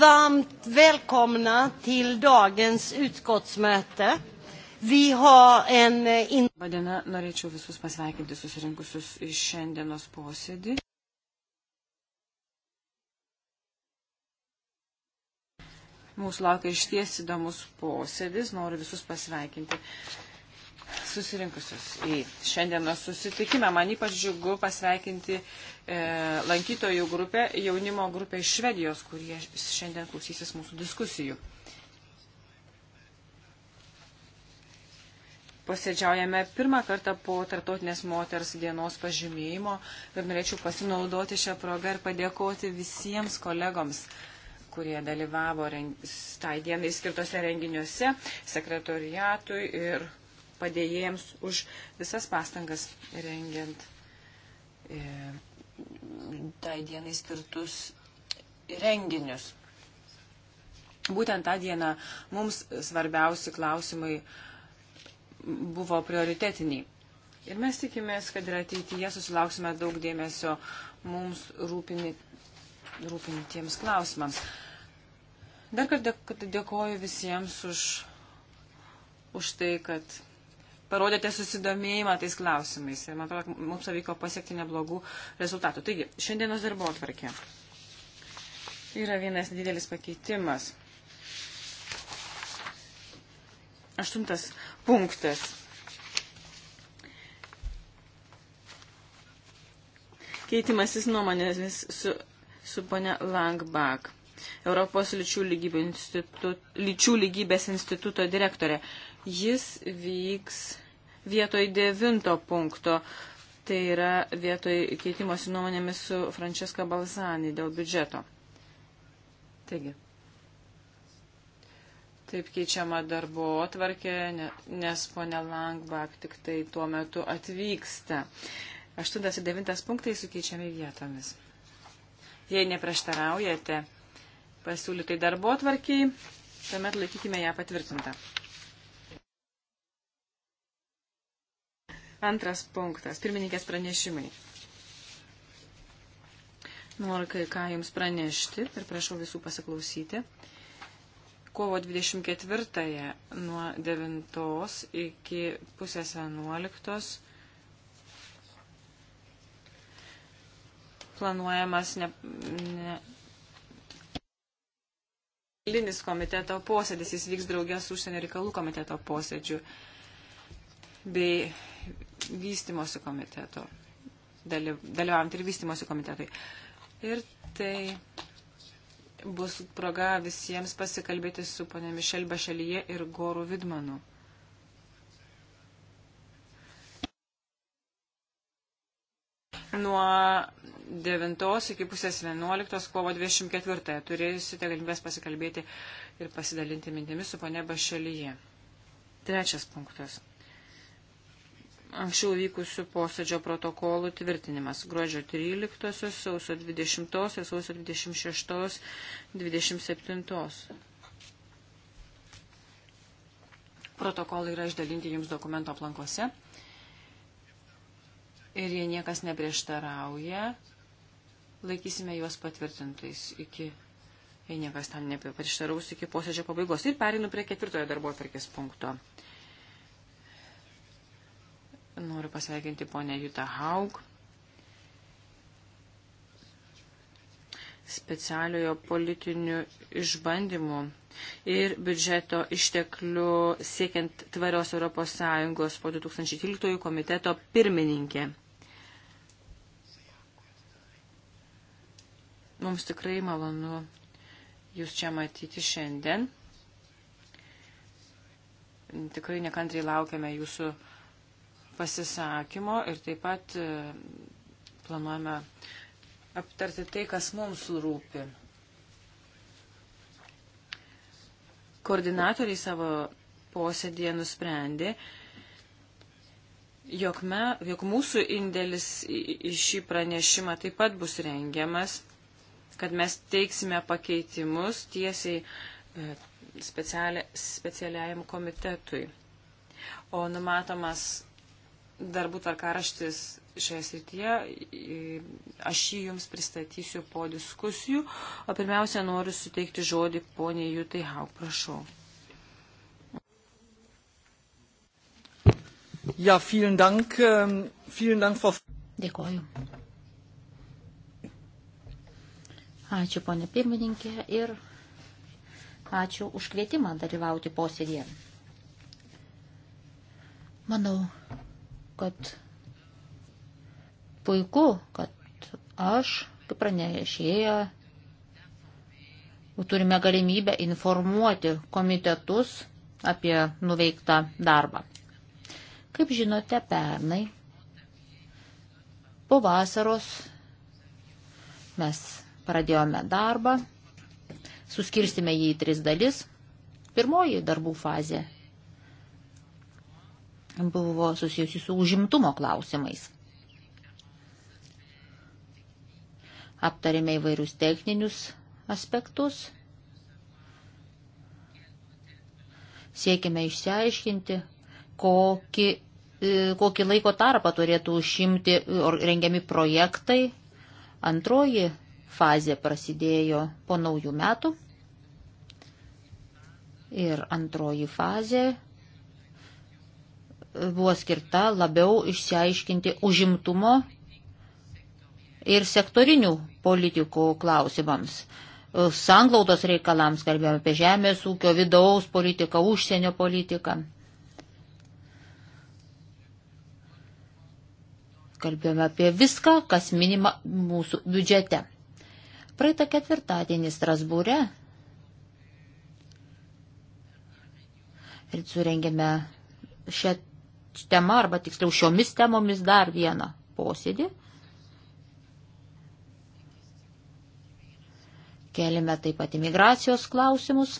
varmt välkomna till dagens utskottsmöte. Vi har en... Eh, in... Badena, norėčiau visus pasveikinti susirinkusius iš šiandienos posėdį. Mūsų laukia išties įdomus posėdis, noriu visus pasveikinti susirinkusius į šiandienos susitikimą. Man ypač džiugu pasveikinti e, lankytojų grupę, jaunimo grupę iš Švedijos, kurie šiandien klausysis mūsų diskusijų. Posėdžiaujame pirmą kartą po Tartotinės moters dienos pažymėjimo ir norėčiau pasinaudoti šią progą ir padėkoti visiems kolegoms kurie dalyvavo reng... tai dienai skirtose renginiuose, sekretoriatui ir padėjėjams už visas pastangas rengiant e, tai dienai skirtus renginius. Būtent tą dieną mums svarbiausi klausimai buvo prioritetiniai. Ir mes tikimės, kad ir ateityje susilauksime daug dėmesio mums rūpini, rūpinitiems klausimams. Dar kartą dėkoju visiems už, už tai, kad parodėte susidomėjimą tais klausimais ir man atrodo, mums pavyko pasiekti neblogų rezultatų. Taigi, šiandienos darbo atvarkė. Yra vienas didelis pakeitimas. Aštuntas punktas. Keitimasis nuomonėmis su, su ponia Langbak, Europos lyčių, lygių lyčių lygybės instituto direktorė. Uh, Jis vyks vietoj devinto punkto. Tai yra vietoj keitimosi nuomonėmis su Francesca Balzani dėl biudžeto. Taigi. Taip keičiama darbo atvarkė, nes ponė Langbak tik tai tuo metu atvyksta. Aštuntas ir devintas punktai sukeičiami vietomis. Jei neprieštaraujate pasiūlytai darbo atvarkiai, tuomet laikykime ją patvirtintą. Antras punktas. Pirmininkės pranešimai. Noriu kai ką Jums pranešti ir prašau visų pasiklausyti. Kovo 24-ąją nuo 9 iki pusės 11 planuojamas ne, ne, Linis komiteto posėdis, jis vyks draugės užsienio reikalų komiteto posėdžių bei vystimosi komiteto, dalyvaujant ir vystimosi komitetui. Ir tai bus proga visiems pasikalbėti su ponė Mišel Bašelyje ir Goru Vidmanu. Nuo 9 iki pusės 11 kovo 24 turėsite galimybės pasikalbėti ir pasidalinti mintimis su ponė Bašelyje. Trečias punktas anksčiau vykusių posėdžio protokolų tvirtinimas gruodžio 13, sausio 20 ir sausio 26, 27. Protokolai yra išdalinti jums dokumento aplankose ir jei niekas neprieštarauja, laikysime juos patvirtintais iki, jei niekas tam neprieštaraus, iki posėdžio pabaigos. Ir perinu prie ketvirtojo darbo atvarkės punkto. Noriu pasveikinti ponę Jutą Haug. specialiojo politinių išbandymų ir biudžeto išteklių siekiant tvarios ES po 2013 komiteto pirmininkė. Mums tikrai malonu Jūs čia matyti šiandien. Tikrai nekantriai laukiame Jūsų pasisakymo ir taip pat e, planuojame aptarti tai, kas mums rūpi. Koordinatoriai savo posėdėje nusprendė, jog, me, jog mūsų indėlis į, į šį pranešimą taip pat bus rengiamas, kad mes teiksime pakeitimus tiesiai e, specialiajam komitetui. O numatomas darbų tvarkaraštis šioje srityje. Aš jį jums pristatysiu po diskusijų, o pirmiausia noriu suteikti žodį poniai Jutai Hauk, prašau. Ja, vielen Dank, ähm, vielen Dank, Frau. Dėkoju. Ačiū, ponė pirmininkė, ir ačiū už kvietimą dalyvauti posėdėje. Manau, kad puiku, kad aš, kaip pranešėja, turime galimybę informuoti komitetus apie nuveiktą darbą. Kaip žinote, pernai po vasaros mes pradėjome darbą, suskirstime jį į tris dalis. Pirmoji darbų fazė buvo susijusi su užimtumo klausimais. Aptarėme įvairius techninius aspektus. Siekime išsiaiškinti, kokį, e, kokį laiko tarpą turėtų užimti e, rengiami projektai. Antroji fazė prasidėjo po naujų metų. Ir antroji fazė buvo skirta labiau išsiaiškinti užimtumo ir sektorinių politikų klausimams. Sanglaudos reikalams kalbėjome apie žemės ūkio, vidaus politiką, užsienio politiką. Kalbėjome apie viską, kas minima mūsų biudžete. Praeitą ketvirtadienį Strasbūre ir surengėme šią tema, arba tiksliau šiomis temomis dar vieną posėdį. Kelime taip pat imigracijos klausimus.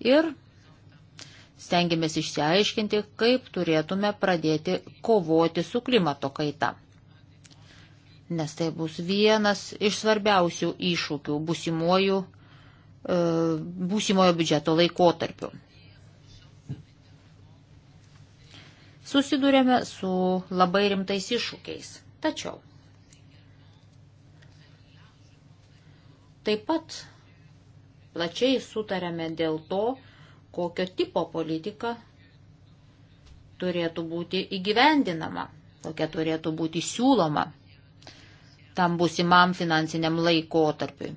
Ir stengiamės išsiaiškinti, kaip turėtume pradėti kovoti su klimato kaita. Nes tai bus vienas iš svarbiausių iššūkių būsimuoju, e, būsimojo biudžeto laikotarpiu. susidurėme su labai rimtais iššūkiais. Tačiau taip pat plačiai sutarėme dėl to, kokio tipo politika turėtų būti įgyvendinama, kokia turėtų būti siūloma tam būsimam finansiniam laikotarpiui.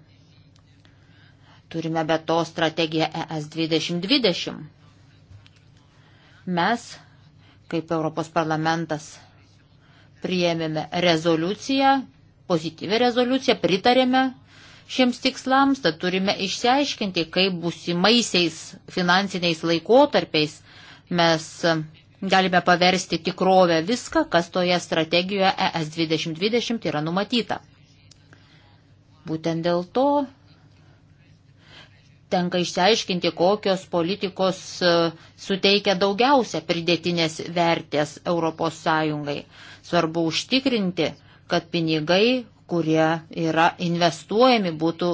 Turime be to strategiją ES 2020. Mes kaip Europos parlamentas priėmėme rezoliuciją, pozityvę rezoliuciją, pritarėme šiems tikslams, tad turime išsiaiškinti, kaip busimaisiais finansiniais laikotarpiais mes galime paversti tikrovę viską, kas toje strategijoje ES 2020 yra numatyta. Būtent dėl to tenka išsiaiškinti, kokios politikos e, suteikia daugiausia pridėtinės vertės ES. Svarbu užtikrinti, kad pinigai, kurie yra investuojami, būtų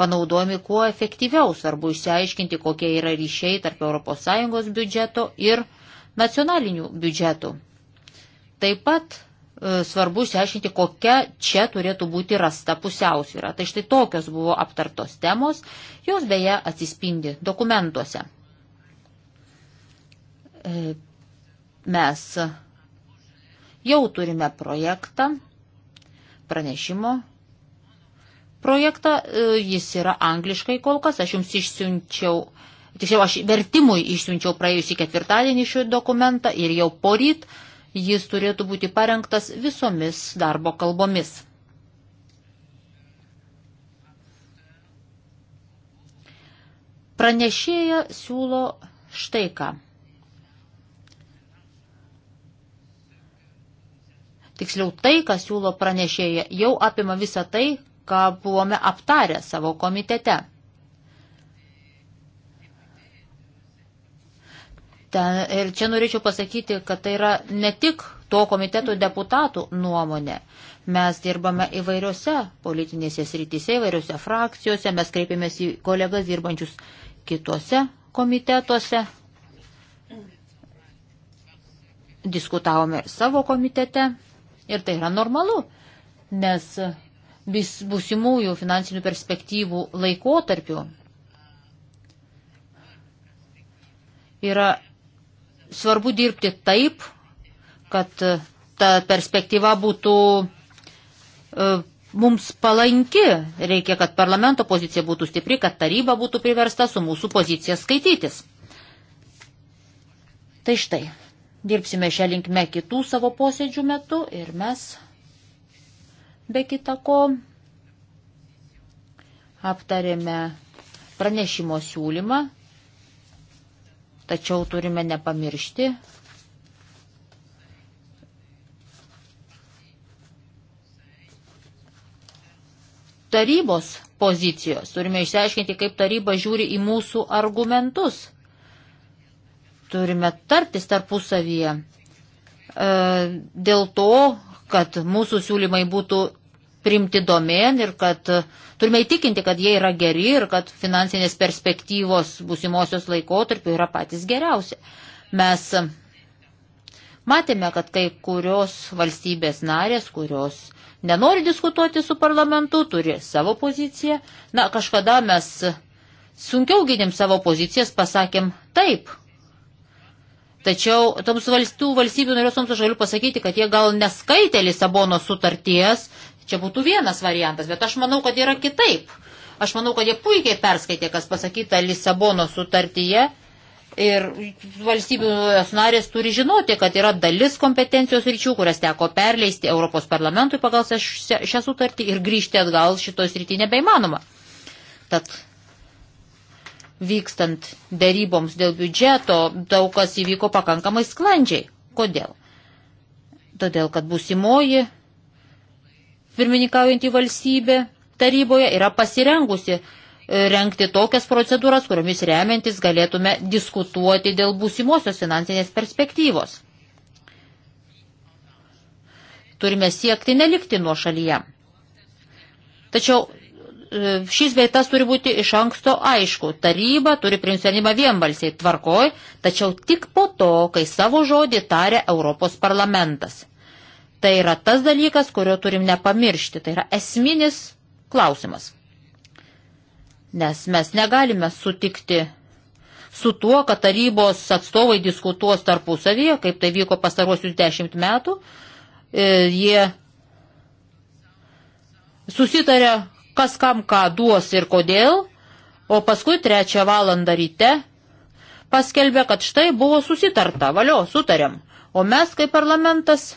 panaudojami kuo efektyviau. Svarbu išsiaiškinti, kokie yra ryšiai tarp ES biudžeto ir nacionalinių biudžetų. Taip pat E, svarbu išsiaiškinti, kokia čia turėtų būti rasta pusiausvyrą. Tai štai tokios buvo aptartos temos, jos beje atsispindi dokumentuose. E, mes jau turime projektą, pranešimo projektą, e, jis yra angliškai kol kas, aš jums išsiunčiau tiksliau aš vertimui išsiunčiau praėjusį ketvirtadienį šį dokumentą ir jau poryt Jis turėtų būti parengtas visomis darbo kalbomis. Pranešėja siūlo štai ką. Tiksliau tai, ką siūlo pranešėja, jau apima visą tai, ką buvome aptarę savo komitete. Ten, ir čia norėčiau pasakyti, kad tai yra ne tik to komiteto deputatų nuomonė. Mes dirbame įvairiose politinėse srityse, įvairiose frakcijose, mes kreipiamės į kolegas dirbančius kitose komitetuose. Diskutavome savo komitete ir tai yra normalu, nes vis būsimųjų finansinių perspektyvų laikotarpių yra svarbu dirbti taip, kad e, ta perspektyva būtų e, mums palanki. Reikia, kad parlamento pozicija būtų stipri, kad taryba būtų priversta su mūsų pozicija skaitytis. Tai štai, dirbsime šią linkmę kitų savo posėdžių metu ir mes be kitako aptarėme pranešimo siūlymą Tačiau turime nepamiršti, tarybos pozicijos. Turime išsiaiškinti, kaip taryba žiūri į mūsų argumentus. Turime tartis tarpusavyje e, dėl to, kad mūsų siūlymai būtų primti domen ir kad e, turime įtikinti, kad jie yra geri ir kad finansinės perspektyvos busimosios laikotarpių yra patys geriausi. Mes e, matėme, kad kai kurios valstybės narės, kurios nenori diskutuoti su parlamentu, turi savo poziciją. Na, kažkada mes sunkiau gynėm savo pozicijas, pasakėm taip. Tačiau toms valstybių, valstybių norėsoms aš galiu pasakyti, kad jie gal neskaitė Lisabono sutarties, Čia būtų vienas variantas, bet aš manau, kad yra kitaip. Aš manau, kad jie puikiai perskaitė, kas pasakyta Lisabono sutartyje. Ir valstybių narės turi žinoti, kad yra dalis kompetencijos ryčių, kurias teko perleisti Europos parlamentui pagal šią sutartį ir grįžti atgal šitoj srity nebeįmanoma. Tad vykstant deryboms dėl biudžeto, daug kas įvyko pakankamai sklandžiai. Kodėl? Todėl, kad būsimoji pirmininkaujantį valstybę taryboje yra pasirengusi e, renkti tokias procedūras, kuriomis remiantis galėtume diskutuoti dėl būsimosios finansinės perspektyvos. Turime siekti nelikti nuo šalyje. Tačiau e, šis beitas turi būti iš anksto aišku. Taryba turi priimsenimą vienbalsiai tvarkoj, tačiau tik po to, kai savo žodį taria Europos parlamentas. Tai yra tas dalykas, kurio turim nepamiršti. Tai yra esminis klausimas. Nes mes negalime sutikti su tuo, kad tarybos atstovai diskutuos tarpusavyje, kaip tai vyko pastaruosius dešimt metų. E, jie susitarė, kas kam ką duos ir kodėl, o paskui trečią valandą ryte paskelbė, kad štai buvo susitarta, valio, sutarėm. O mes kaip parlamentas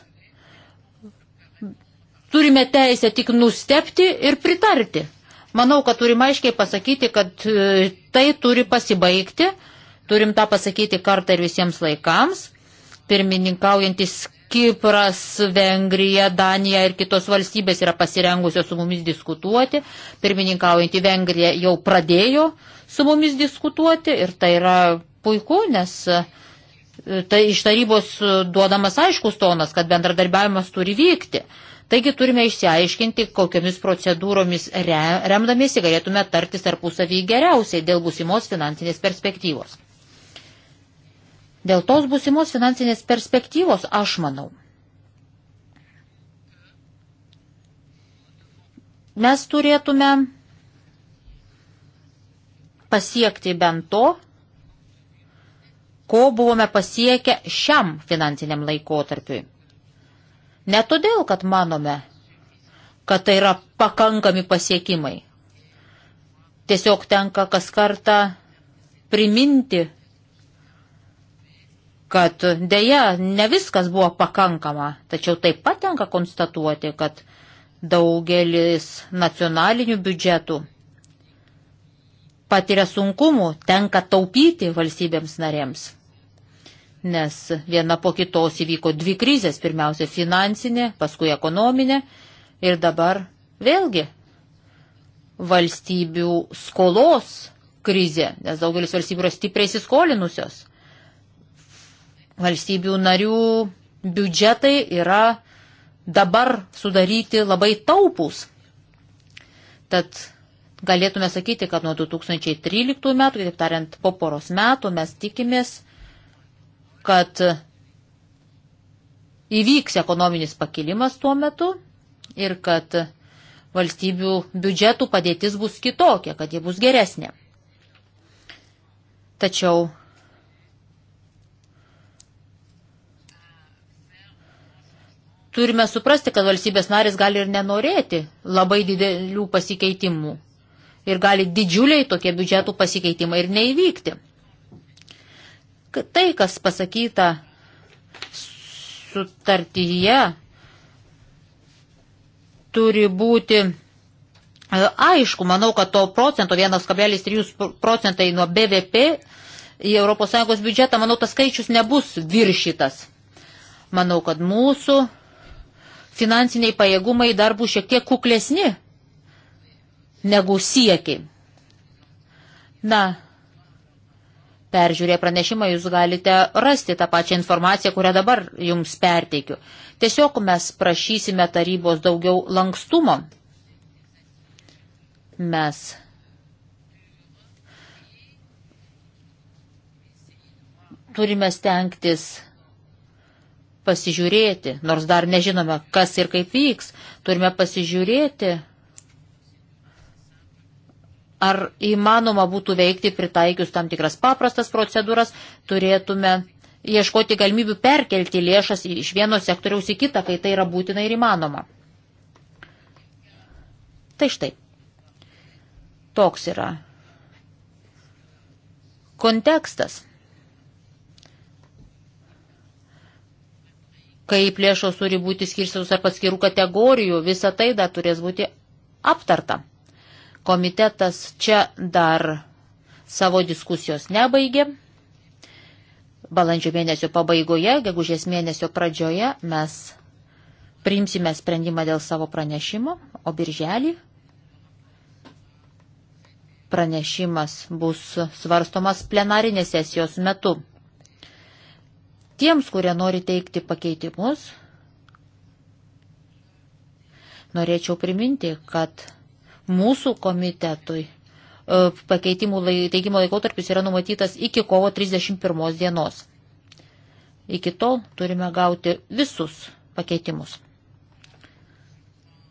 turime teisę tik nustepti ir pritarti. Manau, kad turim aiškiai pasakyti, kad e, tai turi pasibaigti. Turim tą pasakyti kartą ir visiems laikams. Pirmininkaujantis Kipras, Vengrija, Danija ir kitos valstybės yra pasirengusios su mumis diskutuoti. Pirmininkaujantį Vengriją jau pradėjo su mumis diskutuoti ir tai yra puiku, nes e, tai iš tarybos duodamas aiškus tonas, kad bendradarbiavimas turi vykti. Taigi turime išsiaiškinti, kokiamis procedūromis remdamiesi galėtume tartis tarpusavį geriausiai dėl būsimos finansinės perspektyvos. Dėl tos būsimos finansinės perspektyvos aš manau. Mes turėtume pasiekti bent to, ko buvome pasiekę šiam finansiniam laikotarpiui. Ne todėl, kad manome, kad tai yra pakankami pasiekimai. Tiesiog tenka kas kartą priminti, kad dėja ne viskas buvo pakankama, tačiau taip pat tenka konstatuoti, kad daugelis nacionalinių biudžetų patiria sunkumų, tenka taupyti valstybėms narėms nes viena po kitos įvyko dvi krizės, pirmiausia finansinė, paskui ekonominė ir dabar vėlgi valstybių skolos krizė, nes daugelis valstybių yra stipriai įsiskolinusios. Valstybių narių biudžetai yra dabar sudaryti labai taupus. Tad galėtume sakyti, kad nuo 2013 metų, kitaip tariant, po poros metų mes tikimės kad įvyks ekonominis pakilimas tuo metu ir kad valstybių biudžetų padėtis bus kitokia, kad jie bus geresnė. Tačiau turime suprasti, kad valstybės narės gali ir nenorėti labai didelių pasikeitimų. Ir gali didžiuliai tokie biudžetų pasikeitimai ir neįvykti tai, kas pasakyta sutartyje, turi būti e, aišku. Manau, kad to procento 1,3 procentai nuo BVP į ES biudžetą, manau, tas skaičius nebus viršytas. Manau, kad mūsų finansiniai pajėgumai dar bus šiek tiek kuklesni negu siekiai. Na, peržiūrėję pranešimą jūs galite rasti tą pačią informaciją, kurią dabar jums perteikiu. Tiesiog mes prašysime tarybos daugiau lankstumo. Mes turime stengtis pasižiūrėti, nors dar nežinome, kas ir kaip vyks, turime pasižiūrėti ar įmanoma būtų veikti pritaikius tam tikras paprastas procedūras, turėtume ieškoti galimybių perkelti lėšas iš vieno sektoriaus į kitą, kai tai yra būtina ir įmanoma. Tai štai. Toks yra kontekstas, kaip lėšos turi būti skirstytos ar paskirų kategorijų, visa tai dar turės būti aptarta. Komitetas čia dar savo diskusijos nebaigė. Balandžio mėnesio pabaigoje, gegužės mėnesio pradžioje mes priimsime sprendimą dėl savo pranešimo, o birželį pranešimas bus svarstomas plenarinės sesijos metu. Tiems, kurie nori teikti pakeitimus, norėčiau priminti, kad mūsų komitetui e, pakeitimų lai, teikimo laikotarpis yra numatytas iki kovo 31 dienos. Iki tol turime gauti visus pakeitimus.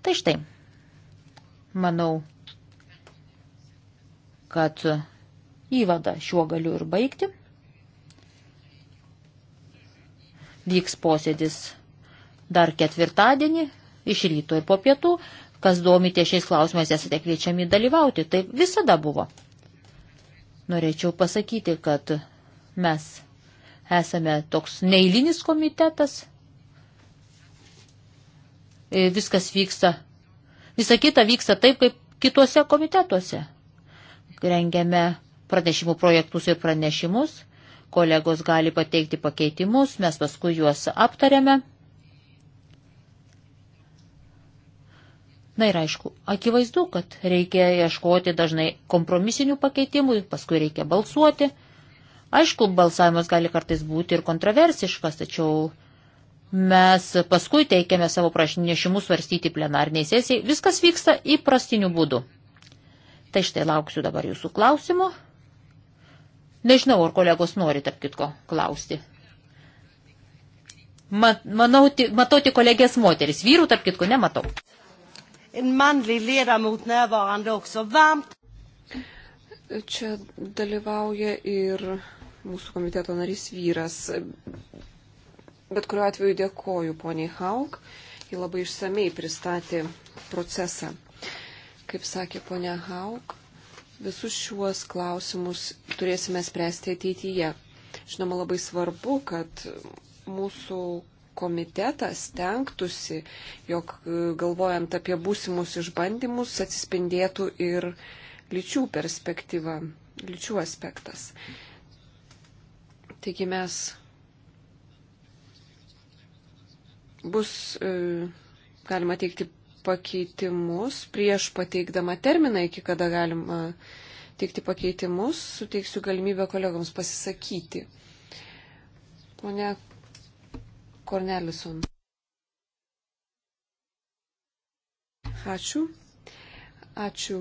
Tai štai, manau, kad įvadą šiuo galiu ir baigti. Vyks posėdis dar ketvirtadienį iš ryto ir po pietų kas domite šiais klausimais, esate kviečiami dalyvauti. Tai visada buvo. Norėčiau pasakyti, kad mes esame toks neįlinis komitetas. E, viskas vyksta. Visa kita vyksta taip, kaip kituose komitetuose. Rengiame pranešimų projektus ir pranešimus kolegos gali pateikti pakeitimus, mes paskui juos aptariame. Na ir aišku, akivaizdu, kad reikia ieškoti dažnai kompromisinių pakeitimų, paskui reikia balsuoti. Aišku, balsavimas gali kartais būti ir kontroversiškas, tačiau mes paskui teikiame savo prašymus svarstyti plenarniai sesijai. Viskas vyksta įprastiniu būdu. Tai štai lauksiu dabar jūsų klausimų. Nežinau, ar kolegos nori, tarp kitko, klausti. Mat, manau, ti, matau tik kolegės moteris. Vyrų, tarp kitko, nematau en manlig ledamot närvarande också. Varmt. Čia dalyvauja ir mūsų komiteto narys vyras. Bet kuriuo atveju dėkoju poniai Haug. Ji labai išsamei pristatė procesą. Kaip sakė ponia Haug, visus šiuos klausimus turėsime spręsti ateityje. Žinoma, labai svarbu, kad mūsų komitetas tenktųsi, jog e, galvojant apie būsimus išbandymus atsispindėtų ir lyčių perspektyva, lyčių aspektas. Taigi mes bus e, galima teikti pakeitimus prieš pateikdama terminą, iki kada galima teikti pakeitimus, suteiksiu galimybę kolegoms pasisakyti. Pone Cornelison. Ačiū. Ačiū.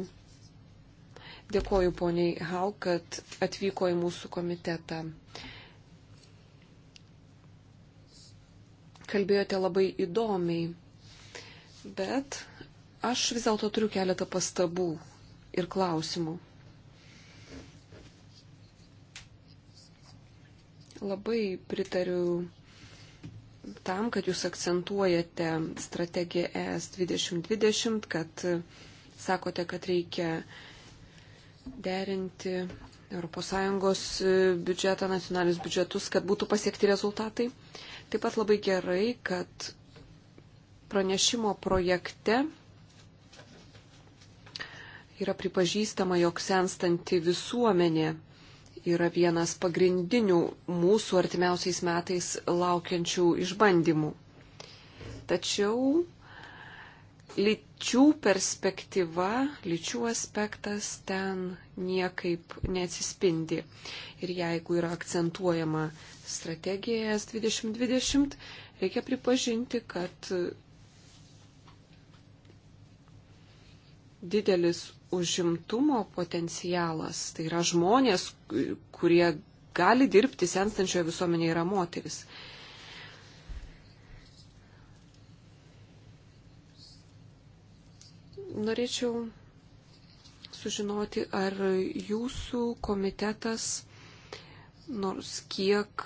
Dėkoju poniai Hau, kad atvyko į mūsų komitetą. Kalbėjote labai įdomiai, bet aš vis dėlto turiu keletą pastabų ir klausimų. Labai pritariu tam, kad jūs akcentuojate strategiją ES 2020, kad e, sakote, kad reikia derinti ES e, biudžetą, nacionalinius biudžetus, kad būtų pasiekti rezultatai. Taip pat labai gerai, kad pranešimo projekte yra pripažįstama, jog senstanti visuomenė yra vienas pagrindinių mūsų artimiausiais metais laukiančių išbandymų. Tačiau lyčių perspektyva, lyčių aspektas ten niekaip neatsispindi. Ir jeigu yra akcentuojama strategija S2020, reikia pripažinti, kad didelis užimtumo potencialas, tai yra žmonės, kurie gali dirbti senstančioje visuomenėje, yra moteris. Norėčiau sužinoti, ar jūsų komitetas nors kiek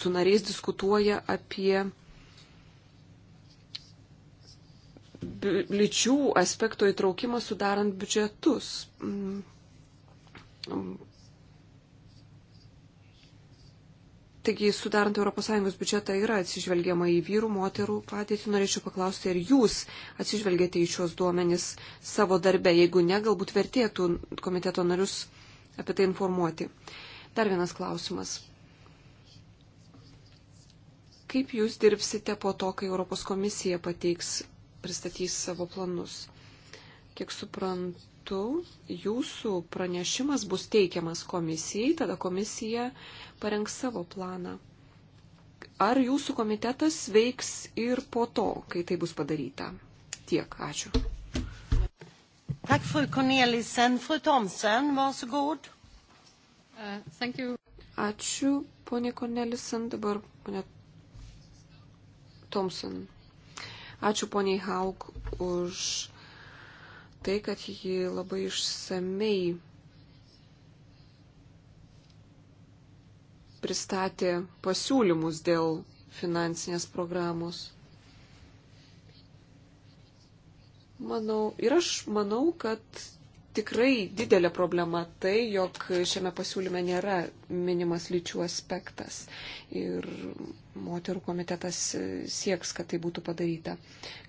su nariais diskutuoja apie lyčių aspekto įtraukimą sudarant biudžetus. Mm. Taigi, sudarant ES biudžetą yra atsižvelgiama į vyrų, moterų padėtį. Norėčiau paklausti, ar jūs atsižvelgėte į šios duomenis savo darbę. Jeigu ne, galbūt vertėtų komiteto narius apie tai informuoti. Dar vienas klausimas kaip jūs dirbsite po to, kai Europos komisija pateiks pristatys savo planus. Kiek suprantu, jūsų pranešimas bus teikiamas komisijai, tada komisija parengs savo planą. Ar jūsų komitetas veiks ir po to, kai tai bus padaryta? Tiek, ačiū. Tak, fru Cornelissen. Fru Thomsen, varsågod. Uh, thank you. Ačiū, ponė Cornelissen. Dabar ponė Thomsen. Ačiū poniai Haug už tai, kad ji labai išsamei pristatė pasiūlymus dėl finansinės programos. Manau, ir aš manau, kad tikrai didelė problema tai, jog šiame pasiūlyme nėra minimas lyčių aspektas. Ir moterų komitetas sieks, kad tai būtų padaryta.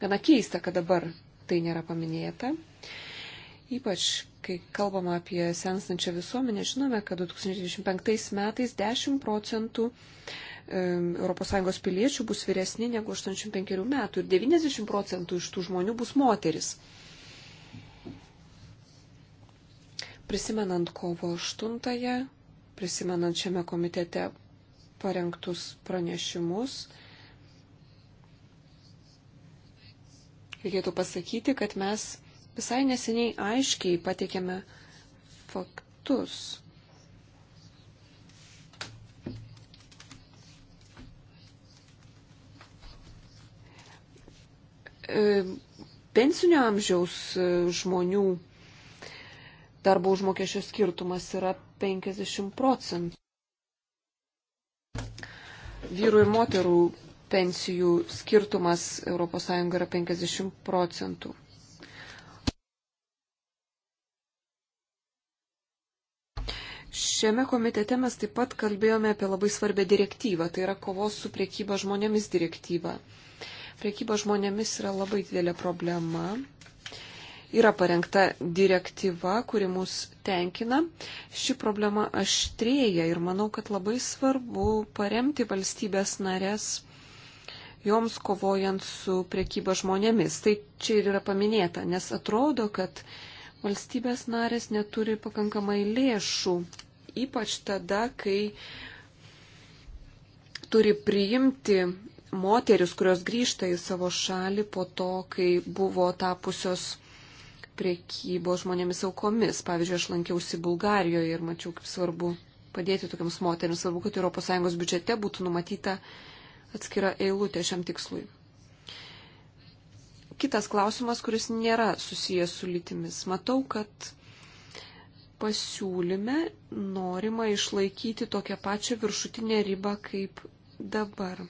Gana keista, kad dabar tai nėra paminėta. Ypač, kai kalbama apie senstančią visuomenę, žinome, kad 2025 metais 10 procentų ES piliečių bus vyresni negu 85 metų ir 90 procentų iš tų žmonių bus moteris. Prisimenant kovo 8, prisimenant šiame komitete parengtus pranešimus, reikėtų pasakyti, kad mes visai neseniai aiškiai pateikėme faktus. E, pensinio amžiaus žmonių darbo užmokesčio skirtumas yra 50 procentų. Vyrų ir moterų pensijų skirtumas ES yra 50 procentų. Šiame komitete mes taip pat kalbėjome apie labai svarbę direktyvą, tai yra kovos su priekyba žmonėmis direktyva. Priekyba žmonėmis yra labai didelė problema yra parengta direktyva, kuri mus tenkina. Ši problema aštrėja ir manau, kad labai svarbu paremti valstybės narės joms kovojant su priekyba žmonėmis. Tai čia ir yra paminėta, nes atrodo, kad valstybės narės neturi pakankamai lėšų, ypač tada, kai turi priimti moteris, kurios grįžta į savo šalį po to, kai buvo tapusios priekybos žmonėmis aukomis. Pavyzdžiui, aš lankiausi Bulgarijoje ir mačiau, kaip svarbu padėti tokiams moteriams. Svarbu, kad ES biudžete būtų numatyta atskira eilutė šiam tikslui. Kitas klausimas, kuris nėra susijęs su lytimis. Matau, kad pasiūlyme norima išlaikyti tokią pačią viršutinę ribą kaip dabar.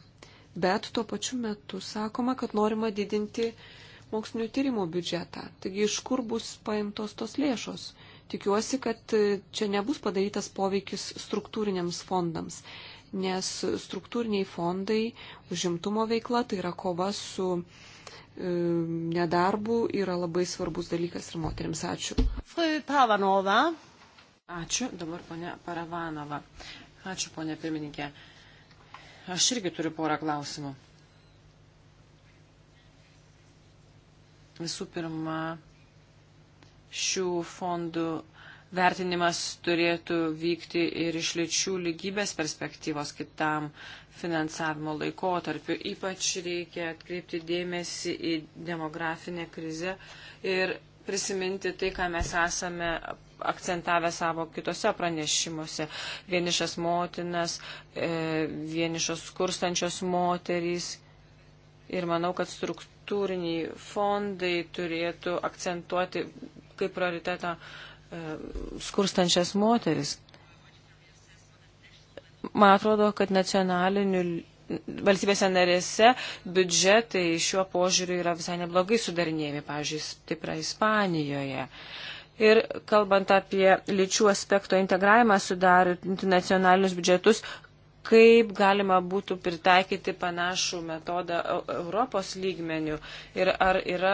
Bet tuo pačiu metu sakoma, kad norima didinti mokslinio tyrimo biudžetą. Taigi iš kur bus paimtos tos lėšos? Tikiuosi, kad e, čia nebus padarytas poveikis struktūriniams fondams, nes struktūriniai fondai užimtumo veikla, tai yra kova su e, nedarbu, yra labai svarbus dalykas ir moteriams. Ačiū. Ačiū, dabar ponia Paravanova. Ačiū, ponia pirmininkė. Aš irgi turiu porą klausimų. Visų pirma, šių fondų vertinimas turėtų vykti ir iš lyčių lygybės perspektyvos kitam finansavimo laikotarpiu. Ypač reikia atkreipti dėmesį į demografinę krizę ir prisiminti tai, ką mes esame akcentavę savo kitose pranešimuose. Vienišas motinas, e, vienišos skurstančios moterys. Ir manau, kad struktūra struktūriniai fondai turėtų akcentuoti kaip prioritetą e, skurstančias moteris. Man atrodo, kad nacionalinių valstybėse narėse biudžetai šiuo požiūriu yra visai neblogai sudarinėjami, pavyzdžiui, stipra Ispanijoje. Ir kalbant apie lyčių aspekto integravimą sudarant nacionalinius biudžetus, kaip galima būtų pritaikyti panašų metodą Europos lygmenių ir ar yra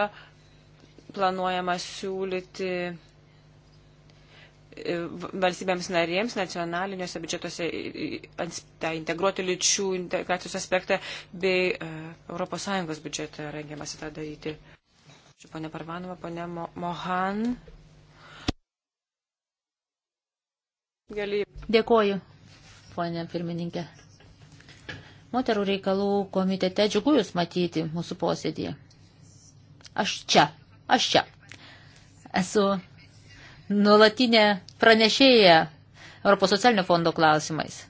planuojama siūlyti e, valstybėms narėms nacionaliniuose biudžetuose tą integruoti lyčių integracijos aspektą bei ES biudžetą rengiamasi tą daryti. Ačiū, ponė Parvanova, ponė Mohan. Gali. Dėkoju ponė pirmininkė. Moterų reikalų komitete džiugu jūs matyti mūsų posėdėje. Aš čia, aš čia. Esu nulatinė pranešėja Europos socialinio fondo klausimais.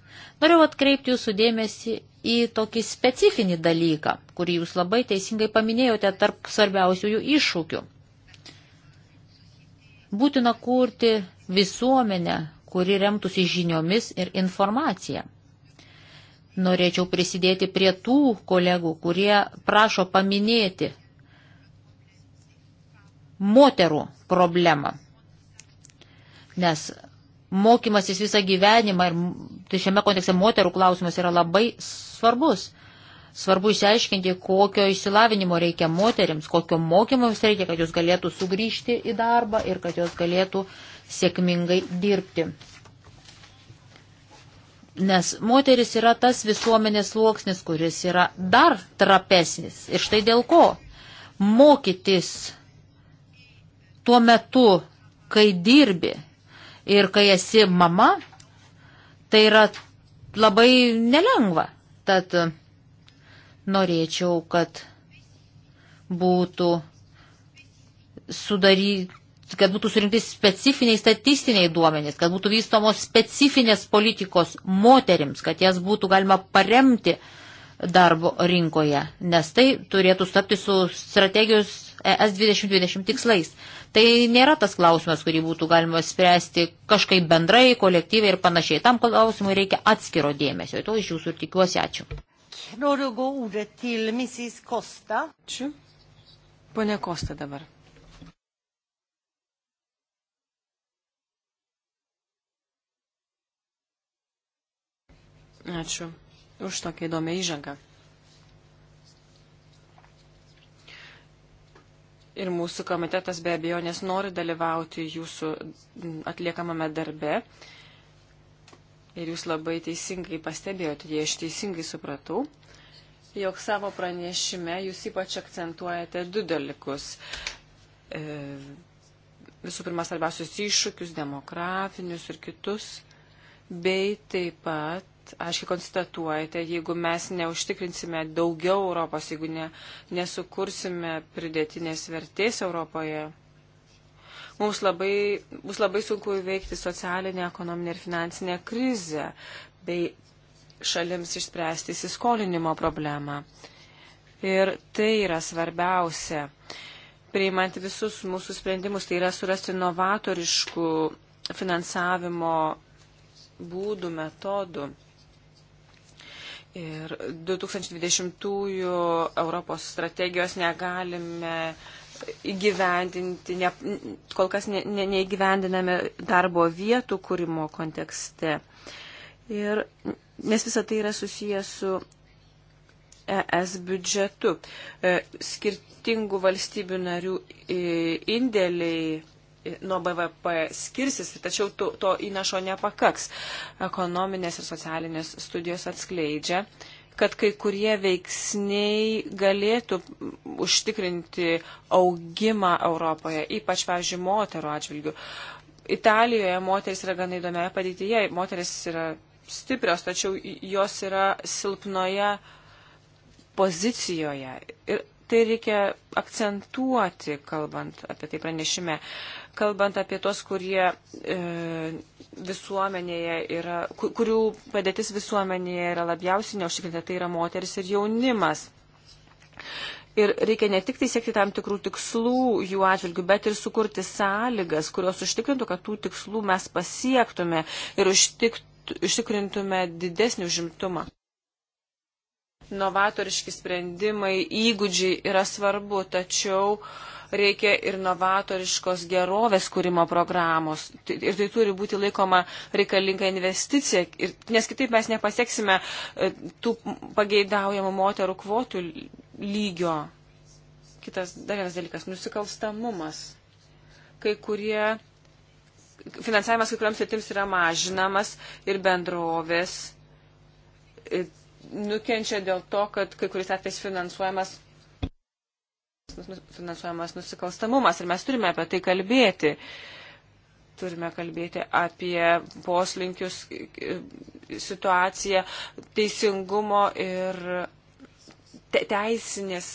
Noriu atkreipti jūsų dėmesį į tokį specifinį dalyką, kurį jūs labai teisingai paminėjote tarp svarbiausiųjų iššūkių. Būtina kurti visuomenę, kuri remtųsi žiniomis ir informacija. Norėčiau prisidėti prie tų kolegų, kurie prašo paminėti moterų problemą. Nes mokymasis visą gyvenimą ir tai šiame kontekste moterų klausimas yra labai svarbus. Svarbu išsiaiškinti, kokio išsilavinimo reikia moteriams, kokio mokymo jums reikia, kad jūs galėtų sugrįžti į darbą ir kad jos galėtų uh, sėkmingai dirbti. Nes moteris yra tas visuomenės sluoksnis, kuris yra dar trapesnis. Ir štai dėl ko mokytis tuo metu, kai dirbi ir kai esi mama, tai yra labai nelengva. Tad e, norėčiau, kad būtų sudary, kad būtų surinkti specifiniai statistiniai duomenys, kad būtų vystomos specifinės politikos moterims, kad jas būtų galima paremti darbo rinkoje, nes tai turėtų stapti su strategijos ES 2020 tikslais. Tai nėra tas klausimas, kurį būtų galima spręsti kažkaip bendrai, kolektyviai ir panašiai. Tam klausimui reikia atskiro dėmesio. To iš jūsų ir tikiuosi. Ačiū. Noriu go ordet til Mrs. Kosta. Ačiū. Pone Kosta dabar. Ačiū už tokią įdomią įžangą. Ir mūsų komitetas be abejo, nes nori dalyvauti jūsų atliekamame darbe. Ir jūs labai teisingai pastebėjote, jei aš teisingai supratau, jog savo pranešime jūs ypač akcentuojate du dalykus. E, visų pirma, svarbiausius iššūkius, demografinius ir kitus, bei taip pat bet aiškiai konstatuojate, jeigu mes neužtikrinsime daugiau Europos, jeigu ne, nesukursime pridėtinės vertės Europoje, mums labai, bus labai sunku įveikti socialinę, ekonominę ir finansinę krizę bei šalims išspręsti įsiskolinimo problemą. Ir tai yra svarbiausia. Priimant visus mūsų sprendimus, tai yra surasti novatoriškų finansavimo būdų, metodų. Ir 2020-ųjų Europos strategijos negalime įgyvendinti, ne, kol kas ne, ne, neįgyvendiname darbo vietų kūrimo kontekste. Ir, nes visa tai yra susijęs su ES biudžetu. E, skirtingų valstybių narių e, indėliai nuo BVP skirsis, tačiau to, to įnašo nepakaks. Ekonominės ir socialinės studijos atskleidžia, kad kai kurie veiksniai galėtų užtikrinti augimą Europoje, ypač, pavyzdžiui, moterų atžvilgių. Italijoje moteris yra gana įdomioje padėtyje, moteris yra stiprios, tačiau jos yra silpnoje pozicijoje. Ir tai reikia akcentuoti, kalbant apie tai pranešime. Uh, kalbant apie tos, kurie e, visuomenėje yra, kurių padėtis visuomenėje yra labiausiai neužtikrinta, tai yra moteris ir jaunimas. Ir reikia ne tik tai siekti tam tikrų tikslų jų atžvilgių, bet ir sukurti sąlygas, kurios užtikrintų, kad tų tikslų mes pasiektume ir užtikrintume didesnį užimtumą. Novatoriški sprendimai, įgūdžiai yra svarbu, tačiau uh, reikia ir novatoriškos gerovės kūrimo programos. Ir tai turi būti laikoma reikalinga investicija, ir, nes kitaip mes nepasieksime e, tų pageidaujamų moterų kvotų lygio. Kitas dar vienas dalykas - nusikalstamumas. Kai kurie finansavimas kai kuriams sritims yra mažinamas ir bendrovės e, nukenčia dėl to, kad kai kuris atvejs finansuojamas finansuojamas nusikalstamumas ir mes turime apie tai kalbėti. Turime kalbėti apie poslinkius, situaciją, teisingumo ir teisinės,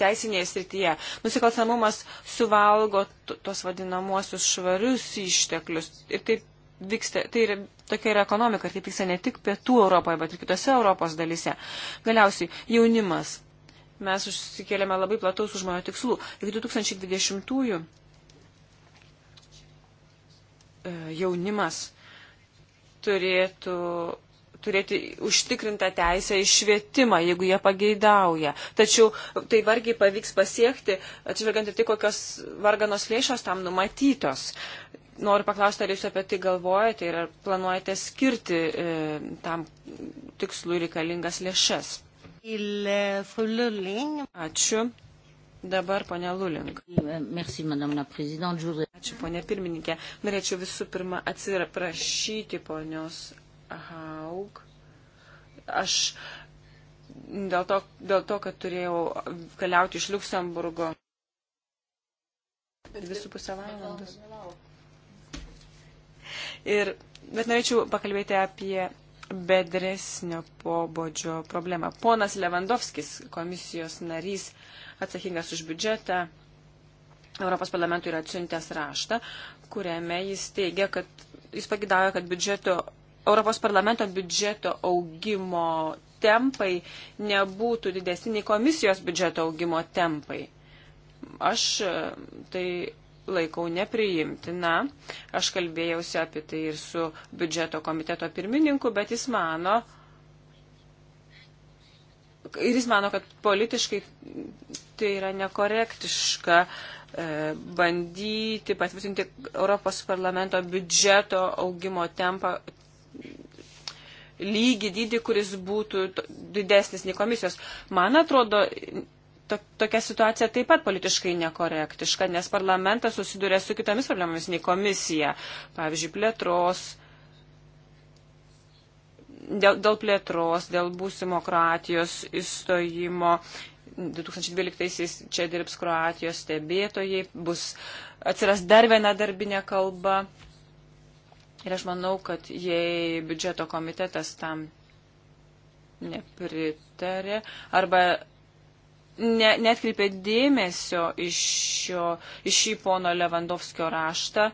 teisinėje srityje. Nusikalstamumas suvalgo tos vadinamuosius švarius išteklius. Ir taip vyksta, tai yra, tokia yra ekonomika, ir tai vyksta ne tik pietų Europoje, bet ir kitose Europos dalise. Galiausiai jaunimas mes užsikėlėme labai plataus užmojo tikslų. Iki 2020-ųjų e, jaunimas turėtų turėti užtikrintą teisę į švietimą, jeigu jie pageidauja. Tačiau tai vargiai pavyks pasiekti, atsižvelgiant į tai, kokios varganos lėšos tam numatytos. Noriu paklausti, ar jūs apie tai galvojate ir ar planuojate skirti e, tam tikslui reikalingas lėšas. Euh, Ačiū. Dabar ponia Luling. Ačiū ponia pirmininkė. Norėčiau visų pirma atsiprašyti ponios Haug. Aš dėl to, dėl to, kad turėjau keliauti iš Luksemburgo. Dvi su pusę valandos. Ir, bet norėčiau pakalbėti apie bedresnio pobūdžio problemą. Ponas Levandovskis, komisijos narys, atsakingas už biudžetą, Europos parlamentui yra atsiuntęs raštą, kuriame jis teigia, kad jis pagidavo, kad biudžeto, Europos parlamento biudžeto augimo tempai nebūtų didesni nei komisijos biudžeto augimo tempai. Aš e, tai laikau nepriimtina. Aš kalbėjausi apie tai ir su biudžeto komiteto pirmininku, bet jis mano, ir jis mano, kad politiškai tai yra nekorektiška e, bandyti patvirtinti Europos parlamento biudžeto augimo tempą lygį, dydį, kuris būtų didesnis nei komisijos. Man atrodo, tokia situacija taip pat politiškai nekorektiška, nes parlamentas susiduria su kitomis problemomis nei komisija. Pavyzdžiui, plėtros, dėl, dėl plėtros, dėl būsimo Kroatijos įstojimo. 2012 čia dirbs Kroatijos stebėtojai, bus, atsiras dar viena darbinė kalba. Ir aš manau, kad jei biudžeto komitetas tam nepritarė arba ne, netkreipė dėmesio iš, šio, iš šį pono Levandovskio raštą.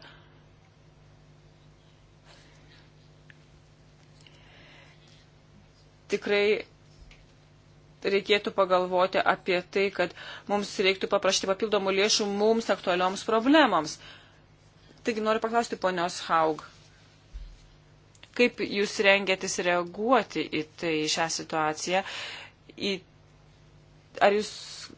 Tikrai reikėtų pagalvoti apie tai, kad mums reiktų paprašyti papildomų lėšų mums aktualioms problemams. Taigi noriu paklausti ponios Haug, kaip jūs rengėtis reaguoti į tai šią situaciją, į ar jūs,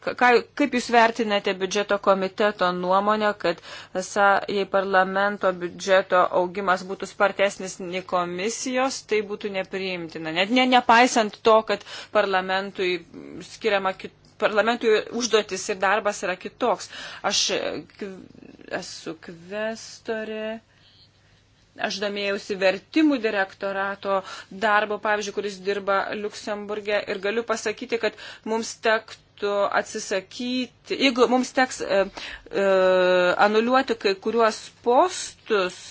ką, kaip jūs vertinate biudžeto komiteto nuomonę, kad esą, jei parlamento biudžeto augimas būtų spartesnis nei komisijos, tai būtų nepriimtina. Net ne, nepaisant to, kad parlamentui skiriama kitų. Parlamentui užduotis ir darbas yra kitoks. Aš e, esu kvestorė. Aš domėjausi vertimų direktorato darbo, pavyzdžiui, kuris dirba Luksemburgė ir galiu pasakyti, kad mums tektų atsisakyti, jeigu mums teks e, e, anuliuoti kai kuriuos postus,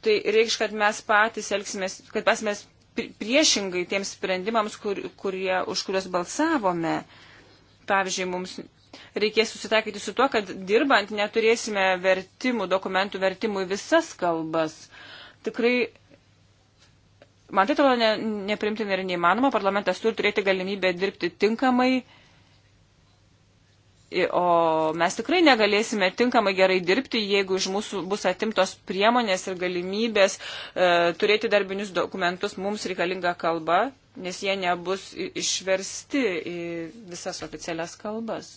tai reikš, kad mes patys elgsimės, kad pas mes priešingai tiems sprendimams, kur, kurie, už kuriuos balsavome. Pavyzdžiui, mums reikės susitaikyti su tuo, kad dirbant neturėsime vertimų, dokumentų vertimų į visas kalbas. Tikrai, man tai atrodo ne, neprimtina ir neįmanoma, parlamentas turi turėti galimybę dirbti tinkamai, o mes tikrai negalėsime tinkamai gerai dirbti, jeigu iš mūsų bus atimtos priemonės ir galimybės e, turėti darbinius dokumentus mums reikalinga kalba, nes jie nebus išversti į visas oficialias kalbas.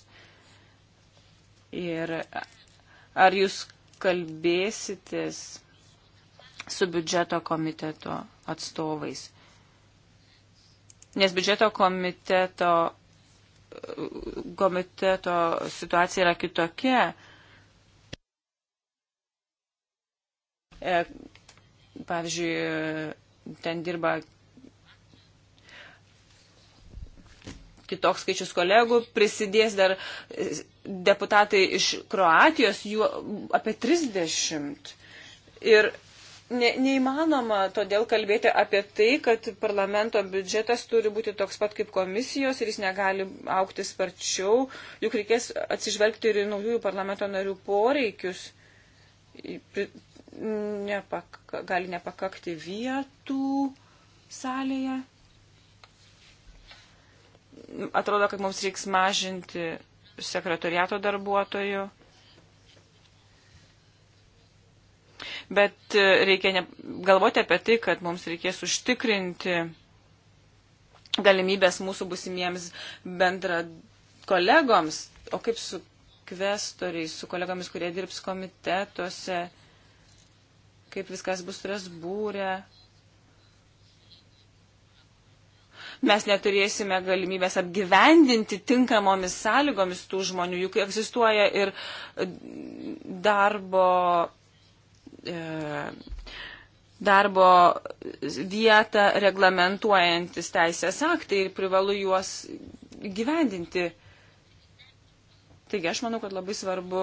Ir ar jūs kalbėsitės su biudžeto komiteto atstovais? Nes biudžeto komiteto, komiteto situacija yra kitokia. E, pavyzdžiui, ten dirba kitoks skaičius kolegų, prisidės dar e, deputatai iš Kroatijos, jų apie 30. Ir ne, neįmanoma todėl kalbėti apie tai, kad parlamento biudžetas turi būti toks pat kaip komisijos ir jis negali aukti sparčiau, juk reikės atsižvelgti ir į naujųjų parlamento narių poreikius. Nepak, gali nepakakti vietų salėje atrodo, kad mums reiks mažinti sekretoriato darbuotojų. Bet e, reikia ne, galvoti apie tai, kad mums reikės užtikrinti galimybės mūsų busimiems bendra kolegoms, o kaip su kvestoriais, su kolegomis, kurie dirbs komitetuose, kaip viskas bus Strasbūrė. E mes neturėsime galimybės apgyvendinti tinkamomis sąlygomis tų žmonių, juk egzistuoja ir e, darbo. E, darbo vietą reglamentuojantis teisės aktai ir privalu juos gyvendinti. Taigi aš manau, kad labai svarbu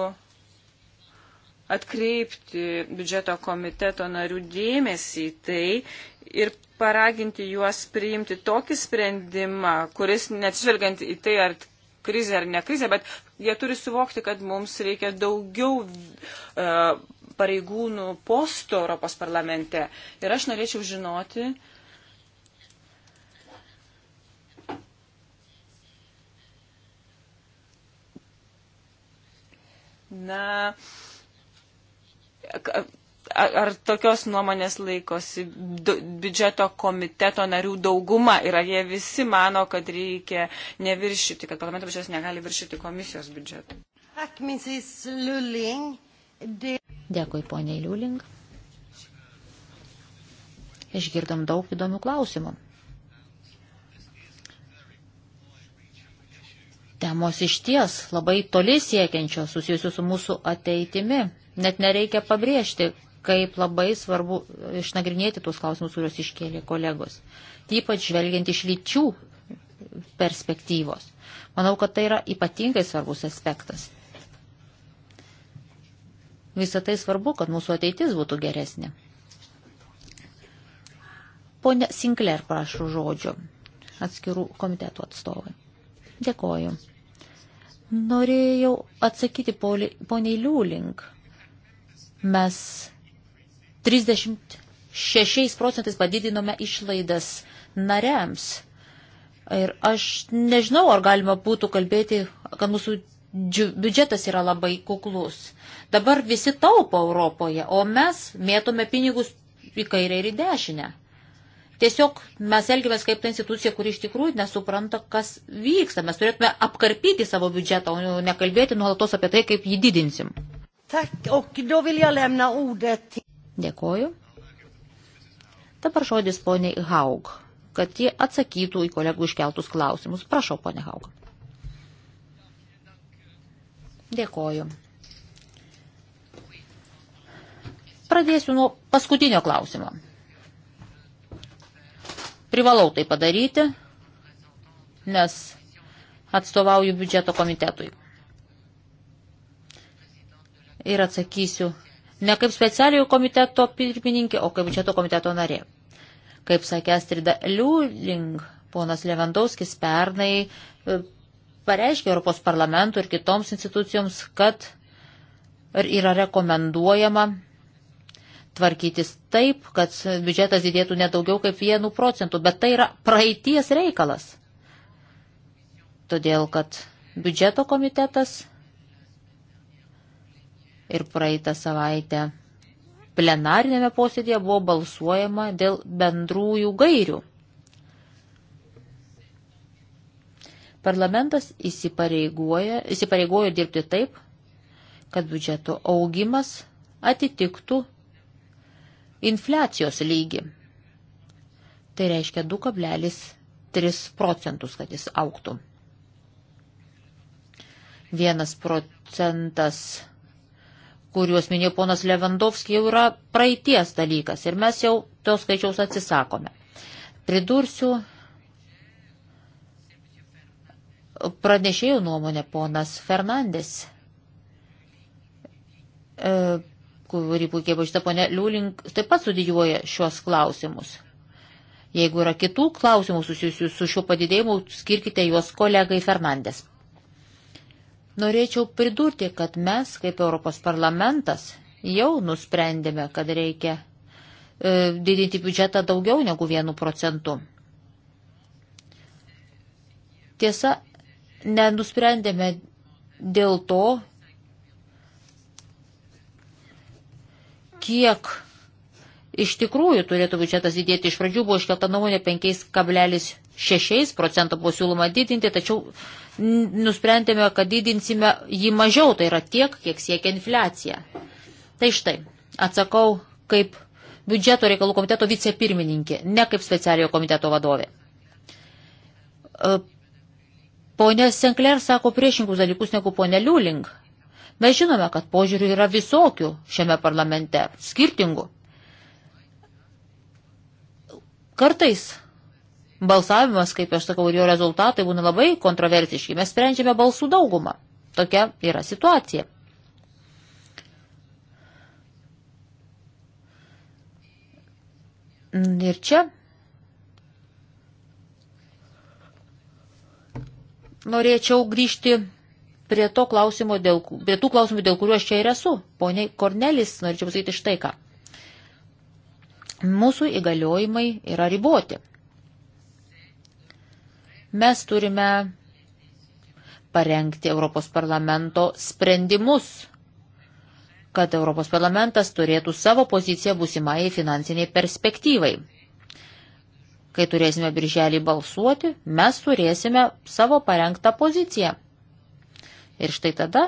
atkreipti biudžeto komiteto narių dėmesį į tai ir paraginti juos priimti tokį sprendimą, kuris neatsižvelgiant į tai, ar krizė ar ne krizė, bet jie turi suvokti, kad mums reikia daugiau uh, pareigūnų postų Europos parlamente. Ir aš norėčiau žinoti, na, uh, ar tokios nuomonės laikosi biudžeto komiteto narių dauguma ir ar jie visi mano, kad reikia neviršyti, kad parlamento biudžetas negali viršyti komisijos biudžeto? Dėkui, poniai Liuling. Išgirdom daug įdomių klausimų. Temos iš ties labai toli siekiančios susijusiu su mūsų ateitimi Net nereikia pabrėžti, kaip labai svarbu išnagrinėti tuos klausimus, kuriuos iškėlė kolegos. Ypač žvelgiant iš lyčių perspektyvos. Manau, kad tai yra ypatingai svarbus aspektas. Visą tai svarbu, kad mūsų ateitis būtų geresnė. Pone Sinclair, prašau žodžio, atskirų komitetų atstovai. Dėkoju. Norėjau atsakyti poniai Liūlink Mes 36 procentais padidinome išlaidas nariams. Ir aš nežinau, ar galima būtų kalbėti, kad mūsų biudžetas yra labai kuklus. Dabar visi taupo Europoje, o mes mėtome pinigus į kairę ir į dešinę. Tiesiog mes elgiamės kaip ta institucija, kuri iš tikrųjų nesupranta, kas vyksta. Mes turėtume apkarpyti savo biudžetą, o nekalbėti nuolatos apie tai, kaip jį didinsim. Dėkoju. Dabar žodis poniai Haug, kad ji atsakytų į kolegų iškeltus klausimus. Prašau, ponė Haug. Dėkoju. Pradėsiu nuo paskutinio klausimo. Privalau tai padaryti, nes atstovauju biudžeto komitetui ir atsakysiu ne kaip specialiojo komiteto pirmininkė, o kaip čia to komiteto narė. Kaip sakė Astrida Liuling, ponas Levandauskis pernai e, pareiškė Europos parlamentų ir kitoms institucijoms, kad yra rekomenduojama tvarkytis taip, kad biudžetas didėtų nedaugiau kaip 1 procentų, bet tai yra praeities reikalas. Todėl, kad biudžeto komitetas ir praeitą savaitę plenarinėme posėdėje buvo balsuojama dėl bendrųjų gairių. Parlamentas įsipareigojo, įsipareigojo dirbti taip, kad biudžeto augimas atitiktų infliacijos lygį. Tai reiškia 2,3 procentus, kad jis auktų. Vienas procentas kuriuos minėjo ponas Levandovskis, jau yra praeities dalykas ir mes jau to skaičiaus atsisakome. Pridursiu pranešėjų nuomonę ponas Fernandes, e, kuri puikiai pažįsta ponė Liūlink, taip pat studijuoja šios klausimus. Jeigu yra kitų klausimų susijusių su šiuo padidėjimu, skirkite juos kolegai Fernandes. Norėčiau pridurti, kad mes, kaip Europos parlamentas, jau nusprendėme, kad reikia e, didinti biudžetą daugiau negu vienu procentu. Tiesa, nenusprendėme dėl to, kiek iš tikrųjų turėtų biudžetas didėti. Iš pradžių buvo iškelta nuomonė 5,5 6 procentų buvo siūloma didinti, tačiau nusprendėme, kad didinsime jį mažiau, tai yra tiek, kiek siekia infliacija. Tai štai, atsakau kaip biudžeto reikalų komiteto vicepirmininkė, ne kaip specialiojo komiteto vadovė. E, Pone Senkler sako priešingus dalykus negu ponė Liuling. Mes žinome, kad požiūrių yra visokių šiame parlamente, skirtingų. Kartais balsavimas, kaip aš sakau, ir jo rezultatai būna labai kontroversiški. Mes sprendžiame balsų daugumą. Tokia yra situacija. Ir čia norėčiau grįžti prie, klausimo, dėl, prie tų klausimų, dėl kuriuo aš čia ir esu. Poniai Kornelis, norėčiau pasakyti štai ką. Mūsų įgaliojimai yra riboti. Mes turime parengti Europos parlamento sprendimus, kad Europos parlamentas turėtų savo poziciją būsimai finansiniai perspektyvai. Kai turėsime birželį balsuoti, mes turėsime savo parengtą poziciją. Ir štai tada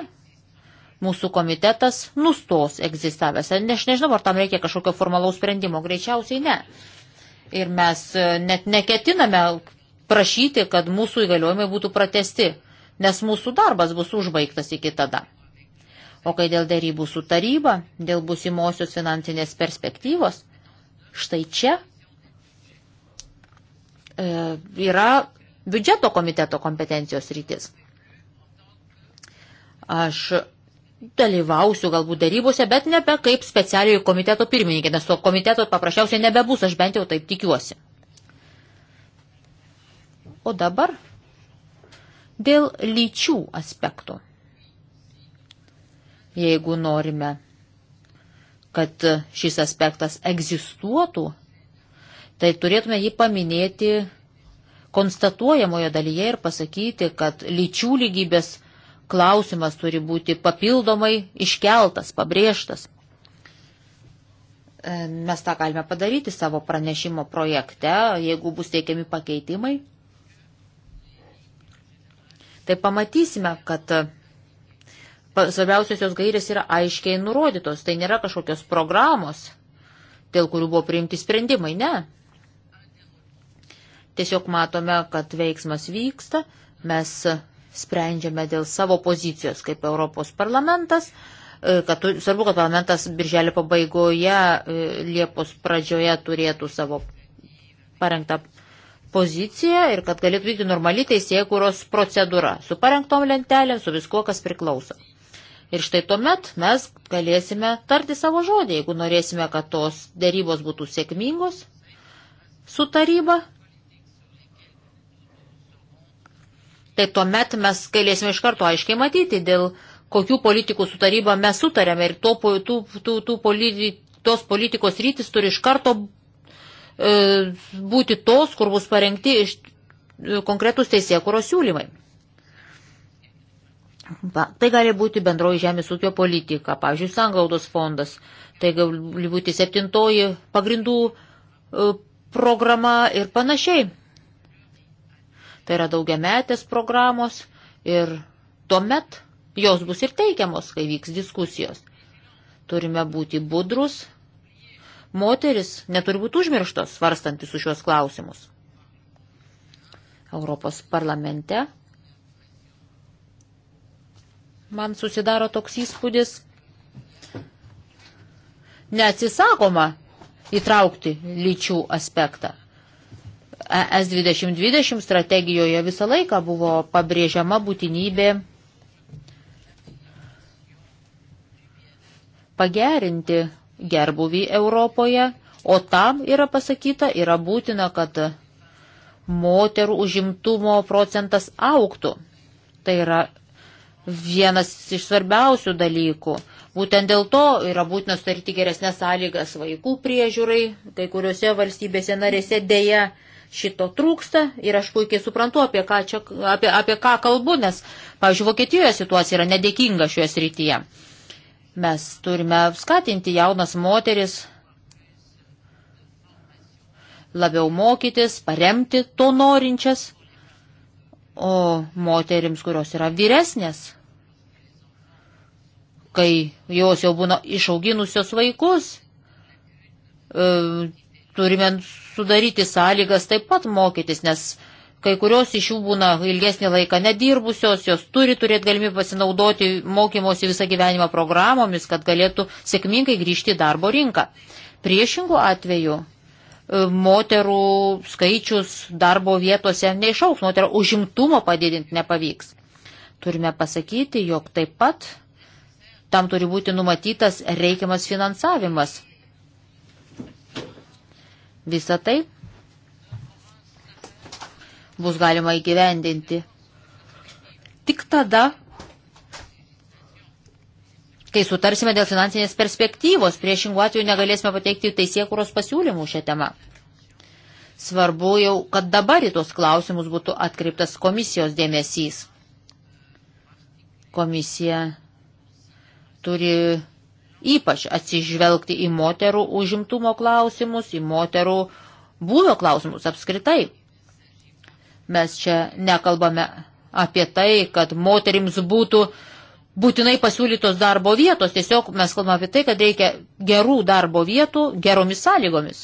mūsų komitetas nustos egzistavęs. Aš nežinau, ar tam reikia kažkokio formalaus sprendimo. Greičiausiai ne. Ir mes e, net neketiname prašyti, kad mūsų įgaliojimai būtų pratesti, nes mūsų darbas bus užbaigtas iki tada. O kai dėl dėrybų su taryba, dėl busimosios finansinės perspektyvos, štai čia e, yra biudžeto komiteto kompetencijos rytis. Aš dalyvausiu galbūt darybose, bet nebe kaip specialiojo komiteto pirmininkė, nes to komiteto paprasčiausiai nebebus, aš bent jau taip tikiuosi. O dabar dėl lyčių aspektų. Jeigu norime, kad šis aspektas egzistuotų, tai turėtume jį paminėti konstatuojamojo dalyje ir pasakyti, kad lyčių lygybės klausimas turi būti papildomai iškeltas, pabrėžtas. Mes tą galime padaryti savo pranešimo projekte, jeigu bus teikiami pakeitimai tai pamatysime, kad e, svarbiausios jos gairės yra aiškiai nurodytos. Tai nėra kažkokios programos, dėl kurių buvo priimti sprendimai. Ne. Tiesiog matome, kad veiksmas vyksta, mes sprendžiame dėl savo pozicijos kaip Europos parlamentas, e, kad svarbu, kad parlamentas birželio pabaigoje, e, Liepos pradžioje turėtų savo parengtą poziciją ir kad galėtų vykti normali teisėkūros procedūra su parengtom lentelėm, su viskuo, kas priklauso. Ir štai tuomet mes galėsime tarti savo žodį, jeigu norėsime, kad tos dėrybos būtų sėkmingos su taryba. Tai tuomet mes galėsime iš karto aiškiai matyti, dėl kokių politikų su taryba mes sutarėme ir to, tų, tų, tų politi, tos politikos rytis turi iš karto E, būti tos, kur bus parengti iš e, konkretus teisėkuros siūlymai. Ba, tai gali būti bendroji žemės ūkio politika, pavyzdžiui, sanglaudos fondas, tai gali būti septintoji pagrindų e, programa ir panašiai. Tai yra daugiametės programos ir tuomet jos bus ir teikiamos, kai vyks diskusijos. Turime būti budrus, Moteris neturi būti užmirštos, svarstant visus šios klausimus. Europos parlamente man susidaro toks įspūdis, neatsisakoma įtraukti lyčių aspektą. ES 2020 strategijoje visą laiką buvo pabrėžiama būtinybė pagerinti gerbuvį Europoje, o tam yra pasakyta, yra būtina, kad moterų užimtumo procentas auktų. Tai yra vienas iš svarbiausių dalykų. Būtent dėl to yra būtina sutaryti geresnės sąlygas vaikų priežiūrai, kai kuriuose valstybėse narėse dėja šito trūksta ir aš puikiai suprantu, apie ką, čia, apie, apie ką kalbu, nes, pavyzdžiui, Vokietijoje situacija yra nedėkinga šioje srityje. Mes turime skatinti jaunas moteris labiau mokytis, paremti to norinčias, o moterims, kurios yra vyresnės, kai jos jau būna išauginusios vaikus, e, turime sudaryti sąlygas taip pat mokytis, nes Kai kurios iš jų būna ilgesnį laiką nedirbusios, jos turi turėti galimybę pasinaudoti mokymosi visą gyvenimą programomis, kad galėtų sėkmingai grįžti į darbo rinką. Priešingų atveju e, moterų skaičius darbo vietose neišauks, moterų užimtumo padidinti nepavyks. Turime pasakyti, jog taip pat tam turi būti numatytas reikiamas finansavimas. Visą tai bus galima įgyvendinti. Tik tada, kai sutarsime dėl finansinės perspektyvos, priešingų atveju negalėsime pateikti teisėkuros pasiūlymų šią temą. Svarbu jau, kad dabar į tuos klausimus būtų atkreiptas komisijos dėmesys. Komisija turi ypač atsižvelgti į moterų užimtumo klausimus, į moterų būvio klausimus apskritai. Mes čia nekalbame apie tai, kad moterims būtų būtinai pasiūlytos darbo vietos. Tiesiog mes kalbame apie tai, kad reikia gerų darbo vietų geromis sąlygomis.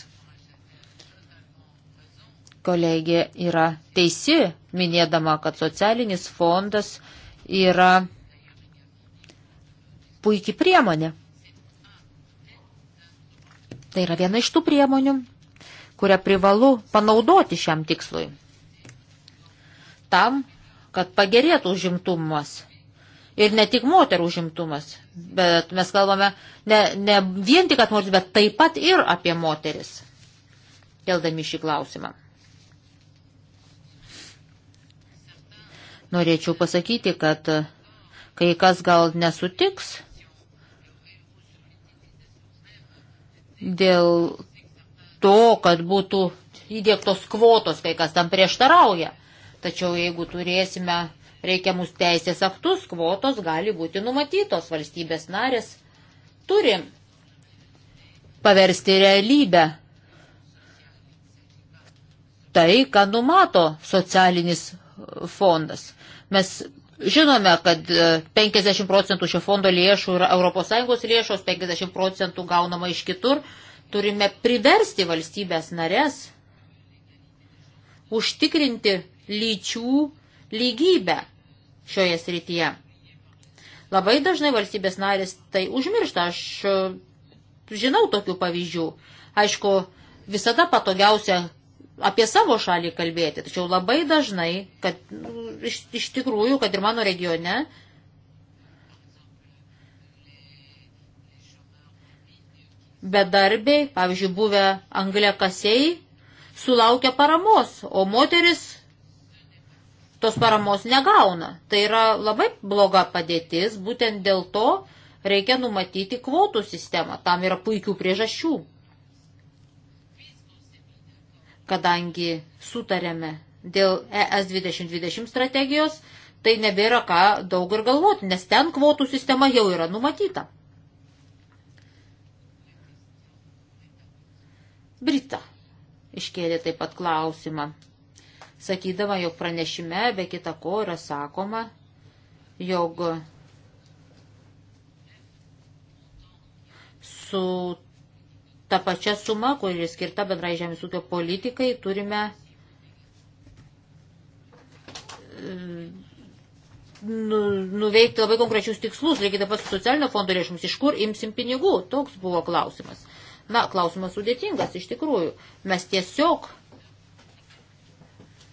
Kolegė yra teisi, minėdama, kad socialinis fondas yra puikiai priemonė. Tai yra viena iš tų priemonių, kurią privalu panaudoti šiam tikslui tam, kad pagerėtų užimtumas. Ir ne tik moterų užimtumas, bet mes kalbame ne, ne vien tik apie moteris, bet taip pat ir apie moteris, keldami šį klausimą. Norėčiau pasakyti, kad kai kas gal nesutiks dėl to, kad būtų įdėktos kvotos, kai kas tam prieštarauja. Tačiau jeigu turėsime reikiamus teisės aktus, kvotos gali būti numatytos. Valstybės narės turi paversti realybę tai, ką numato socialinis fondas. Mes žinome, kad 50 e, procentų šio fondo lėšų yra ES lėšos, 50 procentų gaunama iš kitur. Turime priversti valstybės narės užtikrinti lyčių lygybę šioje srityje. Labai dažnai valstybės narės tai užmiršta, aš e, žinau tokių pavyzdžių. Aišku, visada patogiausia apie savo šalį kalbėti, tačiau labai dažnai, kad nu, iš, iš tikrųjų, kad ir mano regione, bedarbiai, pavyzdžiui, buvę angliakasiai, sulaukia paramos, o moteris tos paramos negauna. Tai yra labai bloga padėtis, būtent dėl to reikia numatyti kvotų sistemą. Tam yra puikių priežasčių. Kadangi sutarėme dėl ES 2020 strategijos, tai nebėra ką daug ir galvoti, nes ten kvotų sistema jau yra numatyta. Brita iškėlė taip pat klausimą sakydama, jog pranešime be kita ko yra sakoma, jog su ta pačia suma, kuri skirta bendrai žemės ūkio politikai, turime e, nu, nuveikti labai konkrečius tikslus, lygiai taip pat su socialinio fondo lėšomis, iš kur imsim pinigų, toks buvo klausimas. Na, klausimas sudėtingas, iš tikrųjų. Mes tiesiog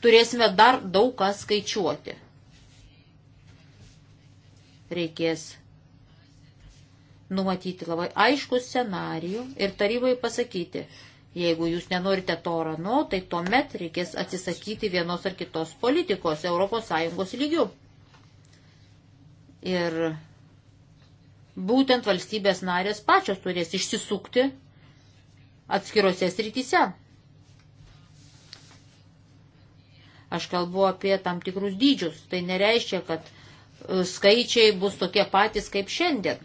turėsime dar daug ką skaičiuoti. Reikės numatyti labai aiškų scenarijų ir tarybai pasakyti, jeigu jūs nenorite to rano, tai tuomet reikės atsisakyti vienos ar kitos politikos ES lygių. Ir būtent valstybės narės pačios turės išsisukti atskirose srityse. Aš kalbu apie tam tikrus dydžius. Tai nereiškia, kad e, skaičiai bus tokie patys kaip šiandien.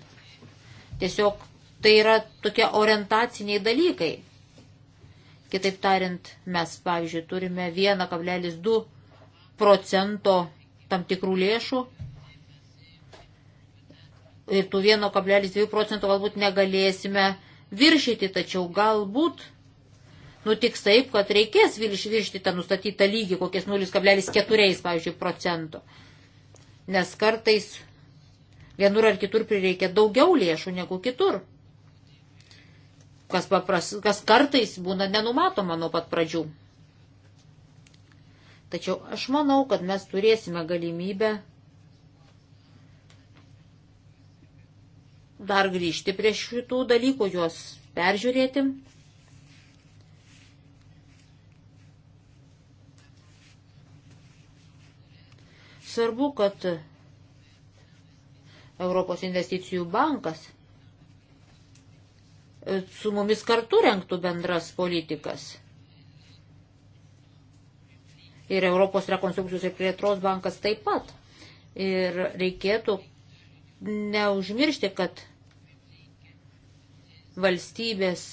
Tiesiog tai yra tokie orientaciniai dalykai. Kitaip tariant, mes, pavyzdžiui, turime 1,2 procento tam tikrų lėšų ir tų 1,2 procentų galbūt negalėsime viršyti, tačiau galbūt nutiks taip, kad reikės vėl išviršti tą nustatytą lygį, kokias 0,4 pavyzdžiui, procento. Nes kartais vienur ar kitur prireikia daugiau lėšų negu kitur. Kas, papras, kas kartais būna nenumatoma nuo pat pradžių. Tačiau aš manau, kad mes turėsime galimybę dar grįžti prie šitų dalykų, juos peržiūrėti. Svarbu, kad Europos investicijų bankas su mumis kartu renktų bendras politikas. Ir Europos rekonstrukcijos ir plėtros bankas taip pat. Ir reikėtų neužmiršti, kad valstybės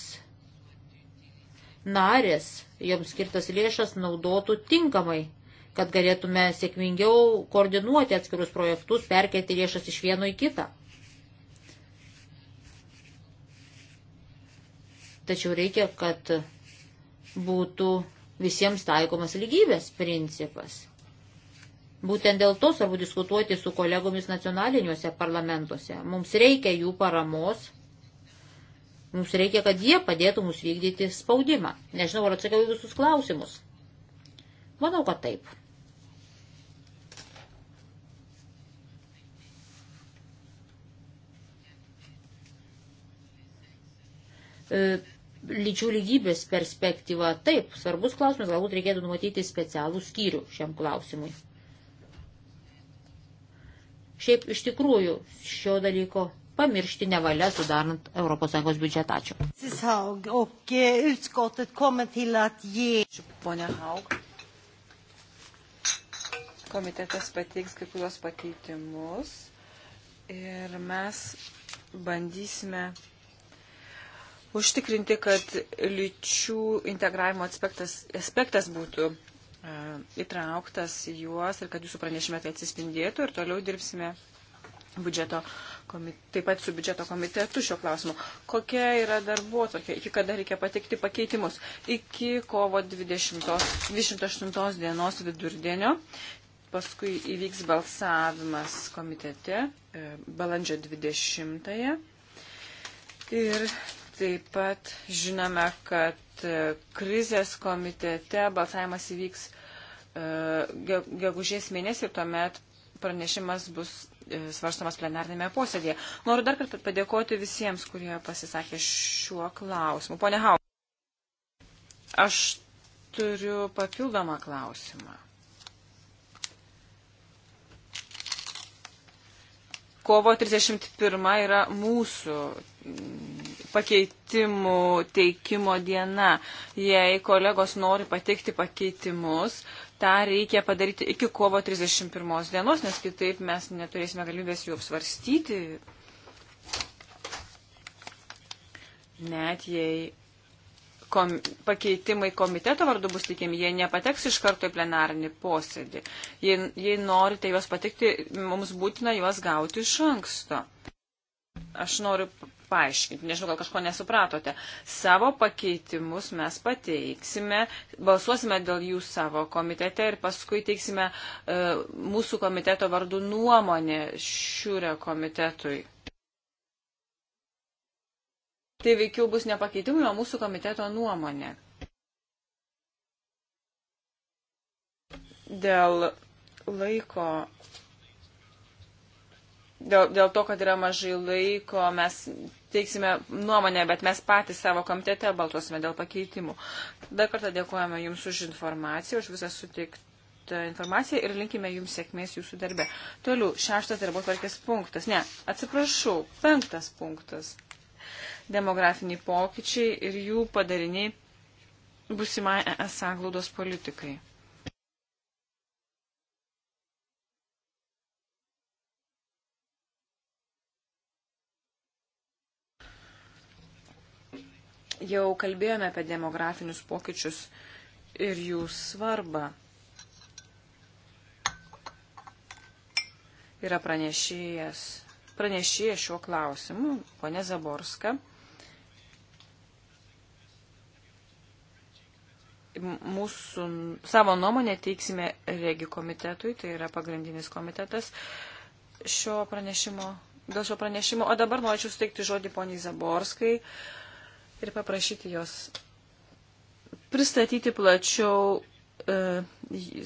narės joms skirtas lėšas naudotų tinkamai kad galėtume sėkmingiau koordinuoti atskirus projektus, perkelti lėšas iš vieno į kitą. Tačiau reikia, kad būtų visiems taikomas lygybės principas. Būtent dėl to svarbu diskutuoti su kolegomis nacionaliniuose parlamentuose. Mums reikia jų paramos, mums reikia, kad jie padėtų mums vykdyti spaudimą. Nežinau, ar atsakiau visus klausimus. Manau, kad taip. E, lyčių lygybės perspektyva. Taip, svarbus klausimas, galbūt reikėtų numatyti specialų skyrių šiam klausimui. Šiaip iš tikrųjų šio dalyko pamiršti nevalia sudarant ES biudžetą. Ačiū. Ačiū, ponia Haug. Komitetas pateiks kai kuriuos pakeitimus ir mes bandysime užtikrinti, kad lyčių integravimo aspektas, aspektas būtų e, įtrauktas į juos ir kad jūsų pranešime tai atsispindėtų ir toliau dirbsime biudžeto komite, taip pat su biudžeto komitetu šio klausimu. Kokia yra darbo tokia, iki kada reikia patikti pakeitimus? Iki kovo 20, 28 dienos vidurdienio, paskui įvyks balsavimas komitete e, balandžio 20. Ir Taip pat žinome, kad e, krizės komitete balsavimas įvyks e, gegužės mėnesį ir tuomet pranešimas bus e, svarstamas plenarnėme posėdėje. Noriu dar kartą padėkoti visiems, kurie pasisakė šiuo klausimu. Pone Hau, aš turiu papildomą klausimą. kovo 31 yra mūsų mm, pakeitimų teikimo diena. Jei kolegos nori pateikti pakeitimus, tą reikia padaryti iki kovo 31 dienos, nes kitaip mes neturėsime galimybės jų apsvarstyti. Net jei kom, pakeitimai komiteto vardu bus teikiami, jie nepateks iš karto į plenarinį posėdį. Jei, jei norite juos patikti, mums būtina juos gauti iš anksto. Aš noriu paaiškinti, nežinau, gal kažko nesupratote. Savo pakeitimus mes pateiksime, balsuosime dėl jų savo komitete ir paskui teiksime e, mūsų komiteto vardu nuomonę šiūrio komitetui. Tai veikiau bus nepakeitimai, o mūsų komiteto nuomonė. Dėl laiko, dėl, dėl to, kad yra mažai laiko, mes teiksime nuomonę, bet mes patys savo komitete baltuosime dėl pakeitimų. Dar kartą dėkojame Jums už informaciją, už visą sutiktą informaciją ir linkime jums sėkmės jūsų darbe. Toliau, šeštas darbo tvarkės punktas. Ne, atsiprašau, penktas punktas demografiniai pokyčiai ir jų padariniai busimai ES sanglaudos politikai. Jau kalbėjome apie demografinius pokyčius ir jų svarbą. Yra pranešėjas, pranešėjas šiuo klausimu, ponė Zaborska. mūsų savo nuomonę teiksime regi komitetui, tai yra pagrindinis komitetas šio pranešimo, dėl šio pranešimo. O dabar norėčiau suteikti žodį poniai Zaborskai ir paprašyti jos pristatyti plačiau e,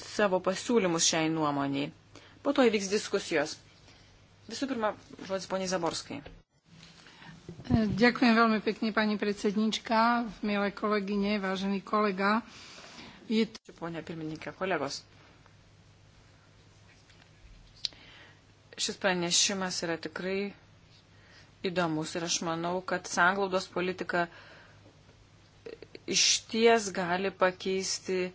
savo pasiūlymus šiai nuomoniai. Po to įvyks diskusijos. Visų pirma, žodis poniai Zaborskai. Ďakujem veľmi pekne, pani predsednička, milé kolegyne, vážený kolega. Je to... Pone pirmininkė, kolegos. Šis pranešimas yra tikrai įdomus ir aš manau, kad sanglaudos politika išties gali pakeisti,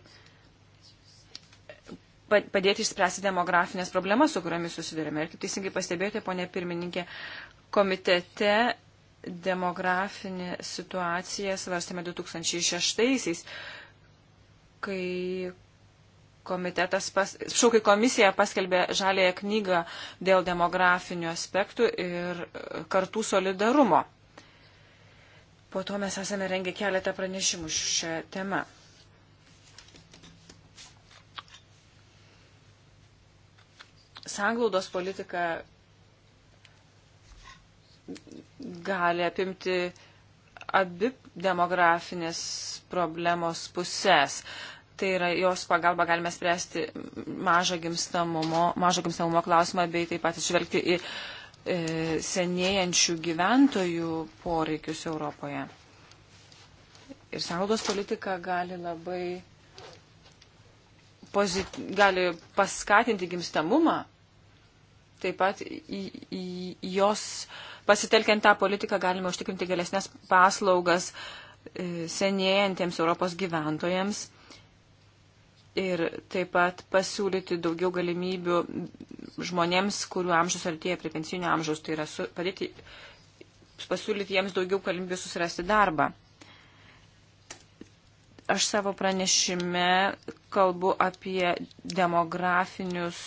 padėti išspręsti demografinės problemas, su kuriomis susidurėme. Ir kaip teisingai pastebėjote, ponė pirmininkė, komitete demografinę situaciją svarstėme 2006-aisiais, kai komitetas, pas, šaukai komisija paskelbė žalėją knygą dėl demografinių aspektų ir e, kartų solidarumo. Po to mes esame rengę keletą pranešimų šią temą. Sanglaudos politika gali apimti abi demografinės problemos pusės. Tai yra jos pagalba galime spręsti mažo gimstamumo, mažo gimstamumo klausimą bei taip pat išvelgti į e, senėjančių gyventojų poreikius Europoje. Ir sąnaudos politika gali labai pozit, gali paskatinti gimstamumą Taip pat į, į, jos pasitelkiant tą politiką galime užtikrinti galesnės paslaugas e, senėjantiems Europos gyventojams ir taip pat pasiūlyti daugiau galimybių žmonėms, kurių amžius artėja prie pensinio amžiaus, tai yra su, padėti, pasiūlyti jiems daugiau galimybių susirasti darbą. Aš savo pranešime kalbu apie demografinius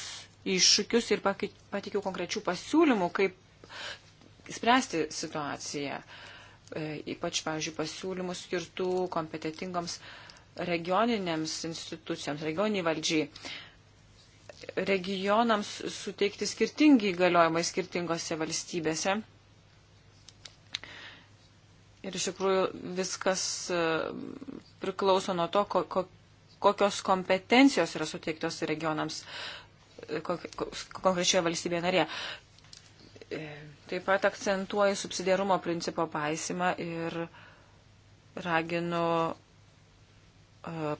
iššūkius ir pateikiau konkrečių pasiūlymų, kaip spręsti situaciją. E, ypač, pavyzdžiui, pasiūlymų skirtų kompetitingoms regioninėms institucijoms, regioniniai valdžiai. Regionams suteikti skirtingi įgaliojimai skirtingose valstybėse. Ir iš tikrųjų viskas e, priklauso nuo to, kokios kompetencijos yra suteiktos regionams konkrečioje valstybėje narėje. E, taip pat akcentuoju subsidiarumo principo paisimą ir raginu e,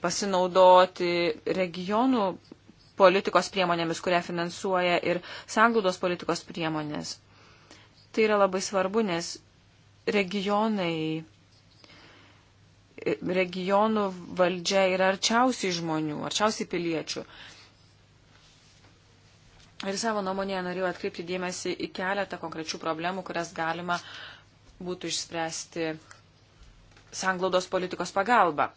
pasinaudoti regionų politikos priemonėmis, kurią finansuoja ir sanglaudos politikos priemonės. Tai yra labai svarbu, nes regionai, e, regionų valdžia yra arčiausiai žmonių, arčiausiai piliečių. Ir savo nuomonėje norėjau atkreipti dėmesį į keletą konkrečių problemų, kurias galima būtų išspręsti sanglaudos politikos pagalba,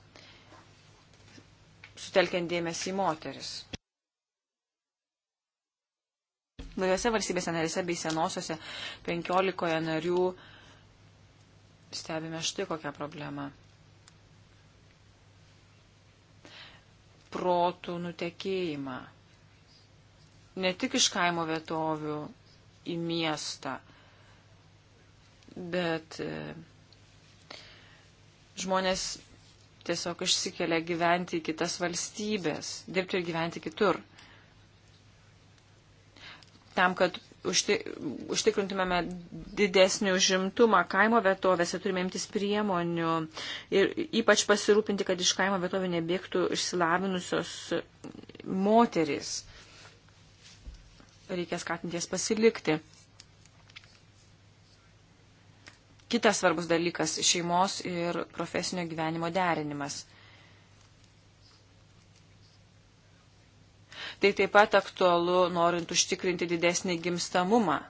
sutelkiant dėmesį į moteris. Naujose valstybėse narėse bei senosiose 15 narių stebime štai kokią problemą. Protų nutekėjimą ne tik iš kaimo vietovių į miestą, bet e, žmonės tiesiog išsikelia gyventi į kitas valstybės, dirbti ir gyventi kitur. Tam, kad užti, užtikrintumėme didesnį užimtumą kaimo vietovėse, turime imtis priemonių ir ypač pasirūpinti, kad iš kaimo vietovių nebėgtų išsilavinusios moterys reikia skatinti jas pasilikti. Kitas svarbus dalykas - šeimos ir profesinio gyvenimo derinimas. Tai taip pat aktualu, norint užtikrinti didesnį gimstamumą.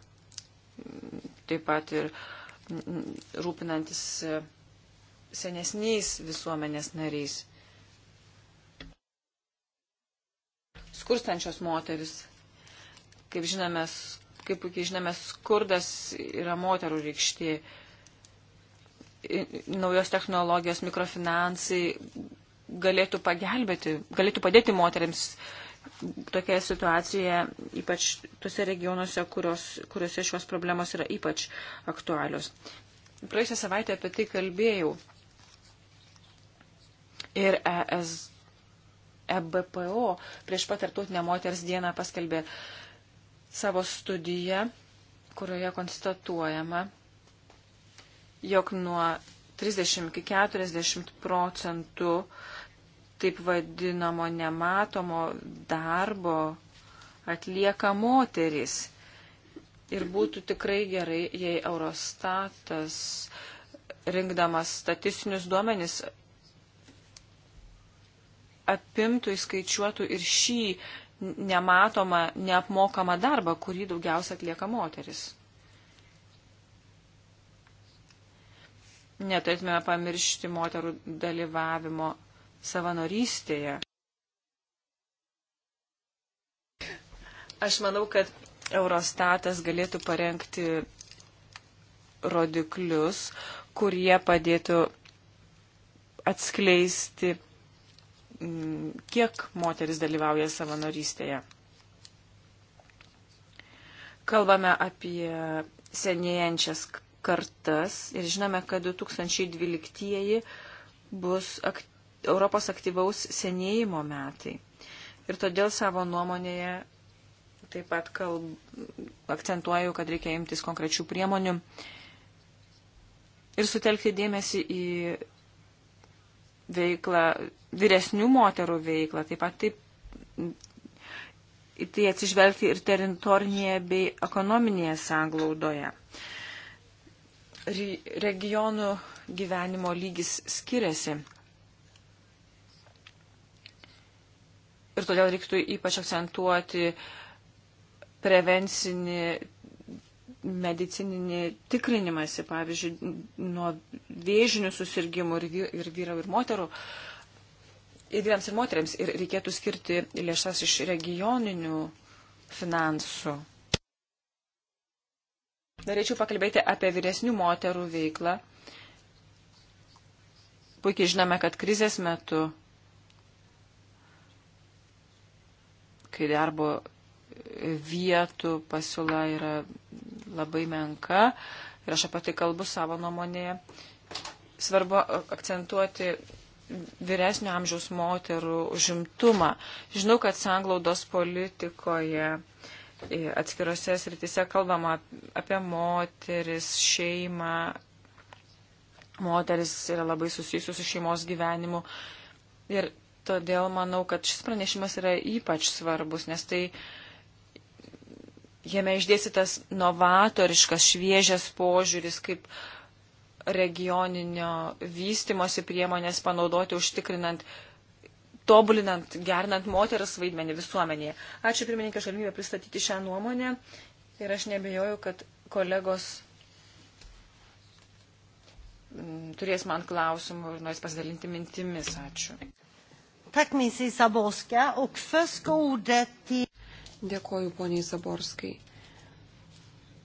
Taip pat ir rūpinantis e, senesniais visuomenės nariais. Skurstančios moteris Kaip žinome, kaip puikiai žinome, skurdas yra moterų rykštė. Naujos technologijos, mikrofinansai galėtų pagelbėti, galėtų padėti moteriams tokioje situacijoje, ypač tuose regionuose, kurios, kuriuose šios problemos yra ypač aktualios. Praėjusią savaitę apie tai kalbėjau. Ir ES, EBPO prieš pat tartutinę moters dieną paskelbė uh, savo studiją, kurioje konstatuojama, jog nuo 30 iki 40 procentų taip vadinamo nematomo darbo atlieka moteris. Ir būtų tikrai gerai, jei Eurostatas, rinkdamas statistinius duomenis, apimtų, įskaičiuotų ir šį nematomą, neapmokamą darbą, kurį daugiausia atlieka moteris. Neturėtume pamiršti moterų dalyvavimo savanorystėje. Aš manau, kad Eurostatas galėtų parengti rodiklius, kurie padėtų atskleisti Mm, kiek moteris dalyvauja savanorystėje. Kalbame apie senėjančias kartas ir žinome, kad 2012 bus ak Europos aktyvaus senėjimo metai. Ir todėl savo nuomonėje taip pat kalb, akcentuoju, kad reikia imtis konkrečių priemonių ir sutelkti dėmesį į veiklą, vyresnių moterų veiklą, taip pat taip į tai atsižvelgti ir teritorinėje bei ekonominėje sanglaudoje. Regionų gyvenimo lygis skiriasi. Ir todėl reiktų ypač akcentuoti prevencinį medicininį tikrinimąsi, pavyzdžiui, nuo vėžinių susirgymų ir, vy, ir vyra, ir moterų, ir vyrams, ir moteriams, ir reikėtų skirti lėšas iš regioninių finansų. Norėčiau pakalbėti apie vyresnių moterų veiklą. Puikiai žinome, kad krizės metu, kai darbo vietų pasiūla yra labai menka ir aš apie tai kalbu savo nuomonėje. Svarbu akcentuoti vyresnio amžiaus moterų užimtumą. Žinau, kad sanglaudos politikoje atskirose sritise kalbama apie moteris, šeimą. Moteris yra labai susijusius su šeimos gyvenimu. Ir todėl manau, kad šis pranešimas yra ypač svarbus, nes tai uh, Jame išdėstytas novatoriškas, šviežias požiūris, kaip regioninio vystimosi priemonės panaudoti užtikrinant, tobulinant, gernant moteris vaidmenį visuomenėje. Ačiū pirmininkė už galimybę pristatyti šią nuomonę ir aš nebejoju, kad kolegos mm, turės man klausimų ir norės pasidalinti mintimis. Ačiū. Tack, Mrs. Saboska. Och först ordet till... Dėkoju poniai Zaborskai.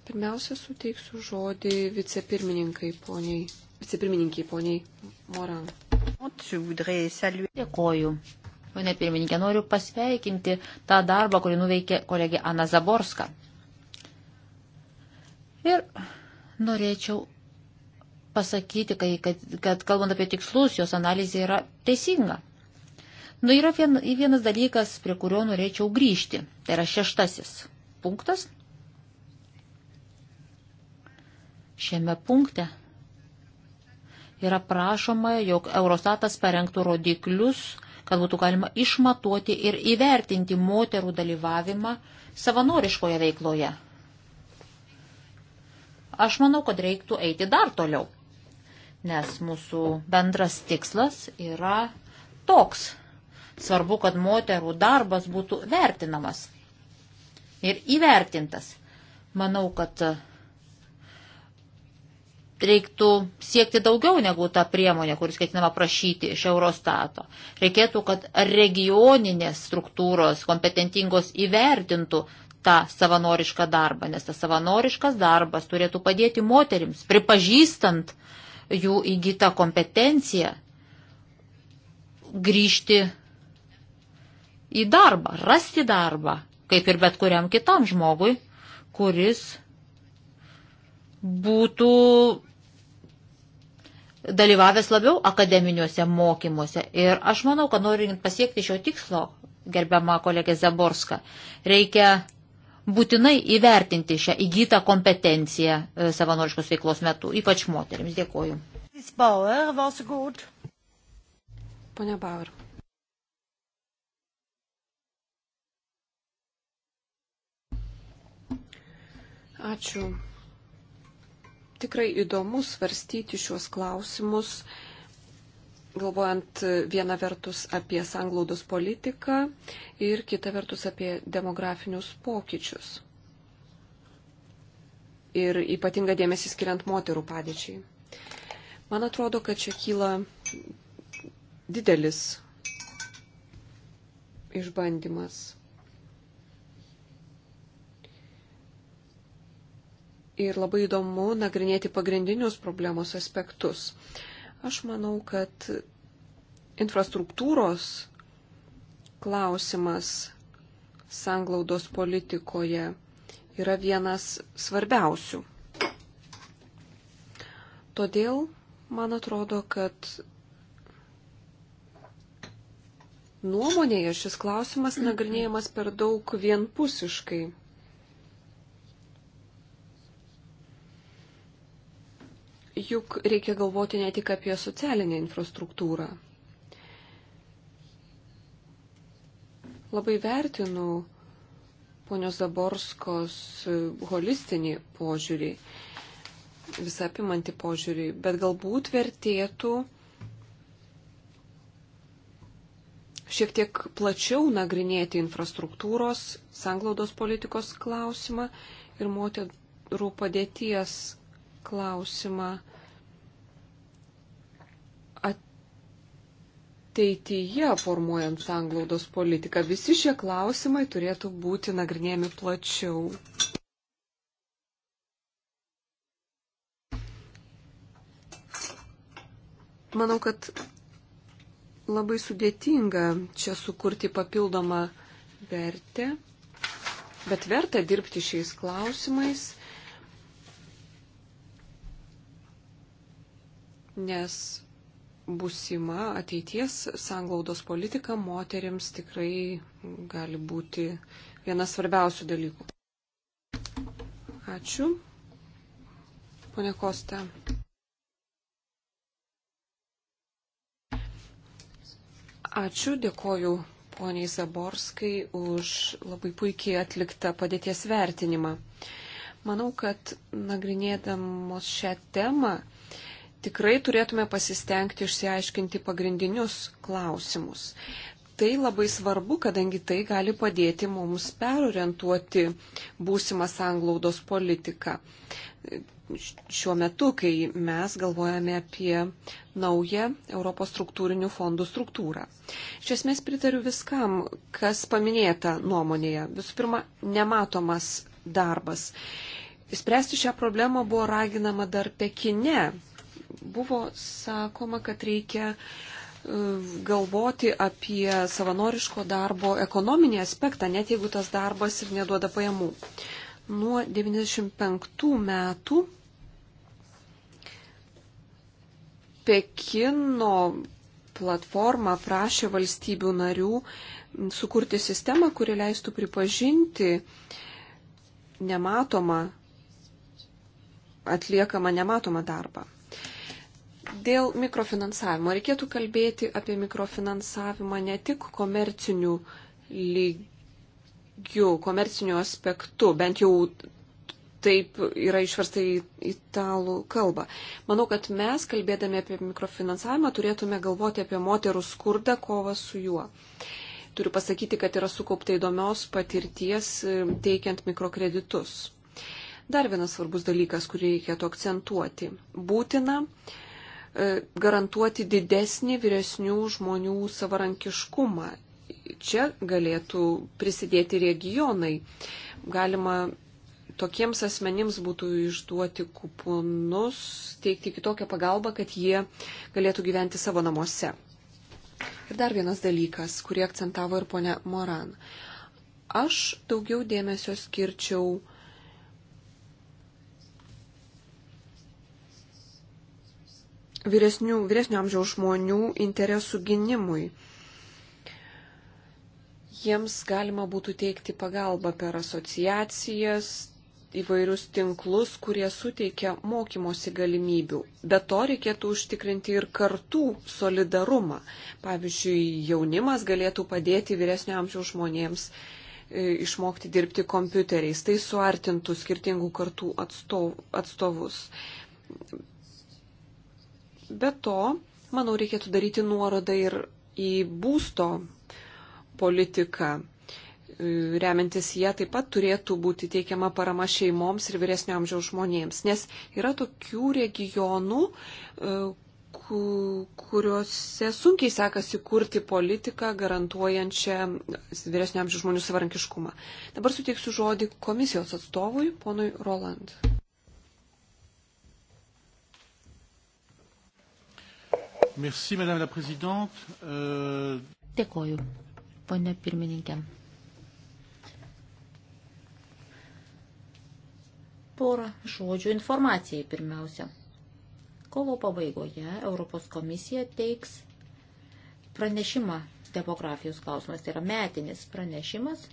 Pirmiausia, suteiksiu žodį vicepirmininkai poniai, vicepirmininkiai poniai Moran. Dėkoju. Pane pirmininkė, noriu pasveikinti tą darbą, kurį nuveikė kolegė Ana Zaborska. Ir norėčiau pasakyti, kad, kad kalbant apie tikslus, jos analizė yra teisinga. Nu, yra vien, vienas dalykas, prie kurio norėčiau grįžti. Tai yra šeštasis punktas. Šiame punkte yra prašoma, jog Eurostatas parengtų rodiklius, kad būtų galima išmatuoti ir įvertinti moterų dalyvavimą savanoriškoje veikloje. Aš manau, kad reiktų eiti dar toliau, nes mūsų bendras tikslas yra toks Svarbu, kad moterų darbas būtų vertinamas ir įvertintas. Manau, kad reiktų siekti daugiau negu tą priemonę, kuris ketinama prašyti iš Eurostato. Reikėtų, kad regioninės struktūros kompetentingos įvertintų tą savanorišką darbą, nes tas savanoriškas darbas turėtų padėti moterims, pripažįstant jų įgytą kompetenciją, grįžti į darbą, rasti darbą, kaip ir bet kuriam kitam žmogui, kuris būtų dalyvavęs labiau akademiniuose mokymuose. Ir aš manau, kad norint pasiekti šio tikslo, gerbiama kolegė Zaborska, reikia būtinai įvertinti šią įgytą kompetenciją e, savanoriškos veiklos metu, ypač moteriams. Dėkoju. Bauer, Pone Bauer. Ačiū. Tikrai įdomu svarstyti šiuos klausimus, galvojant vieną vertus apie sanglaudos politiką ir kitą vertus apie demografinius pokyčius. Ir ypatinga dėmesį skiriant moterų padėčiai. Man atrodo, kad čia kyla didelis išbandymas. ir labai įdomu nagrinėti pagrindinius problemos aspektus. Aš manau, kad infrastruktūros klausimas sanglaudos politikoje yra vienas svarbiausių. Todėl man atrodo, kad nuomonėje šis klausimas nagrinėjamas per daug vienpusiškai. juk reikia galvoti ne tik apie socialinę infrastruktūrą. Labai vertinu ponios Zaborskos holistinį požiūrį, visapimantį požiūrį, bet galbūt vertėtų šiek tiek plačiau nagrinėti infrastruktūros, sanglaudos politikos klausimą ir moterų padėties klausimą ateityje formuojant sanglaudos politiką. Visi šie klausimai turėtų būti nagrinėjami plačiau. Manau, kad labai sudėtinga čia sukurti papildomą vertę, bet verta dirbti šiais klausimais, nes busima ateities sanglaudos politika moteriams tikrai gali būti vienas svarbiausių dalykų. Ačiū. Pone Kosta. Ačiū, dėkoju poniai Zaborskai už labai puikiai atliktą padėties vertinimą. Manau, kad nagrinėdamos šią temą tikrai turėtume pasistengti išsiaiškinti pagrindinius klausimus. Tai labai svarbu, kadangi tai gali padėti mums perorientuoti būsimą sanglaudos politiką. Šiuo metu, kai mes galvojame apie naują Europos struktūrinių fondų struktūrą. Iš esmės pritariu viskam, kas paminėta nuomonėje. Visų pirma, nematomas darbas. Spręsti šią problemą buvo raginama dar Pekine, buvo sakoma, kad reikia e, galvoti apie savanoriško darbo ekonominį aspektą, net jeigu tas darbas ir neduoda pajamų. Nuo 1995 metų Pekino platforma prašė valstybių narių sukurti sistemą, kuri leistų pripažinti nematomą, atliekamą nematomą darbą. Dėl mikrofinansavimo. Reikėtų kalbėti apie mikrofinansavimą ne tik komercinių lygių, komercinių aspektų, bent jau taip yra išversta į italų kalbą. Manau, kad mes, kalbėdami apie mikrofinansavimą, turėtume galvoti apie moterų skurdą, kovą su juo. Turiu pasakyti, kad yra sukaupta įdomios patirties e, teikiant mikrokreditus. Dar vienas svarbus dalykas, kurį reikėtų akcentuoti. Būtina uh, E, garantuoti didesnį vyresnių žmonių savarankiškumą. Čia galėtų prisidėti regionai. Galima tokiems asmenims būtų išduoti kuponus, teikti kitokią pagalbą, kad jie galėtų gyventi savo namuose. Ir dar vienas dalykas, kurį akcentavo ir ponia Moran. Aš daugiau dėmesio skirčiau vyresnių, vyresnio amžiaus žmonių interesų gynimui. Jiems galima būtų teikti pagalbą per asociacijas, įvairius tinklus, kurie suteikia mokymosi galimybių. Be to reikėtų užtikrinti ir kartų solidarumą. Pavyzdžiui, jaunimas galėtų padėti vyresnio amžiaus žmonėms e, išmokti dirbti kompiuteriais. Tai suartintų skirtingų kartų atstovus. Be to, manau, reikėtų daryti nuorodą ir į būsto politiką. Remiantis jie taip pat turėtų būti teikiama parama šeimoms ir vyresnio amžiaus žmonėms, nes yra tokių regionų, e, kuriuose sunkiai sekasi kurti politiką garantuojančią vyresnio amžiaus žmonių savarankiškumą. Dabar suteiksiu žodį komisijos atstovui, ponui Roland. Merci, Madame la Présidente. Uh... Dėkoju, ponė pirmininkė. Porą žodžių informacijai pirmiausia. Kovo pabaigoje Europos komisija teiks pranešimą demografijos klausimas. Tai yra metinis pranešimas,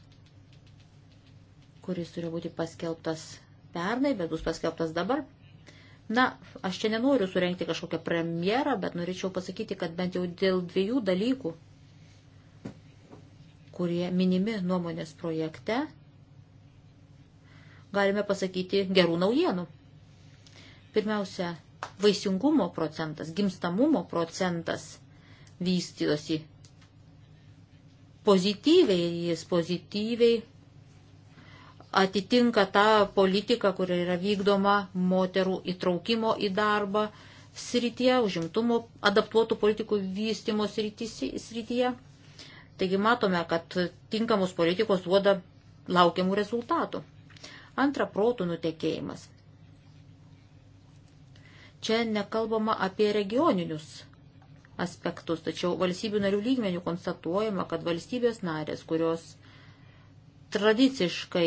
kuris turi būti paskelbtas pernai, bet bus paskelbtas dabar Na, aš čia nenoriu surenkti kažkokią premjerą, bet norėčiau pasakyti, kad bent jau dėl dviejų dalykų, kurie minimi nuomonės projekte, galime pasakyti gerų naujienų. Pirmiausia, vaisingumo procentas, gimstamumo procentas vystydosi pozityviai ir jis pozityviai atitinka tą politiką, kuri yra vykdoma moterų įtraukimo į darbą srityje, užimtumo adaptuotų politikų vystimo srityje. Taigi matome, kad tinkamos politikos duoda laukiamų rezultatų. Antra, protų nutekėjimas. Čia nekalbama apie regioninius aspektus, tačiau valstybių narių lygmenių konstatuojama, kad valstybės narės, kurios tradiciškai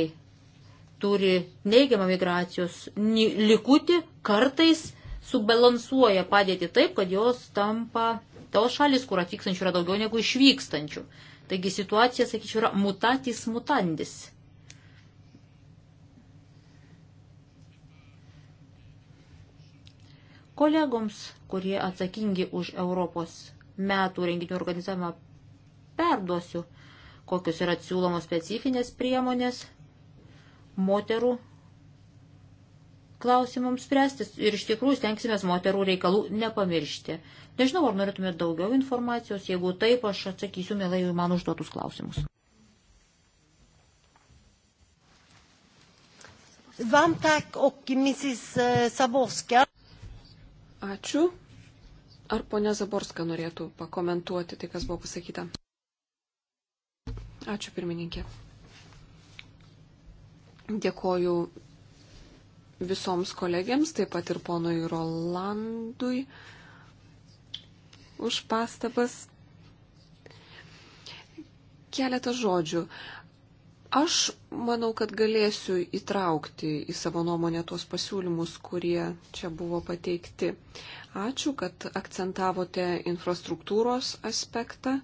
turi neigiamą migracijos likutį, kartais subalansuoja padėti taip, kad jos tampa tos šalis, kur atvykstančių yra daugiau negu išvykstančių. Taigi situacija, sakyčiau, yra mutatis mutandis. Kolegoms, kurie atsakingi už Europos metų renginių organizavimą, perduosiu, kokius yra siūlomos specifinės priemonės moterų klausimams spręstis ir iš tikrųjų stengsimės moterų reikalų nepamiršti. Nežinau, ar norėtumėte daugiau informacijos, jeigu taip, aš atsakysiu mielai į man užduotus klausimus. Varmt tack och Mrs Saborska. E, Ačiū. Ar ponia Zaborska norėtų pakomentuoti tai, kas buvo pasakyta? Ačiū pirmininkė. Dėkoju visoms kolegiams, taip pat ir ponui Rolandui už pastabas. Keletą žodžių. Aš manau, kad galėsiu įtraukti į savo nuomonę tuos pasiūlymus, kurie čia buvo pateikti. Ačiū, kad akcentavote infrastruktūros aspektą.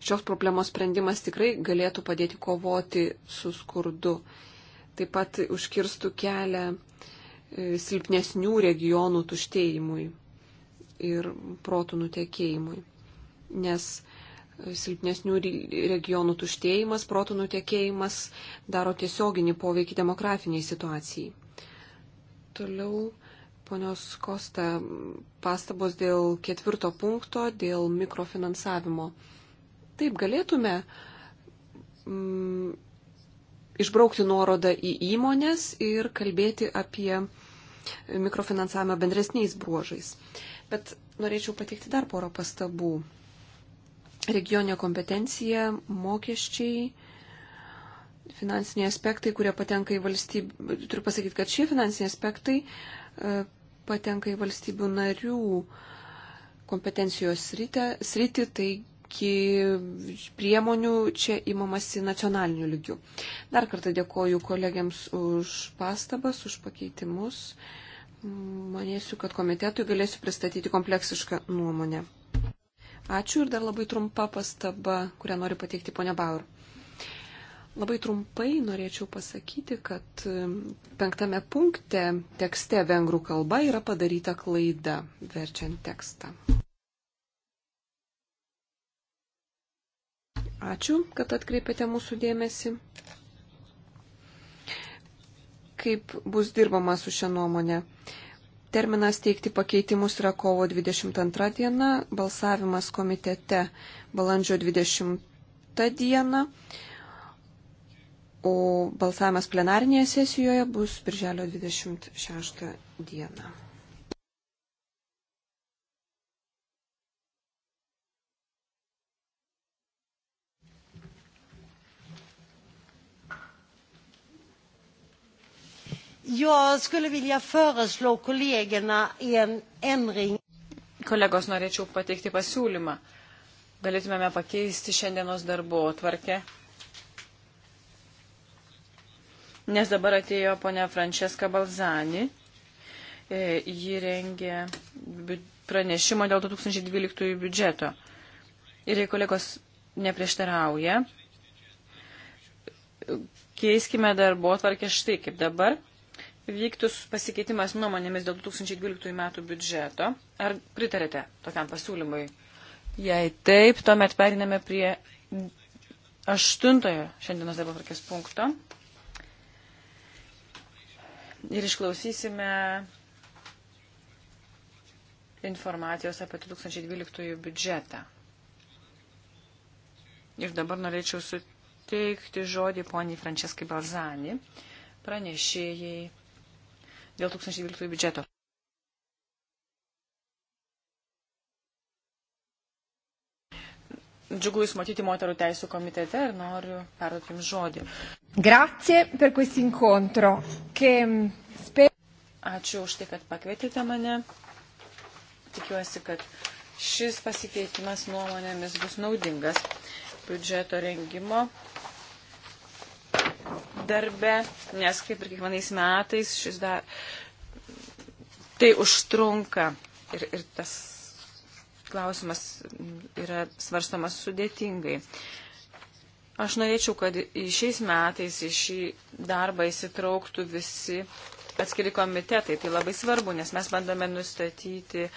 šios problemos sprendimas tikrai galėtų padėti kovoti su skurdu. Taip pat užkirstų kelią e, silpnesnių regionų tuštėjimui ir protų nutekėjimui. Nes e, silpnesnių regionų tuštėjimas, protų nutekėjimas daro tiesioginį poveikį demografiniai situacijai. Toliau ponios Kosta pastabos dėl ketvirto punkto, dėl mikrofinansavimo. Taip, galėtume mm, išbraukti nuorodą į įmonės ir kalbėti apie mikrofinansavimą bendresniais bruožais. Bet norėčiau pateikti dar porą pastabų. Regionė kompetencija, mokesčiai, finansiniai aspektai, kurie patenka į valstybių, turiu pasakyti, kad šie finansiniai aspektai e, patenka į valstybių narių kompetencijos sritį, tai priemonių čia imamasi nacionaliniu lygiu. Dar kartą dėkoju kolegiams už pastabas, už pakeitimus. Manėsiu, kad komitetui galėsiu pristatyti kompleksišką nuomonę. Ačiū ir dar labai trumpa pastaba, kurią noriu pateikti ponia Baur. Labai trumpai norėčiau pasakyti, kad um, penktame punkte tekste vengrų kalba yra padaryta klaida verčiant tekstą. Ačiū, kad atkreipėte mūsų dėmesį. Kaip bus dirbama su šią nuomonę? Terminas teikti pakeitimus yra kovo 22 diena, balsavimas komitete balandžio 20 diena, o balsavimas plenarinėje sesijoje bus birželio 26 diena. Jag skulle vilja föreslå kollegorna en ändring. Kolegos, norėčiau pateikti pasiūlymą. Galėtumėme pakeisti šiandienos darbo tvarkę. Nes dabar atėjo ponia Franceska Balzani. E, ji rengė pranešimą dėl 2012 biudžeto. Ir jei kolegos neprieštarauja, keiskime darbo tvarkę štai kaip dabar vyktų pasikeitimas nuomonėmis dėl 2012 metų biudžeto. Ar pritarėte tokiam pasiūlymui? Jei taip, tuomet periname prie aštuntojo šiandienos darbo tvarkės punkto. Ir išklausysime informacijos apie 2012 biudžetą. Ir dabar norėčiau suteikti žodį poniai Franceskai Balzani, pranešėjai dėl 2012 biudžeto. Džiugu Jūs matyti moterų teisų komitete ir noriu perduoti Jums žodį. Grazie per questo incontro. Che... Mm, Ačiū už tai, kad pakvietėte mane. Tikiuosi, kad šis pasikeitimas nuomonėmis bus naudingas biudžeto rengimo darbe, nes kaip ir kiekvienais metais šis dar tai užtrunka ir, ir tas klausimas yra svarstamas sudėtingai. Aš norėčiau, kad šiais metais į šį darbą įsitrauktų visi atskiri komitetai. Tai labai svarbu, nes mes bandome nustatyti e,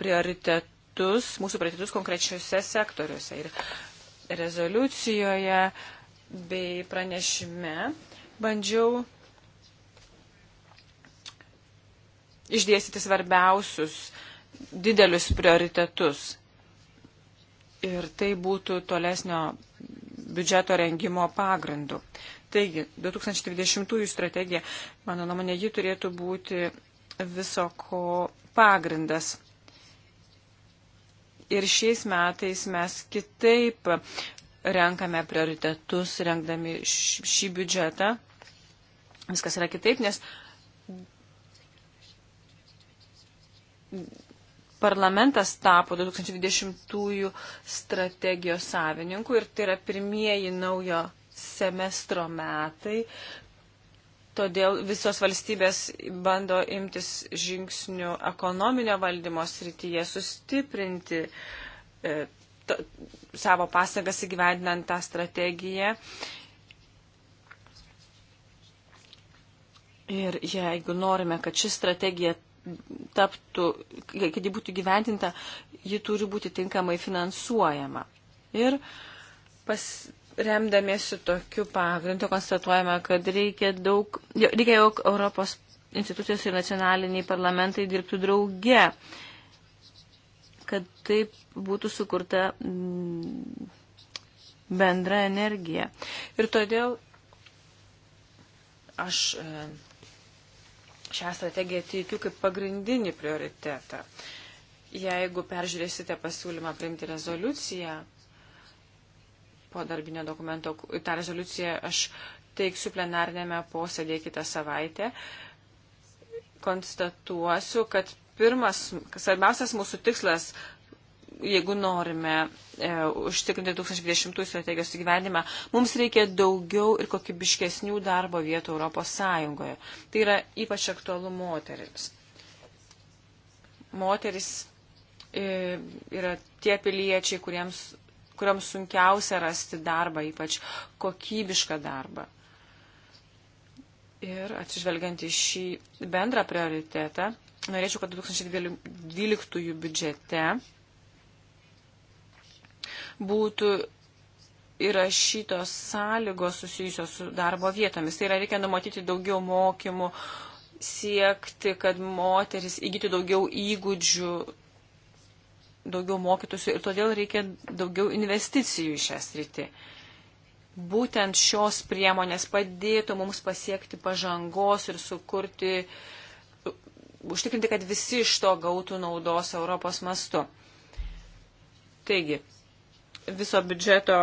prioritetus, mūsų prioritetus konkrečiuose sektoriuose. Ir rezoliucijoje e, bei pranešime bandžiau išdėstyti svarbiausius didelius prioritetus. Ir tai būtų tolesnio biudžeto rengimo pagrindu. Taigi, 2020 strategija, mano nuomonė, ji turėtų būti viso ko pagrindas. Ir šiais metais mes kitaip renkame prioritetus, renkdami šį biudžetą. Viskas yra kitaip, nes parlamentas tapo 2020 strategijos savininku ir tai yra pirmieji naujo semestro metai. Todėl visos valstybės bando imtis žingsnių ekonominio valdymo srityje, sustiprinti e, savo pasagas įgyvendinant tą strategiją. Ir jeigu norime, kad ši strategija taptų, kad ji būtų gyventinta, ji turi būti tinkamai finansuojama. Ir pas, remdamiesi tokiu pagrindu konstatuojame, kad reikia daug, reikia jog Europos institucijos ir nacionaliniai parlamentai dirbtų drauge. Uh, kad taip būtų sukurta mm, bendra energija. Ir todėl aš e, šią strategiją teikiu kaip pagrindinį prioritetą. Jeigu peržiūrėsite pasiūlymą priimti rezoliuciją, po darbinio dokumento, tą rezoliuciją aš teiksiu plenarnėme posėdėje kitą savaitę, konstatuosiu, kad pirmas, svarbiausias mūsų tikslas, jeigu norime e, užtikrinti 2020 strategijos įgyvenimą, mums reikia daugiau ir kokybiškesnių darbo vietų Europos Sąjungoje. Tai yra ypač aktualu moterims. Moteris e, yra tie piliečiai, kuriems kuriam sunkiausia rasti darbą, ypač kokybišką darbą. Ir atsižvelgiant į šį bendrą prioritetą, norėčiau, kad 2012 biudžete būtų įrašytos sąlygos susijusios su darbo vietomis. Tai yra reikia numatyti daugiau mokymų, siekti, kad moteris įgyti daugiau įgūdžių, daugiau mokytųsi ir todėl reikia daugiau investicijų į šią sritį. Būtent šios priemonės padėtų mums pasiekti pažangos ir sukurti uh, užtikrinti, kad visi iš to gautų naudos Europos mastu. Taigi, viso biudžeto,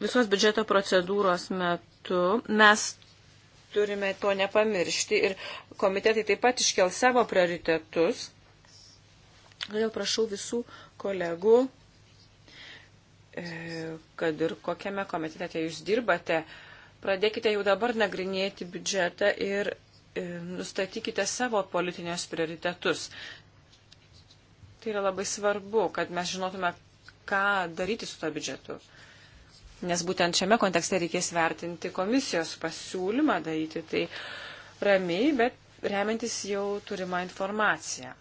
visos biudžeto procedūros metu mes turime to nepamiršti ir komitetai taip pat iškel savo prioritetus. Todėl prašau visų kolegų, e, kad ir kokiame komitete jūs dirbate, pradėkite jau dabar nagrinėti biudžetą ir E, nustatykite savo politinės prioritetus. Tai yra labai svarbu, kad mes žinotume, ką daryti su to biudžetu. Nes būtent šiame kontekste reikės vertinti komisijos pasiūlymą daryti tai ramiai, bet remiantis jau turimą informaciją.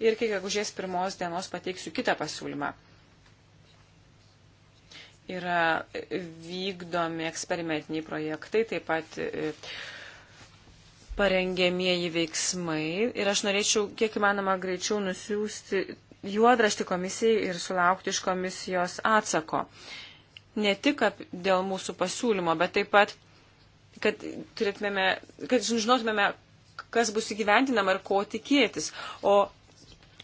Ir iki gegužės pirmos dienos pateiksiu kitą pasiūlymą. Yra vykdomi eksperimentiniai projektai, taip pat e, parengėmieji veiksmai ir aš norėčiau kiek įmanoma greičiau nusiųsti juodrašti komisijai ir sulaukti iš komisijos atsako. Ne tik dėl mūsų pasiūlymo, bet taip pat, kad, turėtumėme, kad žinotumėme, kas bus įgyvendinama ir ko tikėtis. O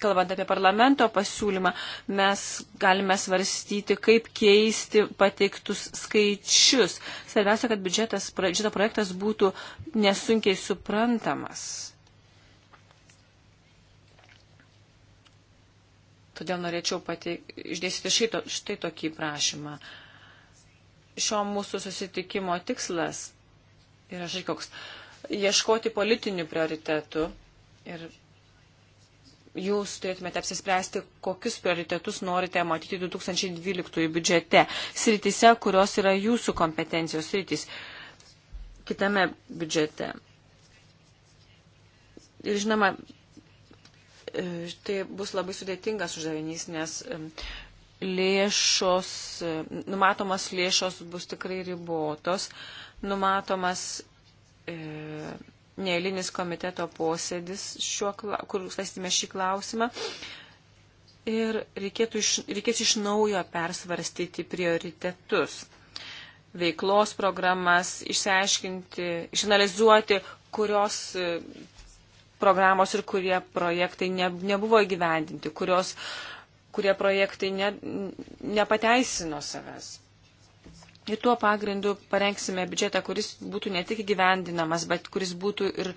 kalbant apie parlamento pasiūlymą, mes galime svarstyti, kaip keisti pateiktus skaičius. Svarbiausia, kad biudžetas, biudžeto projektas būtų nesunkiai suprantamas. Todėl norėčiau pateik, išdėstyti šito, štai tokį prašymą. Šio mūsų susitikimo tikslas yra štai koks - ieškoti politinių prioritetų ir jūs turėtumėte apsispręsti, kokius prioritetus norite matyti 2012 biudžete, sritise, kurios yra jūsų kompetencijos sritis kitame biudžete. Ir žinoma, e, tai bus labai sudėtingas uždavinys, nes e, lėšos, e, numatomas lėšos bus tikrai ribotos, numatomas. E, neįlinis komiteto posėdis, šiuo, kur svarstėme šį klausimą. Ir reikėtų iš, reikės iš naujo persvarstyti prioritetus, veiklos programas, išsiaiškinti, išanalizuoti, kurios e, programos ir kurie projektai ne, nebuvo įgyvendinti, kurios, kurie projektai ne, nepateisino savęs. Ir tuo pagrindu parengsime biudžetą, kuris būtų ne tik gyvendinamas, bet kuris būtų ir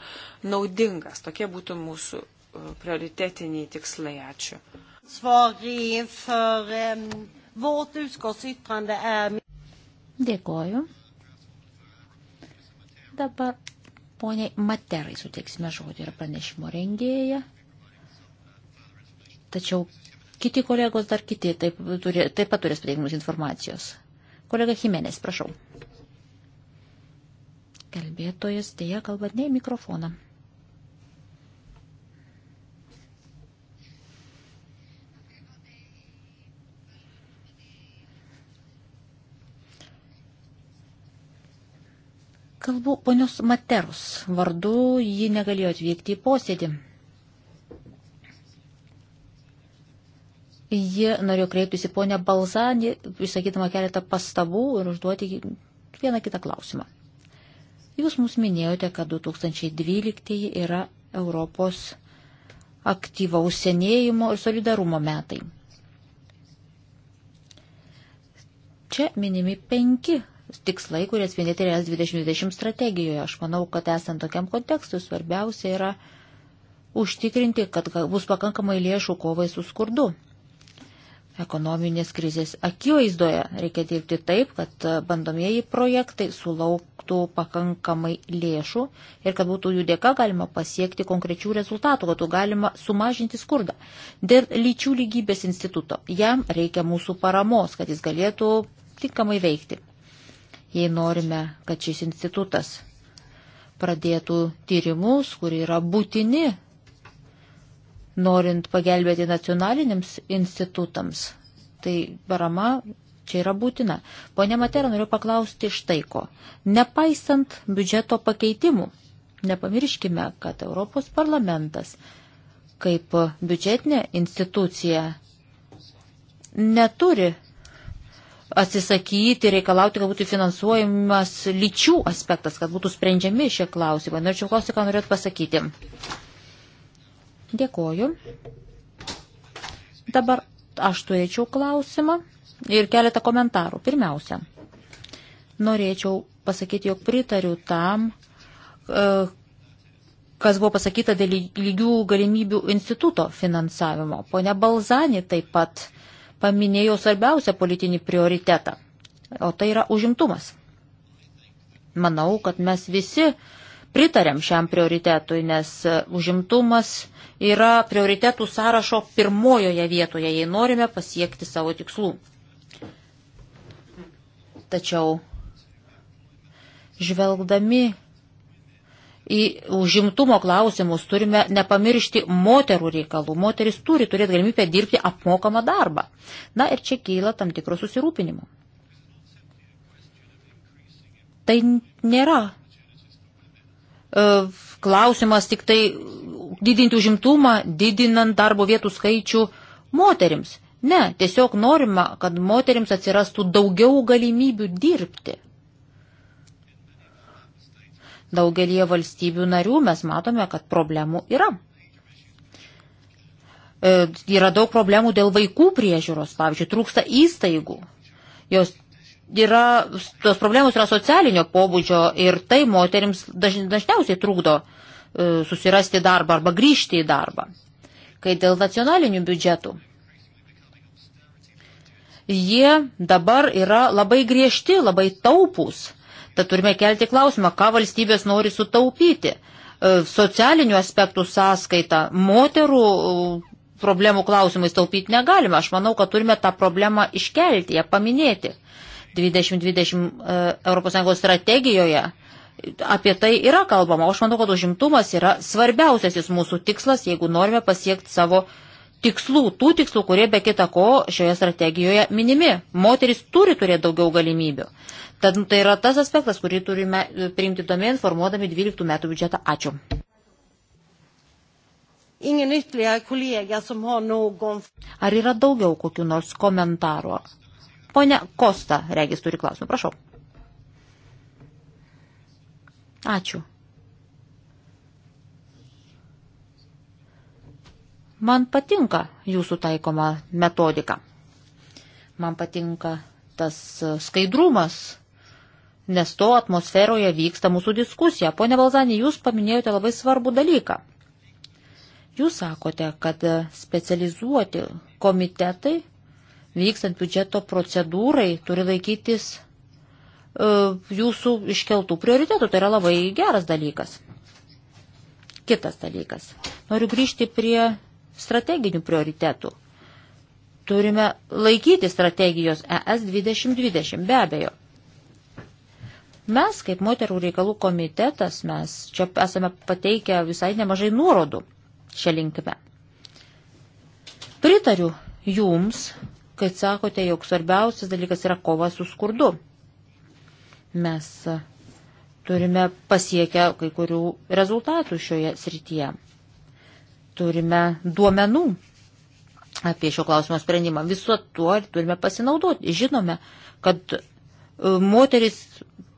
naudingas. Tokie būtų mūsų e, prioritetiniai tikslai. Ačiū. Er- Dėkoju. Dabar poniai Materai suteiksime žodį ir pranešimo rengėją. Tačiau kiti kolegos dar kiti taip, turi, taip pat turės pateikimus informacijos. Kolega Jimenez, prašau. Kalbėtojas dėja kalba ne į mikrofoną. Kalbu ponios Materos vardu, ji negalėjo atvykti į posėdį. Ji norėjo kreiptis į ponę Balzanį, išsakydama keletą pastabų ir užduoti vieną kitą klausimą. Jūs mums minėjote, kad 2012 yra Europos aktyvaus senėjimo ir solidarumo metai. Čia minimi penki tikslai, kurie atspindėti RES 2020 strategijoje. Aš manau, kad esant tokiam kontekstui svarbiausia yra užtikrinti, kad bus pakankamai lėšų kovai su skurdu ekonominės krizės akivaizdoje. Reikia dirbti taip, kad bandomieji projektai sulauktų pakankamai lėšų ir kad būtų jų dėka galima pasiekti konkrečių rezultatų, kad galima sumažinti skurdą. Dėl lyčių lygybės instituto jam reikia mūsų paramos, kad jis galėtų tinkamai veikti. Jei norime, kad šis institutas pradėtų tyrimus, kurie yra būtini norint pagelbėti nacionaliniams institutams, tai parama čia yra būtina. Pone Matera, noriu paklausti štai ko. Nepaisant biudžeto pakeitimų, nepamirškime, kad Europos parlamentas kaip biudžetinė institucija neturi atsisakyti, reikalauti, kad būtų finansuojamas lyčių aspektas, kad būtų sprendžiami šie klausimai. Norėčiau klausyti, ką norėt pasakyti. Dėkoju. Dabar aš turėčiau klausimą ir keletą komentarų. Pirmiausia, norėčiau pasakyti, jog pritariu tam, e, kas buvo pasakyta dėl lygių galimybių instituto finansavimo. Pone Balzani taip pat paminėjo svarbiausią politinį prioritetą, o tai yra užimtumas. Manau, kad mes visi pritarėm šiam prioritetui, nes užimtumas yra prioritetų sąrašo pirmojoje vietoje, jei norime pasiekti savo tikslų. Tačiau žvelgdami į užimtumo klausimus turime nepamiršti moterų reikalų. Moteris turi turėti galimybę dirbti apmokamą darbą. Na ir čia keila tam tikro susirūpinimo. Tai nėra e, klausimas tik tai didinti užimtumą, didinant darbo vietų skaičių moterims. Ne, tiesiog norima, kad moterims atsirastų daugiau galimybių dirbti. Daugelie valstybių narių mes matome, kad problemų yra. E, yra daug problemų dėl vaikų priežiūros, pavyzdžiui, trūksta įstaigų. Jos yra, tos problemos yra socialinio pobūdžio ir tai moterims daž, dažniausiai trukdo E, susirasti darbą arba grįžti į darbą. Kai dėl nacionalinių biudžetų, jie dabar yra labai griežti, labai taupūs. Tad turime kelti klausimą, ką valstybės nori sutaupyti. E, socialinių aspektų sąskaita, moterų e, problemų klausimais taupyti negalime. Aš manau, kad turime tą problemą iškelti, ją paminėti. 2020 ES strategijoje apie tai yra kalbama. O aš manau, kad užimtumas yra svarbiausiasis mūsų tikslas, jeigu norime pasiekti savo tikslų, tų tikslų, kurie be kita ko šioje strategijoje minimi. Moteris turi turėti daugiau galimybių. Tad tai yra tas aspektas, kurį turime e, priimti domėn, formuodami 12 metų biudžetą. Ačiū. Ar yra daugiau kokiu nors komentaru? Pone Kosta, regis turi klausimą, prašau. Ačiū. Man patinka jūsų taikoma metodika. Man patinka tas skaidrumas, nes to atmosferoje vyksta mūsų diskusija. Pone Valzanė, jūs paminėjote labai svarbų dalyką. Jūs sakote, kad specializuoti komitetai, vykstant biudžeto procedūrai, turi laikytis E, jūsų iškeltų prioritetų. Tai yra labai geras dalykas. Kitas dalykas. Noriu grįžti prie strateginių prioritetų. Turime laikyti strategijos ES 2020, be abejo. Mes, kaip moterų reikalų komitetas, mes čia esame pateikę visai nemažai nuorodų šią linkmę. Pritariu jums, kai sakote, jog svarbiausias dalykas yra kova su skurdu. Mes turime pasiekę kai kurių rezultatų šioje srityje. Turime duomenų apie šio klausimo sprendimą. Viso tuo turime pasinaudoti. Žinome, kad e, moteris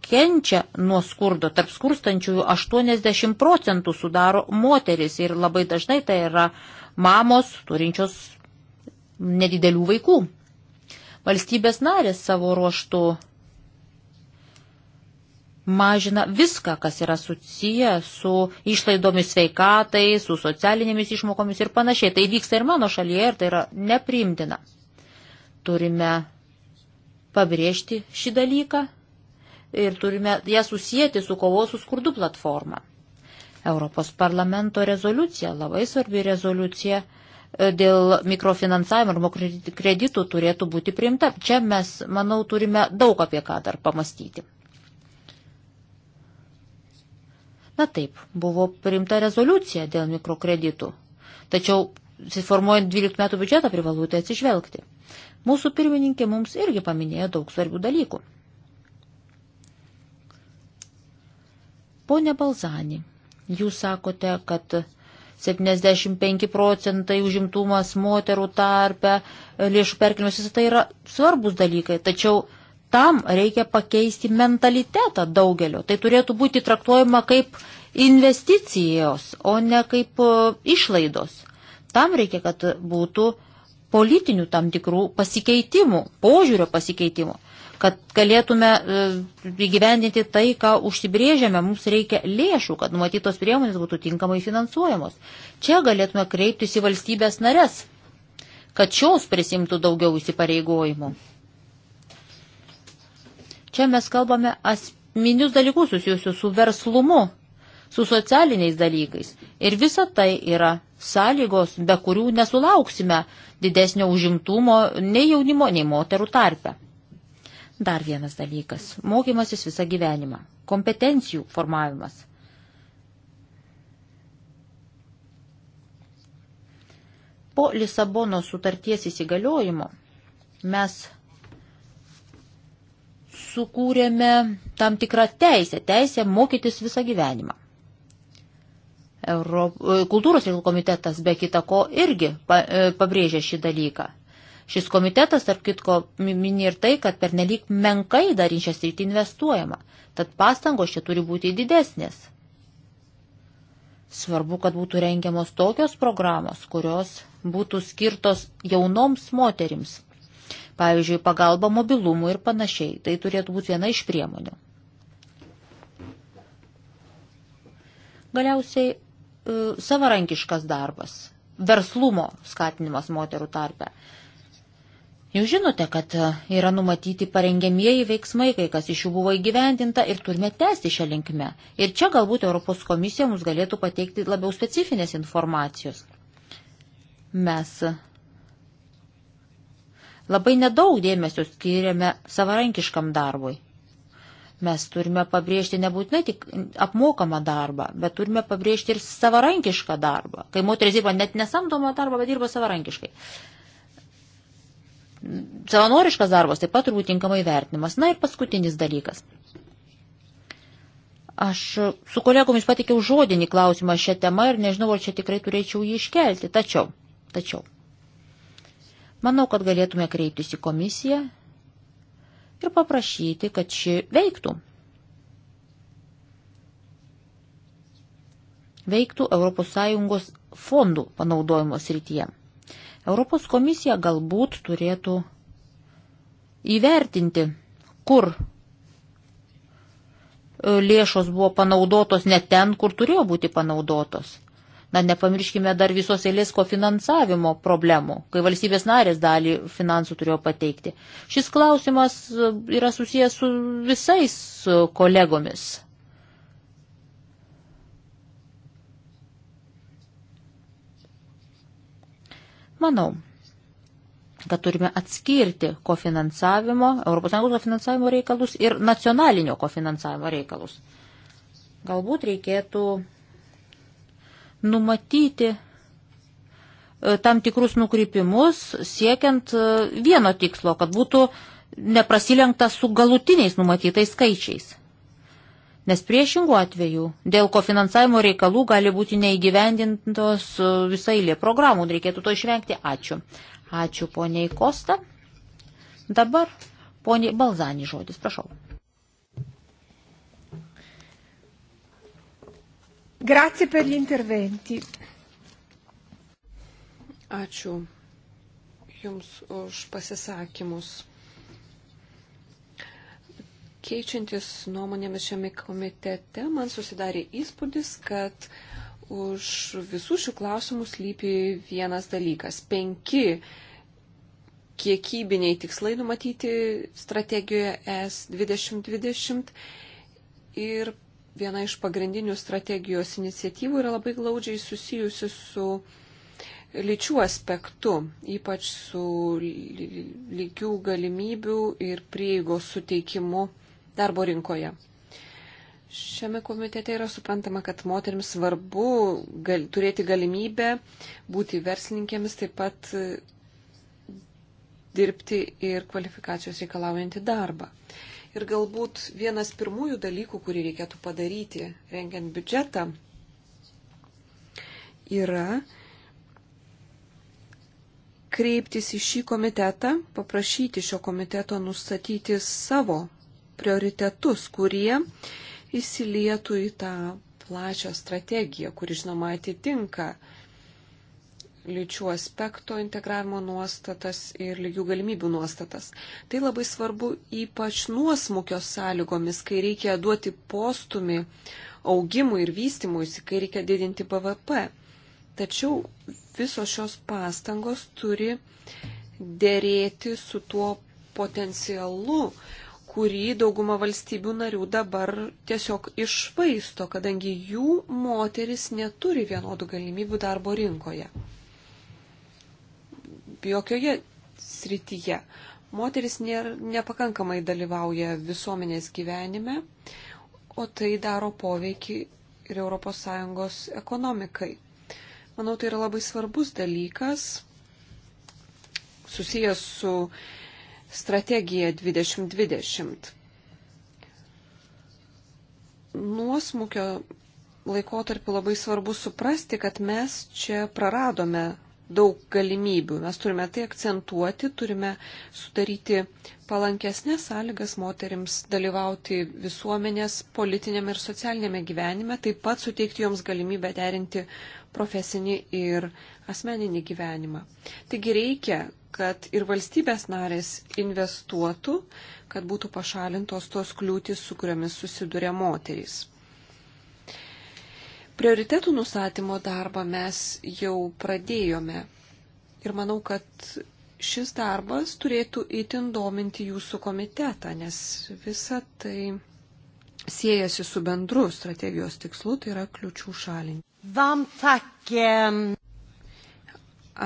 kenčia nuo skurdo. Tarp skurstančiųjų 80 procentų sudaro moteris ir labai dažnai tai yra mamos turinčios nedidelių vaikų. Valstybės narės savo ruoštų mažina viską, kas yra susiję su išlaidomis sveikatai, su socialinėmis išmokomis ir panašiai. Tai vyksta ir mano šalyje ir tai yra neprimtina. Turime pabrėžti šį dalyką ir turime ją susijęti su kovos su skurdu platforma. Europos parlamento rezoliucija, labai svarbi rezoliucija e, dėl mikrofinansavimo ir kreditų turėtų būti priimta. Čia mes, manau, turime daug apie ką dar pamastyti. Na taip, buvo priimta rezoliucija dėl mikrokreditų. Tačiau, siformuojant 12 metų biudžetą, privalu tai atsižvelgti. Mūsų pirmininkė mums irgi paminėjo daug svarbių dalykų. Pone Balzani, jūs sakote, kad 75 procentai užimtumas moterų tarpe, lėšų perkelimas, tai yra svarbus dalykai, tačiau Tam reikia pakeisti mentalitetą daugelio. Tai turėtų būti traktuojama kaip investicijos, o ne kaip e, išlaidos. Tam reikia, kad būtų politinių tam tikrų pasikeitimų, požiūrio pasikeitimų, kad galėtume e, įgyvendinti tai, ką užsibrėžėme, mums reikia lėšų, kad numatytos priemonės būtų tinkamai finansuojamos. Čia galėtume kreiptis į valstybės nares, kad šios prisimtų daugiau įsipareigojimų. Čia mes kalbame asmeninius dalykus susijusius su verslumu, su socialiniais dalykais. Ir visa tai yra sąlygos, be kurių nesulauksime didesnio užimtumo nei jaunimo, nei moterų tarpe. Dar vienas dalykas - mokymasis visą gyvenimą, kompetencijų formavimas. Po Lisabono sutarties įsigaliojimo mes sukūrėme tam tikrą teisę, teisę mokytis visą gyvenimą. Euro, e, kultūros reikalų komitetas be kita ko irgi pa, e, pabrėžė šį dalyką. Šis komitetas, tarp kitko, mini ir tai, kad pernelyg menkai dar į šią sritį investuojama, tad pastangos čia turi būti didesnės. Svarbu, kad būtų rengiamos tokios programos, kurios būtų skirtos jaunoms moterims Pavyzdžiui, pagalba mobilumui ir panašiai. Tai turėtų būti viena iš priemonių. Galiausiai e, savarankiškas darbas, verslumo skatinimas moterų tarpe. Jūs žinote, kad e, yra numatyti parengiamieji veiksmai, kai kas iš jų buvo įgyvendinta ir turime tęsti šią linkmę. Ir čia galbūt Europos komisija mums galėtų pateikti labiau specifinės informacijos. Mes Labai nedaug dėmesio skiriame savarankiškam darbui. Mes turime pabrėžti nebūtinai tik apmokamą darbą, bet turime pabrėžti ir savarankišką darbą. Kai moteris dirba net nesamdomą darbą, bet dirba savarankiškai. Savanoriškas darbas taip pat turbūt tinkamai vertinimas. Na ir paskutinis dalykas. Aš su kolegomis patikiau žodinį klausimą šią temą ir nežinau, ar čia tikrai turėčiau jį iškelti. Tačiau, tačiau Manau, kad galėtume kreiptis į komisiją ir paprašyti, kad ši veiktų. Veiktų ES fondų panaudojimo srityje. Europos komisija galbūt turėtų įvertinti, kur e, lėšos buvo panaudotos ne ten, kur turėjo būti panaudotos. Na, nepamirškime dar visos eilės kofinansavimo problemų, kai valstybės narės dalį finansų turėjo pateikti. Šis klausimas e, yra susijęs su visais e, kolegomis. Manau, kad turime atskirti kofinansavimo, ES kofinansavimo reikalus ir nacionalinio kofinansavimo reikalus. Galbūt reikėtų numatyti e, tam tikrus nukrypimus, siekiant e, vieno tikslo, kad būtų neprasilenkta su galutiniais numatytais skaičiais. Nes priešingų atvejų dėl kofinansavimo reikalų gali būti neįgyvendintos e, visai lė programų, reikėtų to išvengti. Ačiū. Ačiū poniai Kosta. Dabar poniai Balzani žodis, prašau. Grazie per gli interventi. Ačiū Jums už pasisakymus. Keičiantis nuomonėmis šiame komitete, man susidarė įspūdis, kad už visų šių klausimų slypi vienas dalykas. Penki kiekybiniai tikslai numatyti strategijoje S2020 ir viena iš pagrindinių strategijos iniciatyvų yra labai glaudžiai susijusi su lyčių aspektu, ypač su lygių galimybių ir prieigos suteikimu darbo rinkoje. Šiame komitete yra suprantama, kad moteriams svarbu gal, turėti galimybę būti verslininkėmis, taip pat e, dirbti ir kvalifikacijos reikalaujantį darbą. Ir galbūt vienas pirmųjų dalykų, kurį reikėtų padaryti rengiant biudžetą, yra kreiptis į šį komitetą, paprašyti šio komiteto nustatyti savo prioritetus, kurie įsilietų į tą plačią strategiją, kuri, žinoma, atitinka uh, lyčių aspekto integravimo nuostatas ir lygių galimybių nuostatas. Tai labai svarbu ypač nuosmukio sąlygomis, kai reikia duoti postumį augimui ir vystimuisi, kai reikia didinti BVP. Tačiau visos šios pastangos turi dėrėti su tuo potencialu, kurį dauguma valstybių narių dabar tiesiog išvaisto, kadangi jų moteris neturi vienodų galimybių darbo rinkoje jokioje srityje. Moteris nėra, nepakankamai dalyvauja visuomenės gyvenime, o tai daro poveikį ir ES ekonomikai. Manau, tai yra labai svarbus dalykas susijęs su strategija 2020. Nuosmukio laikotarpiu labai svarbu suprasti, kad mes čia praradome daug galimybių. Mes turime tai akcentuoti, turime sudaryti palankesnės sąlygas moteriams dalyvauti visuomenės politinėme ir socialinėme gyvenime, taip pat suteikti joms galimybę derinti profesinį ir asmeninį gyvenimą. Taigi reikia, kad ir valstybės narės investuotų, kad būtų pašalintos tos kliūtis, su kuriomis susiduria moterys. Prioritetų nustatymo darbą mes jau pradėjome ir manau, kad šis darbas turėtų itin dominti jūsų komitetą, nes visa tai siejasi su bendru strategijos tikslu, tai yra kliučių šalinti. Vam takėm.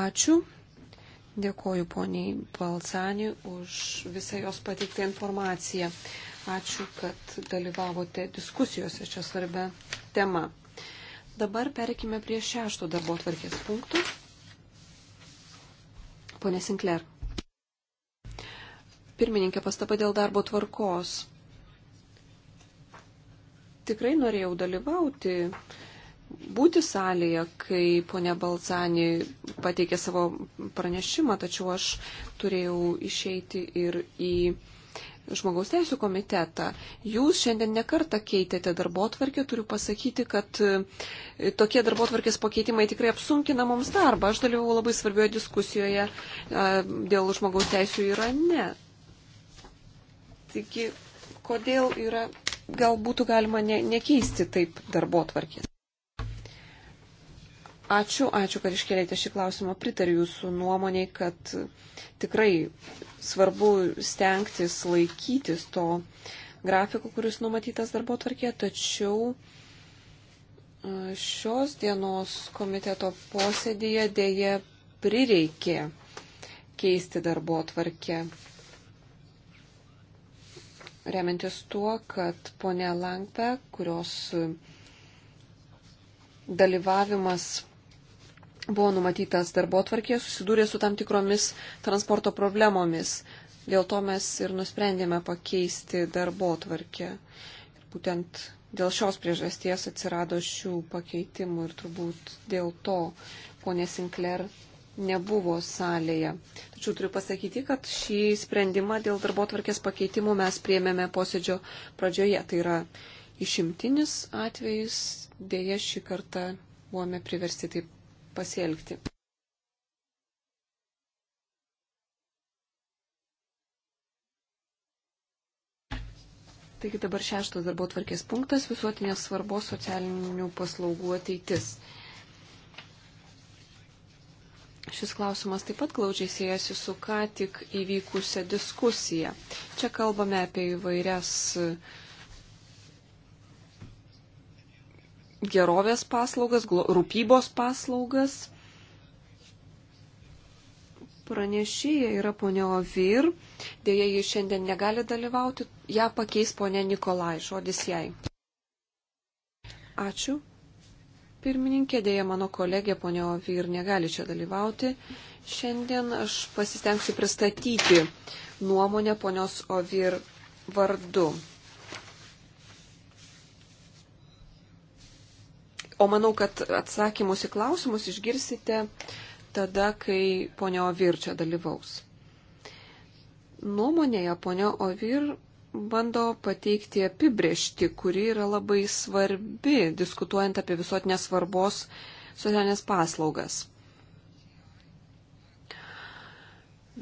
Ačiū. Dėkoju poniai Balcani už visą jos pateiktą informaciją. Ačiū, kad dalyvavote diskusijose šią svarbę temą. Dabar perikime prie šešto darbo tvarkės punktų. Pone Sinclair. Pirmininkė pastaba dėl darbo tvarkos. Tikrai norėjau dalyvauti, būti salėje, kai ponia Balzani pateikė savo pranešimą, tačiau aš turėjau išeiti ir į žmogaus teisų komitetą. Jūs šiandien nekartą keitėte darbo tvarkę, turiu pasakyti, kad e, tokie darbo tvarkės pakeitimai tikrai apsunkina mums darbą. Aš dalyvau labai svarbioje diskusijoje e, dėl žmogaus teisų Irane. Taigi, kodėl yra, gal būtų galima ne, nekeisti taip darbo tvarkės? Ačiū, ačiū, kad iškelėte šį klausimą. Pritariu jūsų nuomoniai, kad tikrai svarbu stengtis laikytis to grafiko, kuris numatytas darbo tvarkė, tačiau e, šios dienos komiteto posėdėje dėje prireikė keisti darbo tvarkę. Remiantis tuo, kad ponia Langpe, kurios dalyvavimas buvo numatytas darbo tvarkė, susidūrė su tam tikromis transporto problemomis. Dėl to mes ir nusprendėme pakeisti darbo tvarkę. Ir būtent dėl šios priežasties atsirado šių pakeitimų ir turbūt dėl to ponė Sinclair nebuvo salėje. Tačiau turiu pasakyti, kad šį sprendimą dėl darbo tvarkės pakeitimų mes priemėme posėdžio pradžioje. Tai yra išimtinis atvejis, dėja šį kartą buvome priversti taip pasielgti. Taigi dabar šeštas darbo tvarkės punktas - visuotinės svarbos socialinių paslaugų ateitis. Šis klausimas taip pat glaudžiai siejasi su ką tik įvykusią diskusiją. Čia kalbame apie įvairias uh, gerovės paslaugas, rūpybos paslaugas. Pranešėja yra ponė Ovir, dėja ji šiandien negali dalyvauti, ją pakeis ponė Nikolai, žodis jai. Ačiū. Pirmininkė, dėja mano kolegė ponė Ovir negali čia dalyvauti. Šiandien aš pasistengsiu pristatyti nuomonę ponios Ovir vardu. O manau, kad atsakymus į klausimus išgirsite tada, kai ponia Ovir čia dalyvaus. Nuomonėje ponia Ovir bando pateikti apibriešti, kuri yra labai svarbi, diskutuojant apie visuotinės svarbos socialinės paslaugas.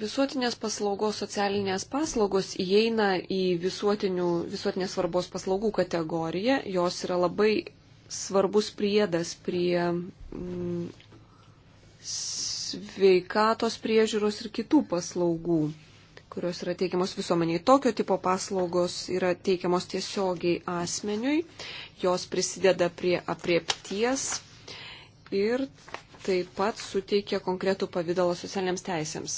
Visuotinės paslaugos socialinės paslaugos įeina į visuotinės svarbos paslaugų kategoriją, jos yra labai svarbus priedas prie mm, sveikatos priežiūros ir kitų paslaugų, kurios yra teikiamos visuomeniai. Tokio tipo paslaugos yra teikiamos tiesiogiai asmeniui, jos prisideda prie apriepties ir taip pat suteikia konkretų pavydalą socialiniams teisėms.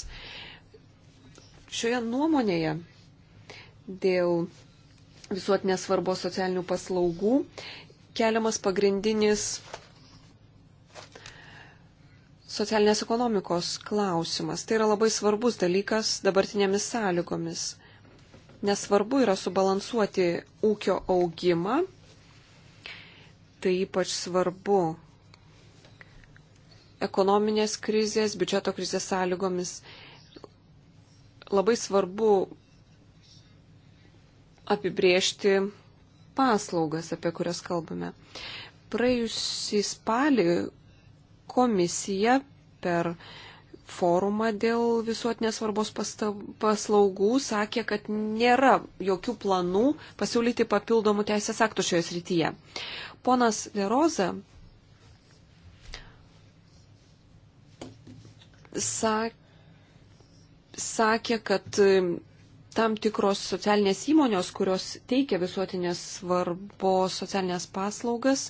Šioje nuomonėje dėl visuotinės svarbos socialinių paslaugų keliamas pagrindinis socialinės ekonomikos klausimas. Tai yra labai svarbus dalykas dabartinėmis sąlygomis. Nesvarbu yra subalansuoti ūkio augimą. Tai ypač svarbu ekonominės krizės, biudžeto krizės sąlygomis. Labai svarbu apibriežti paslaugas, apie kurias kalbame. Praėjusį spalį komisija per forumą dėl visuotinės svarbos paslaugų sakė, kad nėra jokių planų pasiūlyti papildomų teisės aktų šioje srityje. Ponas Deroza sakė, sakė, kad tam tikros socialinės įmonės, kurios teikia visuotinės svarbos socialinės paslaugas,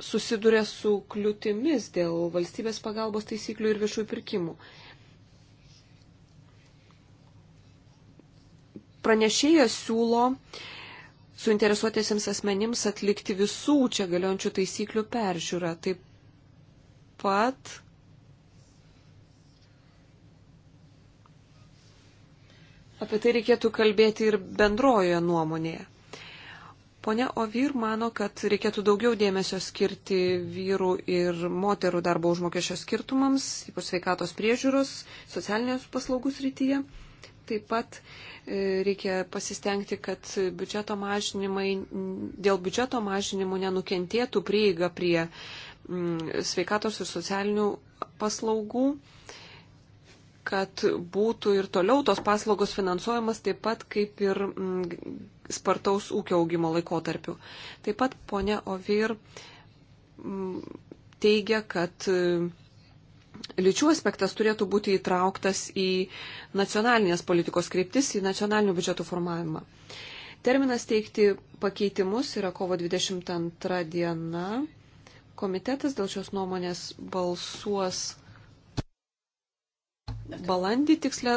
susiduria su kliūtimis dėl valstybės pagalbos taisyklių ir viešųjų pirkimų. Pranešėjas siūlo suinteresuotėsiams asmenims atlikti visų čia galiojančių taisyklių peržiūrą. Taip pat apie tai reikėtų kalbėti ir bendrojoje nuomonėje. Pone Ovir mano, kad reikėtų daugiau dėmesio skirti vyrų ir moterų darbo užmokesčio skirtumams, ypač sveikatos priežiūros, socialinės paslaugų srityje. Taip pat e, reikia pasistengti, kad biudžeto dėl biudžeto mažinimų nenukentėtų prieiga prie mm, sveikatos ir socialinių paslaugų kad būtų ir toliau tos paslaugos finansuojamas taip pat kaip ir m, mm, spartaus ūkio augimo laikotarpiu. Taip pat ponia Ovir m, mm, teigia, kad m, e, lyčių aspektas turėtų būti įtrauktas į nacionalinės politikos kryptis, į nacionalinių biudžetų formavimą. Terminas teikti pakeitimus yra kovo 22 diena. Komitetas dėl šios nuomonės balsuos balandį tikslę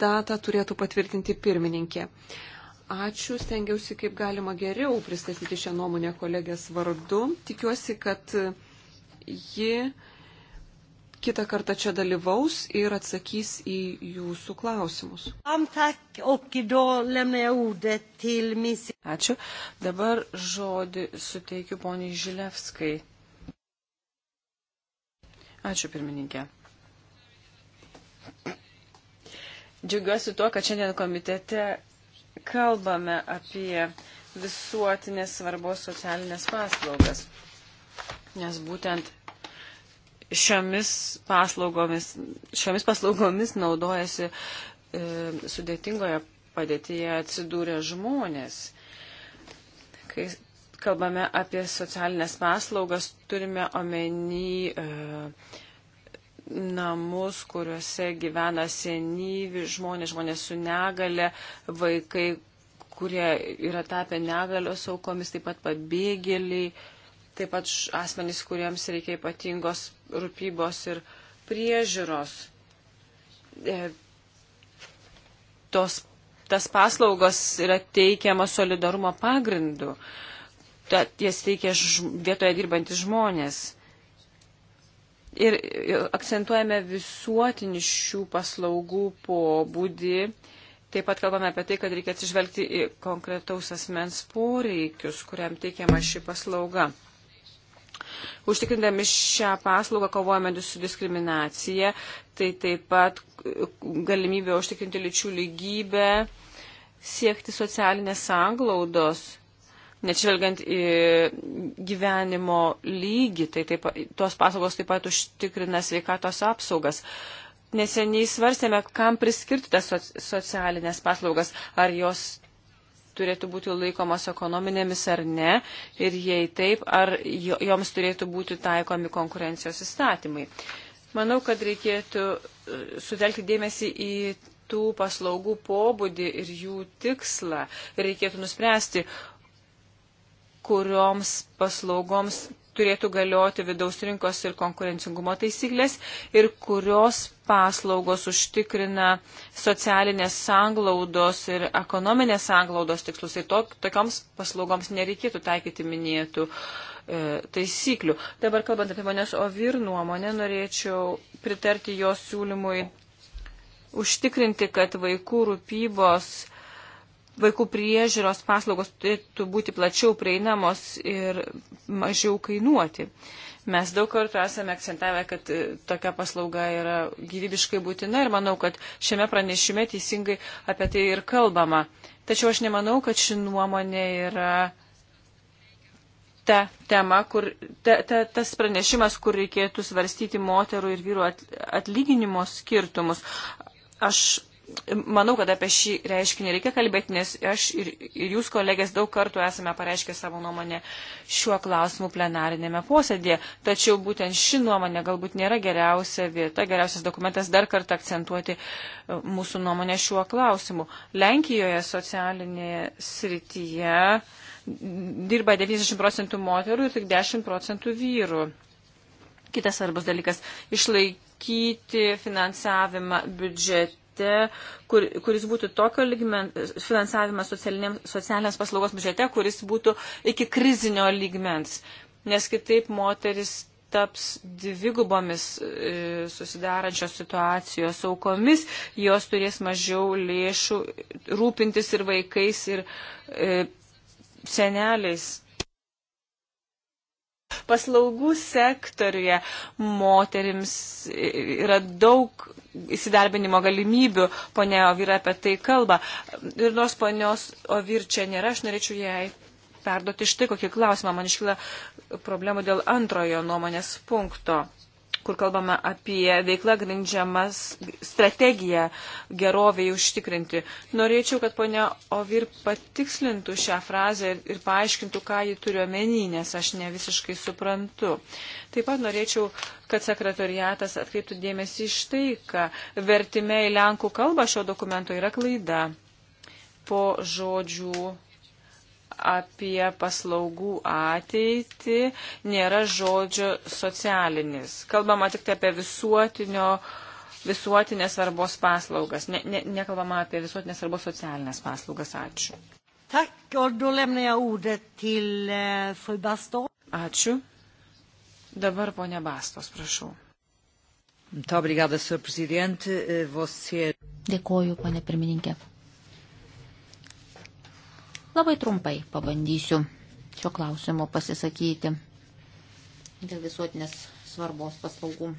datą turėtų patvirtinti pirmininkė. Ačiū, stengiausi kaip galima geriau pristatyti šią nuomonę kolegės vardu. Tikiuosi, kad ji kitą kartą čia dalyvaus ir atsakys į jūsų klausimus. Ačiū. Dabar žodį suteikiu poniai Žilevskai. Ačiū pirmininkė. Džiaugiuosi tuo, kad šiandien komitete kalbame apie visuotinės svarbos socialinės paslaugas, nes būtent šiomis paslaugomis, šiomis paslaugomis naudojasi e, sudėtingoje padėtyje atsidūrę žmonės. Kai kalbame apie socialinės paslaugas, turime omeny e, namus, kuriuose gyvena senyvi žmonės, žmonės su negale, vaikai, kurie yra tapę negalios aukomis, taip pat pabėgėliai, taip pat asmenys, kuriems reikia ypatingos rūpybos ir priežiūros. E, tos, tas paslaugos yra teikiamas solidarumo pagrindu. Jas teikia vietoje dirbantis žmonės ir akcentuojame visuotinį šių paslaugų pobūdį. Taip pat kalbame apie tai, kad reikia atsižvelgti į konkretaus asmens poreikius, kuriam teikiama ši paslauga. Užtikrindami šią paslaugą kovojame su diskriminacija, tai taip pat galimybė užtikrinti lyčių lygybę, siekti socialinės sanglaudos Nečvelgiant į gyvenimo lygį, tai taip, tuos paslaugos taip pat užtikrina sveikatos apsaugas. Neseniai svarstėme, kam priskirti tas socialinės paslaugas, ar jos turėtų būti laikomos ekonominėmis ar ne, ir jei taip, ar joms turėtų būti taikomi konkurencijos įstatymai. Manau, kad reikėtų e, sutelkti dėmesį į tų paslaugų pobūdį ir jų tikslą. Reikėtų nuspręsti, kurioms paslaugoms turėtų galioti vidaus rinkos ir konkurencingumo taisyklės ir kurios paslaugos užtikrina socialinės sanglaudos ir ekonominės sanglaudos tikslus. Ir to, tokioms paslaugoms nereikėtų taikyti minėtų e, taisyklių. Dabar kalbant apie manęs Ovir nuomonę, norėčiau pritarti jos siūlymui užtikrinti, kad vaikų rūpybos vaikų priežiūros paslaugos turėtų būti plačiau prieinamos ir mažiau kainuoti. Mes daug kartų esame akcentavę, kad e, tokia paslauga yra gyvybiškai būtina ir manau, kad šiame pranešime teisingai apie tai ir kalbama. Tačiau aš nemanau, kad ši nuomonė yra ta tema, kur, ta, ta, tas pranešimas, kur reikėtų svarstyti moterų ir vyrų atlyginimo skirtumus. Aš manau, kad apie šį reiškinį reikia kalbėti, nes aš ir, ir jūs kolegės daug kartų esame pareiškę savo nuomonę šiuo klausimu plenarinėme posėdėje. Tačiau būtent ši nuomonė galbūt nėra geriausia vieta, geriausias dokumentas dar kartą akcentuoti e, mūsų nuomonę šiuo klausimu. Lenkijoje socialinėje srityje dirba 90 procentų moterų ir tik 10 procentų vyrų. Kitas svarbus dalykas - išlaikyti finansavimą biudžete biudžete, kur, kuris būtų tokio lygmens, finansavimas socialinės paslaugos biudžete, kuris būtų iki krizinio lygmens. Nes kitaip moteris taps dvigubomis e, susidarančios situacijos aukomis, jos turės mažiau lėšų rūpintis ir vaikais, ir e, seneliais. Paslaugų sektoriuje moterims yra daug įsidarbinimo galimybių, ponia Ovira apie tai kalba. Ir nors ponios Ovir čia nėra, aš norėčiau jai perduoti štai kokį klausimą. Man iškyla problemų dėl antrojo nuomonės punkto kur kalbame apie veiklą grindžiamas strategiją geroviai užtikrinti. Norėčiau, kad ponia Ovir patikslintų šią frazę ir, ir paaiškintų, ką ji turiu omeny, nes aš ne visiškai suprantu. Taip pat norėčiau, kad sekretariatas atkreiptų dėmesį iš tai, kad vertime į lenkų kalbą šio dokumento yra klaida po žodžių apie paslaugų ateitį, nėra žodžio socialinis. Kalbama tik tai apie visuotinio, visuotinės svarbos paslaugas. Ne, ne, nekalbama apie visuotinės svarbos socialinės paslaugas. Ačiū. Tack, och då lämnar jag ordet till eh, fru Bastos. Ačiū. Dabar ponia Bastos, prašau. Muito obrigada, senhor presidente. Eh, você... Dėkoju, ponia pirmininkė. Labai trumpai pabandysiu šio klausimo pasisakyti dėl visuotinės svarbos paslaugų.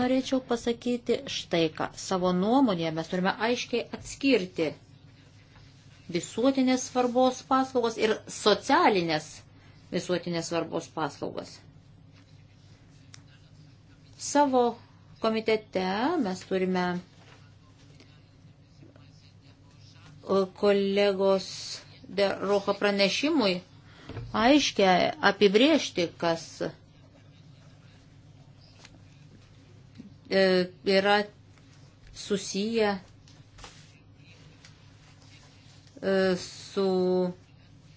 Norėčiau pasakyti štai ką. Savo nuomonėje mes turime aiškiai atskirti visuotinės svarbos paslaugos ir socialinės visuotinės svarbos paslaugas. Savo komitete mes turime kolegos Roho pranešimui aiškiai apibriežti, kas e, yra susiję e, su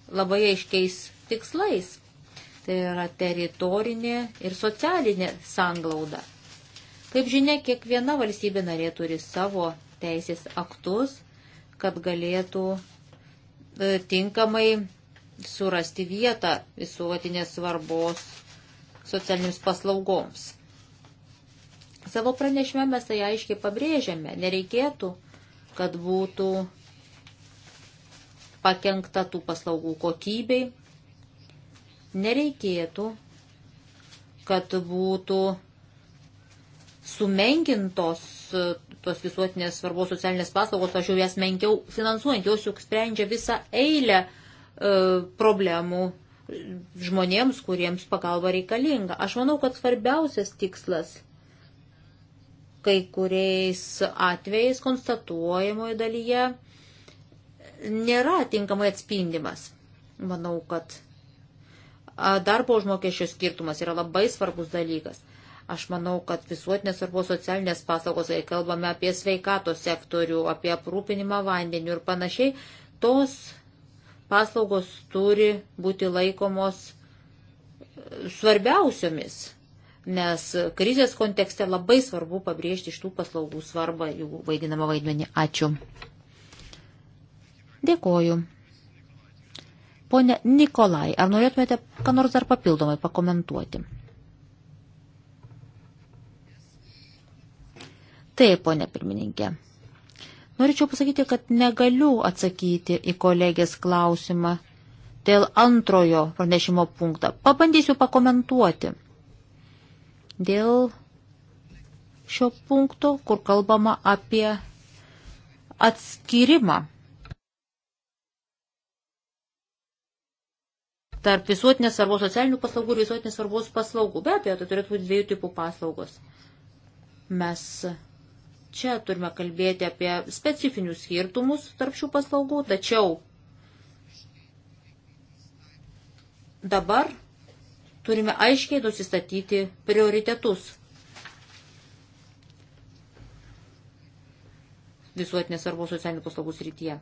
labai aiškiais tikslais. Tai yra teritorinė ir socialinė sanglauda. Kaip žinia, kiekviena valstybė narė turi savo teisės aktus kad galėtų e, tinkamai surasti vietą visuotinės svarbos socialinėms paslaugoms. Savo pranešime mes tai aiškiai pabrėžiame, nereikėtų, kad būtų pakengta tų paslaugų kokybei, nereikėtų, kad būtų sumenkintos tos visuotinės svarbos socialinės paslaugos, aš jau jas menkiau finansuojant, jos juk sprendžia visą eilę e, problemų žmonėms, kuriems pagalba reikalinga. Aš manau, kad svarbiausias tikslas kai kuriais atvejais konstatuojamoje dalyje nėra tinkamai atspindimas. Manau, kad darbo užmokesčio skirtumas yra labai svarbus dalykas. Aš manau, kad visuotinės svarbos socialinės paslaugos, kai kalbame apie sveikato sektorių, apie aprūpinimą vandeniu ir panašiai, tos paslaugos turi būti laikomos e, svarbiausiomis, nes krizės kontekste labai svarbu pabrėžti iš tų paslaugų svarbą, jų vaidinamą vaidmenį. Ačiū. Dėkoju. Pone Nikolai, ar norėtumėte ką nors dar papildomai pakomentuoti? Taip, ponė pirmininkė. Norėčiau pasakyti, kad negaliu atsakyti į kolegės klausimą dėl antrojo pranešimo punktą. Pabandysiu pakomentuoti. Dėl šio punkto, kur kalbama apie atskirimą tarp visuotinės svarbos socialinių paslaugų ir visuotinės svarbos paslaugų. Be abejo, tai turėtų būti dviejų tipų paslaugos. Mes Čia turime kalbėti apie specifinius skirtumus tarp šių paslaugų, tačiau dabar turime aiškiai nusistatyti prioritetus. visuotinės svarbos socialinių paslaugų srityje.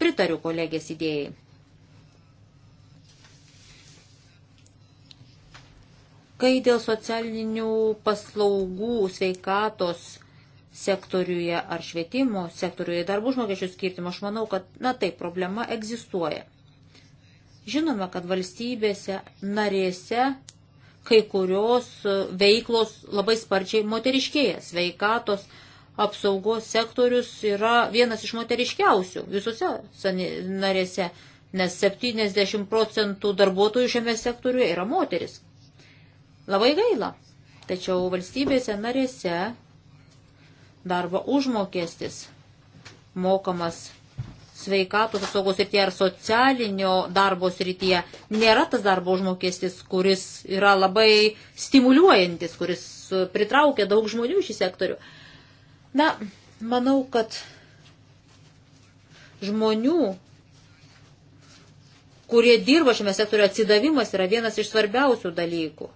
Pritariu kolegės idėjai. Kai dėl socialinių paslaugų sveikatos sektoriuje ar švietimo sektoriuje darbų žmogėčių skirtimo, aš manau, kad, na taip, problema egzistuoja. Žinome, kad valstybėse narėse kai kurios e, veiklos labai sparčiai moteriškėja. Sveikatos apsaugos sektorius yra vienas iš moteriškiausių visose narėse, nes 70 procentų darbuotojų šiame sektoriuje yra moteris. Labai gaila. Tačiau valstybėse narėse darbo užmokestis mokamas sveikatos apsaugos srityje ar socialinio darbo srityje nėra tas darbo užmokestis, kuris yra labai stimuliuojantis, kuris pritraukia daug žmonių šį sektorių. Na, manau, kad žmonių, kurie dirba šiame sektoriu, atsidavimas yra vienas iš svarbiausių dalykų.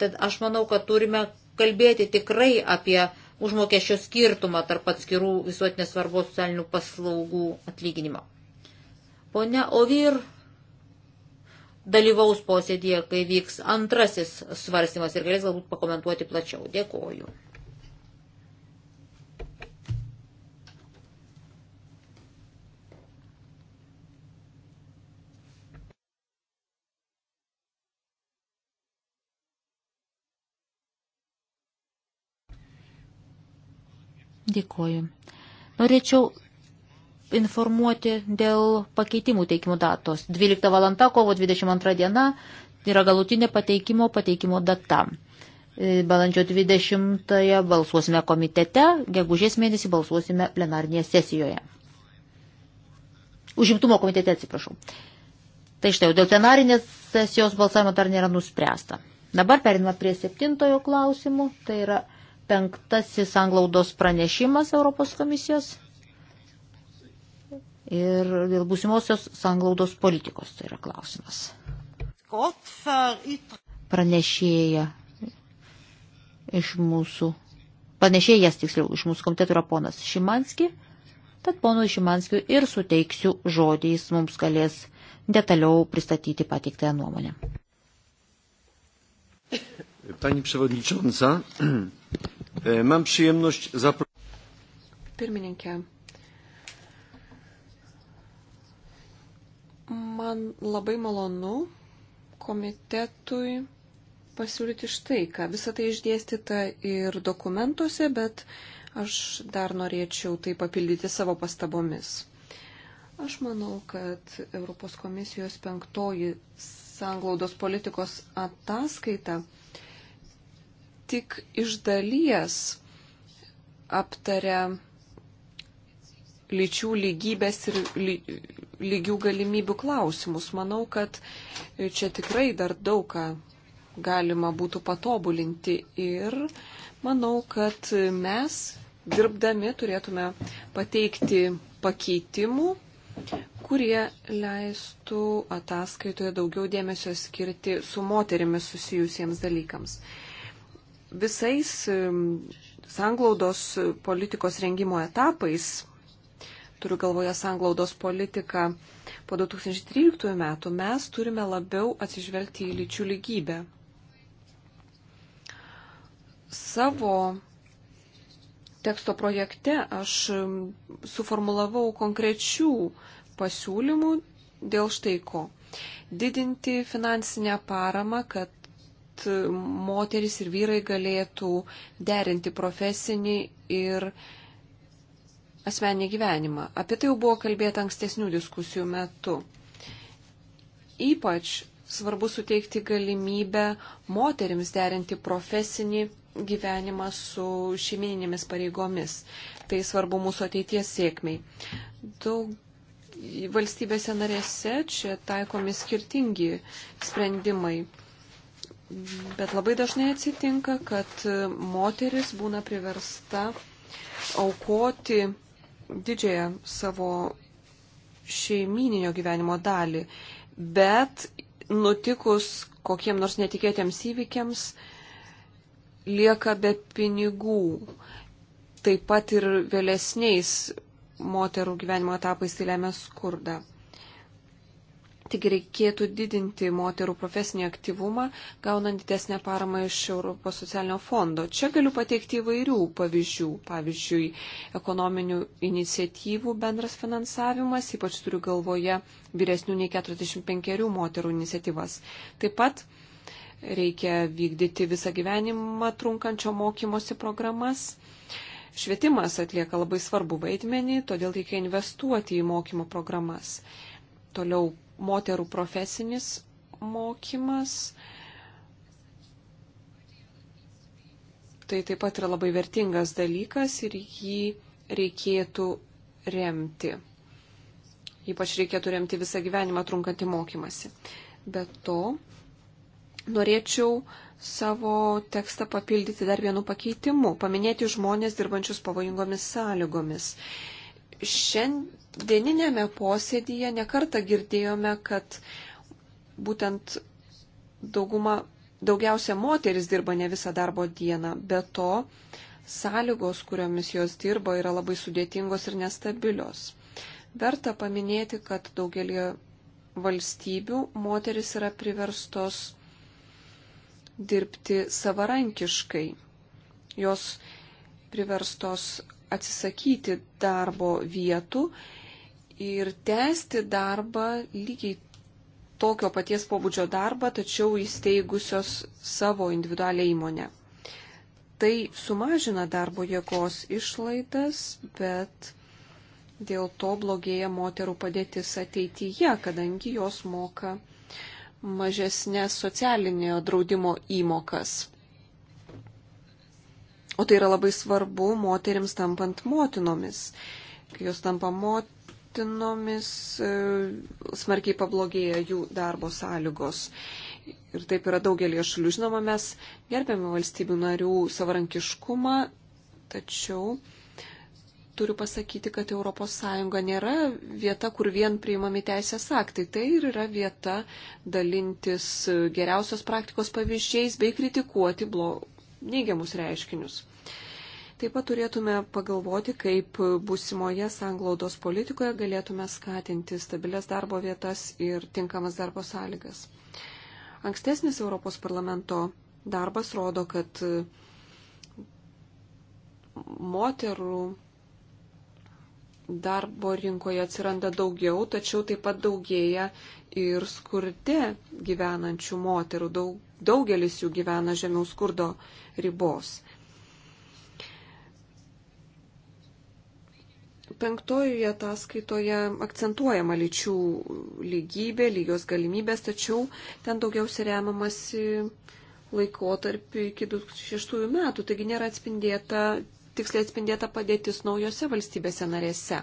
Tad aš manau, kad turime kalbėti tikrai apie užmokesčio skirtumą tarp atskirų visuotinės svarbos socialinių paslaugų atlyginimo. Pone Ovir dalyvaus posėdėje, kai vyks antrasis svarstymas ir galės galbūt pakomentuoti plačiau. Dėkoju. Dėkoju. Norėčiau informuoti dėl pakeitimų teikimo datos. 12 val. kovo 22 diena yra galutinė pateikimo pateikimo data. E, balandžio 20 balsuosime komitete, gegužės mėnesį balsuosime plenarnėje sesijoje. Užimtumo komitete atsiprašau. Tai štai, dėl plenarinės sesijos balsavimo dar nėra nuspręsta. Dabar periname prie septintojo klausimų, tai yra penktasis anglaudos pranešimas Europos komisijos ir dėl būsimosios sanglaudos politikos tai yra klausimas. Pranešėja iš mūsų, pranešėjas tiksliau iš mūsų komitetų yra ponas Šimanski, tad ponui Šimanskiu ir suteiksiu žodį, jis mums galės detaliau pristatyti pateiktąją nuomonę. Pani przewodnicząca, E, mam przyjemność zaproponować. Pirmininkė. Man labai malonu komitetui pasiūlyti štai, ką visą tai išdėstyta ir dokumentuose, bet aš dar norėčiau tai papildyti savo pastabomis. Aš manau, kad Europos komisijos penktoji sanglaudos politikos ataskaita tik iš dalies aptaria lyčių lygybės ir lygių galimybių klausimus. Manau, kad čia tikrai dar daug ką galima būtų patobulinti ir manau, kad mes dirbdami turėtume pateikti pakeitimų, kurie leistų ataskaitoje daugiau dėmesio skirti su moterimis susijusiems dalykams visais sanglaudos politikos rengimo etapais, turiu galvoje sanglaudos politiką po 2013 metų, mes turime labiau atsižvelgti į lyčių lygybę. Savo teksto projekte aš suformulavau konkrečių pasiūlymų dėl štai ko. Didinti finansinę paramą, kad kad moteris ir vyrai galėtų derinti profesinį ir asmenį gyvenimą. Apie tai jau buvo kalbėta ankstesnių diskusijų metu. Ypač svarbu suteikti galimybę moteriams derinti profesinį gyvenimą su šeimininėmis pareigomis. Tai svarbu mūsų ateities sėkmiai. Daug valstybėse narėse čia taikomi skirtingi sprendimai. Bet labai dažnai atsitinka, kad moteris būna priversta aukoti didžiąją savo šeimininio gyvenimo dalį, bet nutikus kokiem nors netikėtiems įvykiams lieka be pinigų. Taip pat ir vėlesniais moterų gyvenimo etapais tai lemia skurdą. Tik reikėtų didinti moterų profesinį aktyvumą, gaunant didesnę paramą iš Europos socialinio fondo. Čia galiu pateikti įvairių pavyzdžių. Pavyzdžiui, ekonominių iniciatyvų bendras finansavimas, ypač turiu galvoje vyresnių nei 45 moterų iniciatyvas. Taip pat reikia vykdyti visą gyvenimą trunkančio mokymosi programas. Švietimas atlieka labai svarbu vaidmenį, todėl reikia investuoti į mokymo programas. Toliau moterų profesinis mokymas. Tai taip pat yra labai vertingas dalykas ir jį reikėtų remti. Ypač reikėtų remti visą gyvenimą trunkantį mokymasi. Be to, norėčiau savo tekstą papildyti dar vienu pakeitimu - paminėti žmonės dirbančius pavojingomis sąlygomis šiandieninėme posėdyje nekarta girdėjome, kad būtent dauguma, daugiausia moteris dirba ne visą darbo dieną. Be to, sąlygos, kuriomis jos dirba, yra labai sudėtingos ir nestabilios. Verta paminėti, kad daugelį valstybių moteris yra priverstos dirbti savarankiškai. Jos priverstos atsisakyti darbo vietų ir tęsti darbą lygiai tokio paties pobūdžio darbą, tačiau įsteigusios savo individualią įmonę. Tai sumažina darbo jėgos išlaidas, bet dėl to blogėja moterų padėtis ateityje, kadangi jos moka mažesnės socialinio draudimo įmokas. O tai yra labai svarbu moteriams tampant motinomis. Kai jos tampa motinomis, e, smarkiai pablogėja jų darbo sąlygos. Ir taip yra daugelie šalių. Žinoma, mes gerbėme valstybių narių savarankiškumą, tačiau turiu pasakyti, kad ES nėra vieta, kur vien priimami teisės aktai. Tai ir yra vieta dalintis geriausios praktikos pavyzdžiais bei kritikuoti blo... neigiamus reiškinius. Taip pat turėtume pagalvoti, kaip busimoje sanglaudos politikoje galėtume skatinti stabilias darbo vietas ir tinkamas darbo sąlygas. Ankstesnis Europos parlamento darbas rodo, kad moterų darbo rinkoje atsiranda daugiau, tačiau taip pat daugėja ir skurde gyvenančių moterų. Daug, daugelis jų gyvena žemiau skurdo ribos. Penktojoje ataskaitoje akcentuojama lyčių lygybė, lygios galimybės, tačiau ten daugiausiai remiamasi laikotarpį iki 2006 metų, taigi nėra atspindėta, tiksliai atspindėta padėtis naujose valstybėse narėse.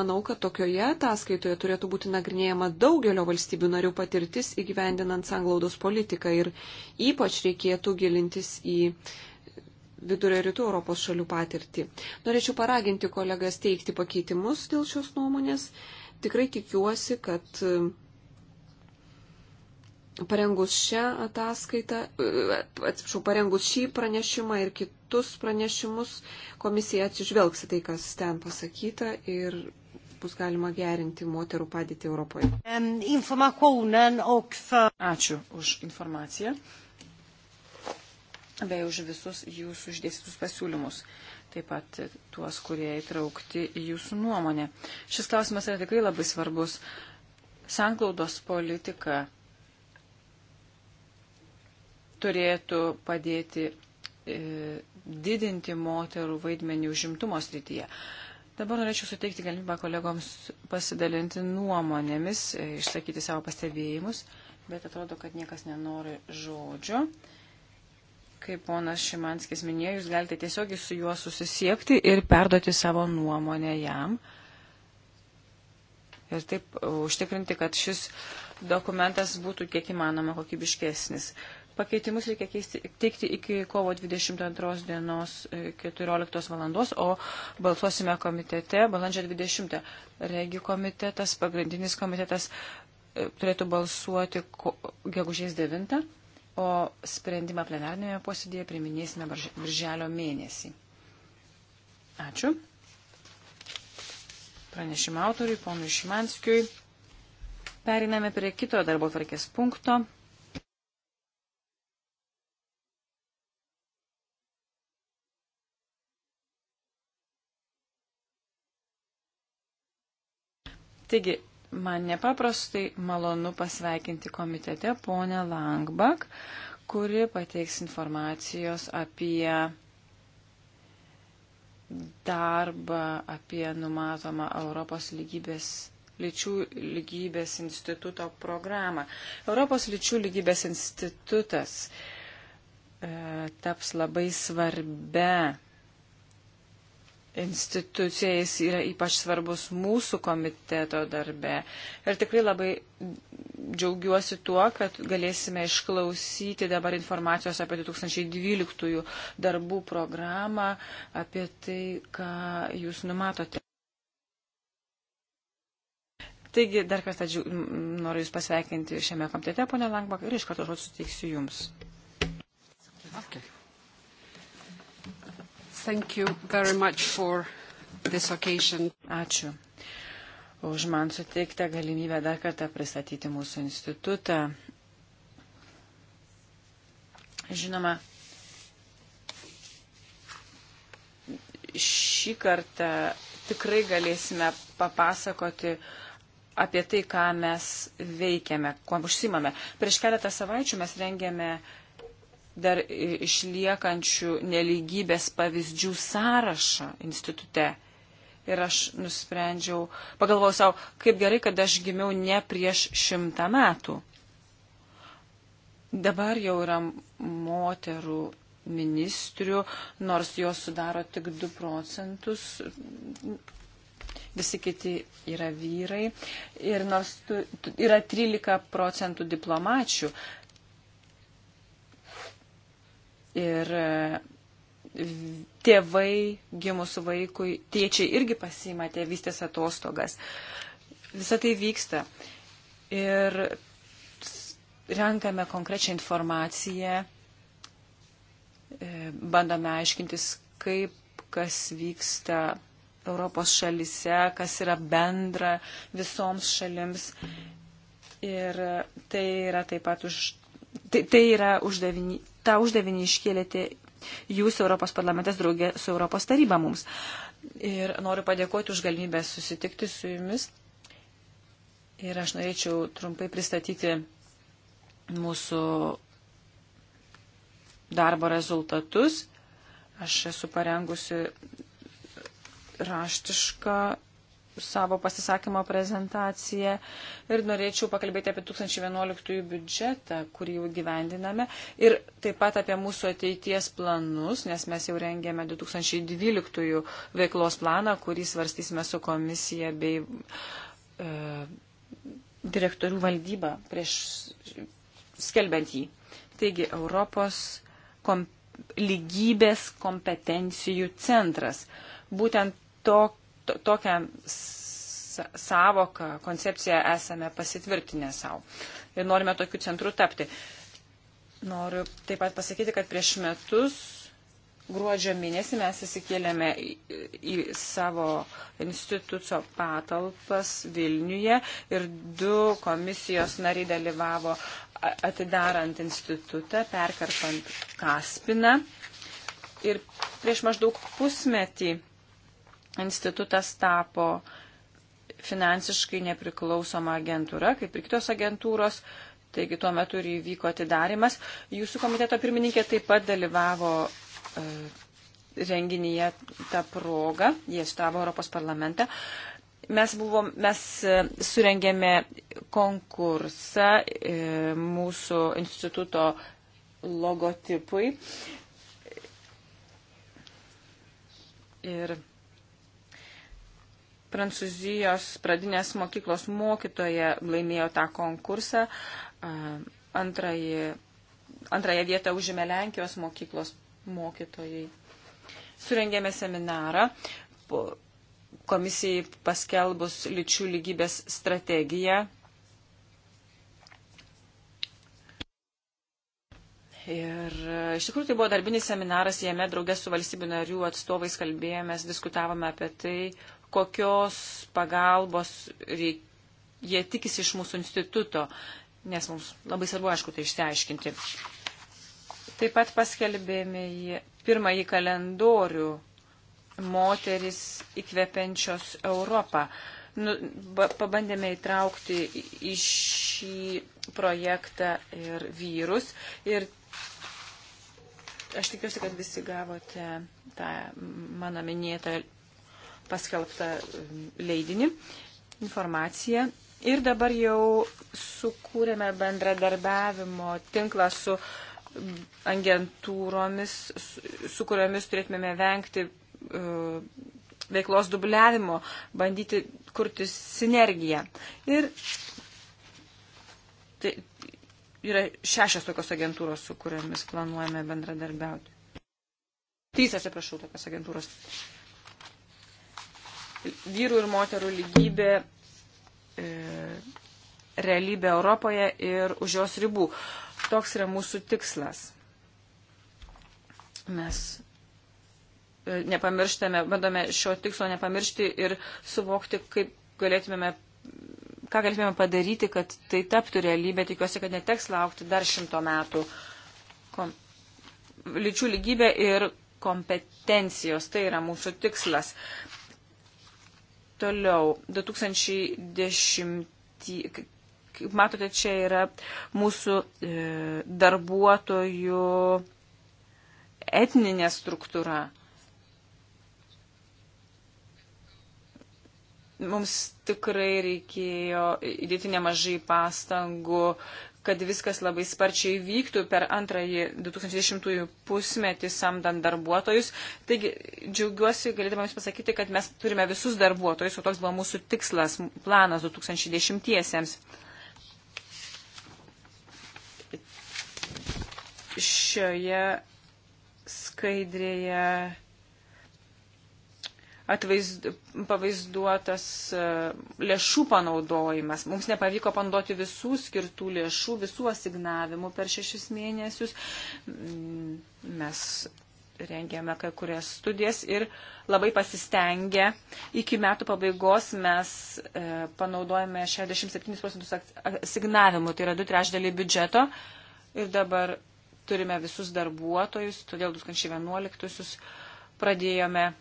Manau, kad tokioje ataskaitoje turėtų būti nagrinėjama daugelio valstybių narių patirtis įgyvendinant sanglaudos politiką ir ypač reikėtų gilintis į vidurio rytų Europos šalių patirtį. Norėčiau paraginti kolegas teikti pakeitimus dėl šios nuomonės. Tikrai tikiuosi, kad e, parengus šią ataskaitą, e, atsiprašau, parengus šį pranešimą ir kitus pranešimus, komisija atsižvelgs į tai, kas ten pasakyta ir bus galima gerinti moterų padėtį Europoje. Ačiū už informaciją bei už visus jūsų išdėstytus pasiūlymus, taip pat tuos, kurie įtraukti į jūsų nuomonę. Šis klausimas yra tikrai labai svarbus. Sanklaudos politika turėtų padėti e, didinti moterų vaidmenį užimtumo srityje. Dabar norėčiau suteikti galimybę kolegoms pasidalinti nuomonėmis, e, išsakyti savo pastebėjimus, bet atrodo, kad niekas nenori žodžio. E, Kaip ponas Šimanskis minėjo, jūs galite tiesiog su juo susisiekti ir perduoti savo nuomonę jam. Ir taip užtikrinti, kad šis dokumentas būtų kiek įmanoma kokybiškesnis. Pakeitimus reikia keisti, teikti iki kovo 22 dienos 14 e, valandos, o balsuosime komitete balandžio 20. Regi komitetas, pagrindinis komitetas e, turėtų balsuoti gegužės 9 o sprendimą plenarnėje posėdėje priminėsime birželio mėnesį. Ačiū. Pranešimą autoriui, ponui Šimanskiui. Periname prie kito darbo tvarkės punkto. Taigi, Man nepaprastai malonu pasveikinti komitete ponę Langbak, kuri pateiks informacijos apie darbą, apie numatomą Europos lygybės lyčių lygybės instituto programą. Europos lyčių lygybės institutas e, taps labai svarbia institucijais yra ypač svarbus mūsų komiteto darbe. Ir tikrai labai džiaugiuosi tuo, kad galėsime išklausyti dabar informacijos apie 2012 darbų programą, apie tai, ką jūs numatote. Taigi, dar kartą noriu Jūs pasveikinti šiame komitete, ponė Langbak, ir iš karto žodžiu suteiksiu Jums. Okay. Thank you very much for this occasion. Ačiū už man suteiktą galimybę dar kartą pristatyti mūsų institutą. Žinoma, šį kartą tikrai galėsime papasakoti apie tai, ką mes veikiame, kuo užsimame. Prieš keletą savaičių mes rengėme uh, dar išliekančių neligybės pavyzdžių sąrašą institute. Ir aš nusprendžiau, pagalvojau savo, kaip gerai, kad aš gimiau ne prieš šimtą metų. Dabar jau yra moterų ministrių, nors jos sudaro tik 2 procentus, visi kiti yra vyrai. Ir nors tu, tu, yra 13 procentų diplomačių, Ir e, tėvai gimus vaikui, tėčiai irgi pasima tėvystės atostogas. Visą tai vyksta. Ir renkame konkrečią informaciją, e, bandome aiškintis, kaip kas vyksta Europos šalise, kas yra bendra visoms šalims. Ir e, tai yra taip pat už, tai, tai yra uždavinys tą uždavinį iškėlėte jūs Europos parlamentas draugė su Europos taryba mums. Ir noriu padėkoti už galimybę susitikti su jumis. Ir aš norėčiau trumpai pristatyti mūsų darbo rezultatus. Aš esu parengusi raštišką savo pasisakymo prezentaciją ir norėčiau pakalbėti apie 2011 biudžetą, kurį jau gyvendiname ir taip pat apie mūsų ateities planus, nes mes jau rengėme 2012 veiklos planą, kurį svarstysime su komisija bei e, direktorių valdyba prieš skelbiant jį. Taigi Europos kom, lygybės kompetencijų centras. Būtent to to, tokią savoką, koncepciją esame pasitvirtinę savo ir norime tokiu centru tapti. Noriu taip pat pasakyti, kad prieš metus gruodžio mėnesį mes įsikėlėme į, į savo instituto patalpas Vilniuje ir du komisijos nariai dalyvavo atidarant institutą, perkarpant Kaspiną. Ir prieš maždaug pusmetį institutas tapo finansiškai nepriklausoma agentūra, kaip ir kitos agentūros. Taigi tuo metu ir įvyko atidarimas. Jūsų komiteto pirmininkė taip pat dalyvavo e, renginyje tą progą, jie atstovavo Europos parlamentą. Mes, buvom, mes e, surengėme konkursą e, mūsų instituto logotipui. Ir Prancūzijos pradinės mokyklos mokytoja laimėjo tą konkursą. Antrąjį, antrąją vietą užėmė Lenkijos mokyklos mokytojai. Surengėme seminarą komisijai paskelbus lyčių lygybės strategiją. Ir iš tikrųjų tai buvo darbinis seminaras, jame draugė su valstybių narių atstovais kalbėjomės, diskutavome apie tai, kokios pagalbos reik, jie tikisi iš mūsų instituto, nes mums labai svarbu, aišku, tai išsiaiškinti. Taip pat paskelbėme pirmąjį kalendorių moteris įkvepiančios Europą. Nu, ba, pabandėme įtraukti į šį projektą ir vyrus. Ir aš tikiuosi, kad visi gavote tą mano minėtą paskelbtą um, leidinį, informaciją. Ir dabar jau sukūrėme bendradarbiavimo tinklą su agentūromis, su kuriomis turėtume vengti uh, veiklos dubliavimo, bandyti kurti sinergiją. Ir tai yra šešios tokios agentūros, su kuriomis planuojame bendradarbiauti. Trys, atsiprašau, tokios agentūros vyrų ir moterų lygybė e, realybė Europoje ir už jos ribų. Toks yra mūsų tikslas. Mes e, nepamirštame, bandome šio tikslo nepamiršti ir suvokti, kaip galėtumėme, ką galėtumėme padaryti, kad tai taptų realybė. Tikiuosi, kad neteks laukti dar šimto metų. Kom, lyčių lygybė ir kompetencijos, tai yra mūsų tikslas. Toliau, 2010, kaip matote, čia yra mūsų e, darbuotojų etninė struktūra. Mums tikrai reikėjo įdėti nemažai pastangų, kad viskas labai sparčiai vyktų per antrąjį 2010 pusmetį samdant darbuotojus. Taigi džiaugiuosi galėdama Jums pasakyti, kad mes turime visus darbuotojus, o toks buvo mūsų tikslas, planas 2010-iesiems. Šioje skaidrėje atvaizd, pavaizduotas e, lėšų panaudojimas. Mums nepavyko panaudoti visų skirtų lėšų, visų asignavimų per šešis mėnesius. Mm, mes rengėme kai kurias studijas ir labai pasistengę. Iki metų pabaigos mes e, panaudojame 67 procentus asignavimų, tai yra du trešdėliai biudžeto. Ir dabar turime visus darbuotojus, todėl 2011 pradėjome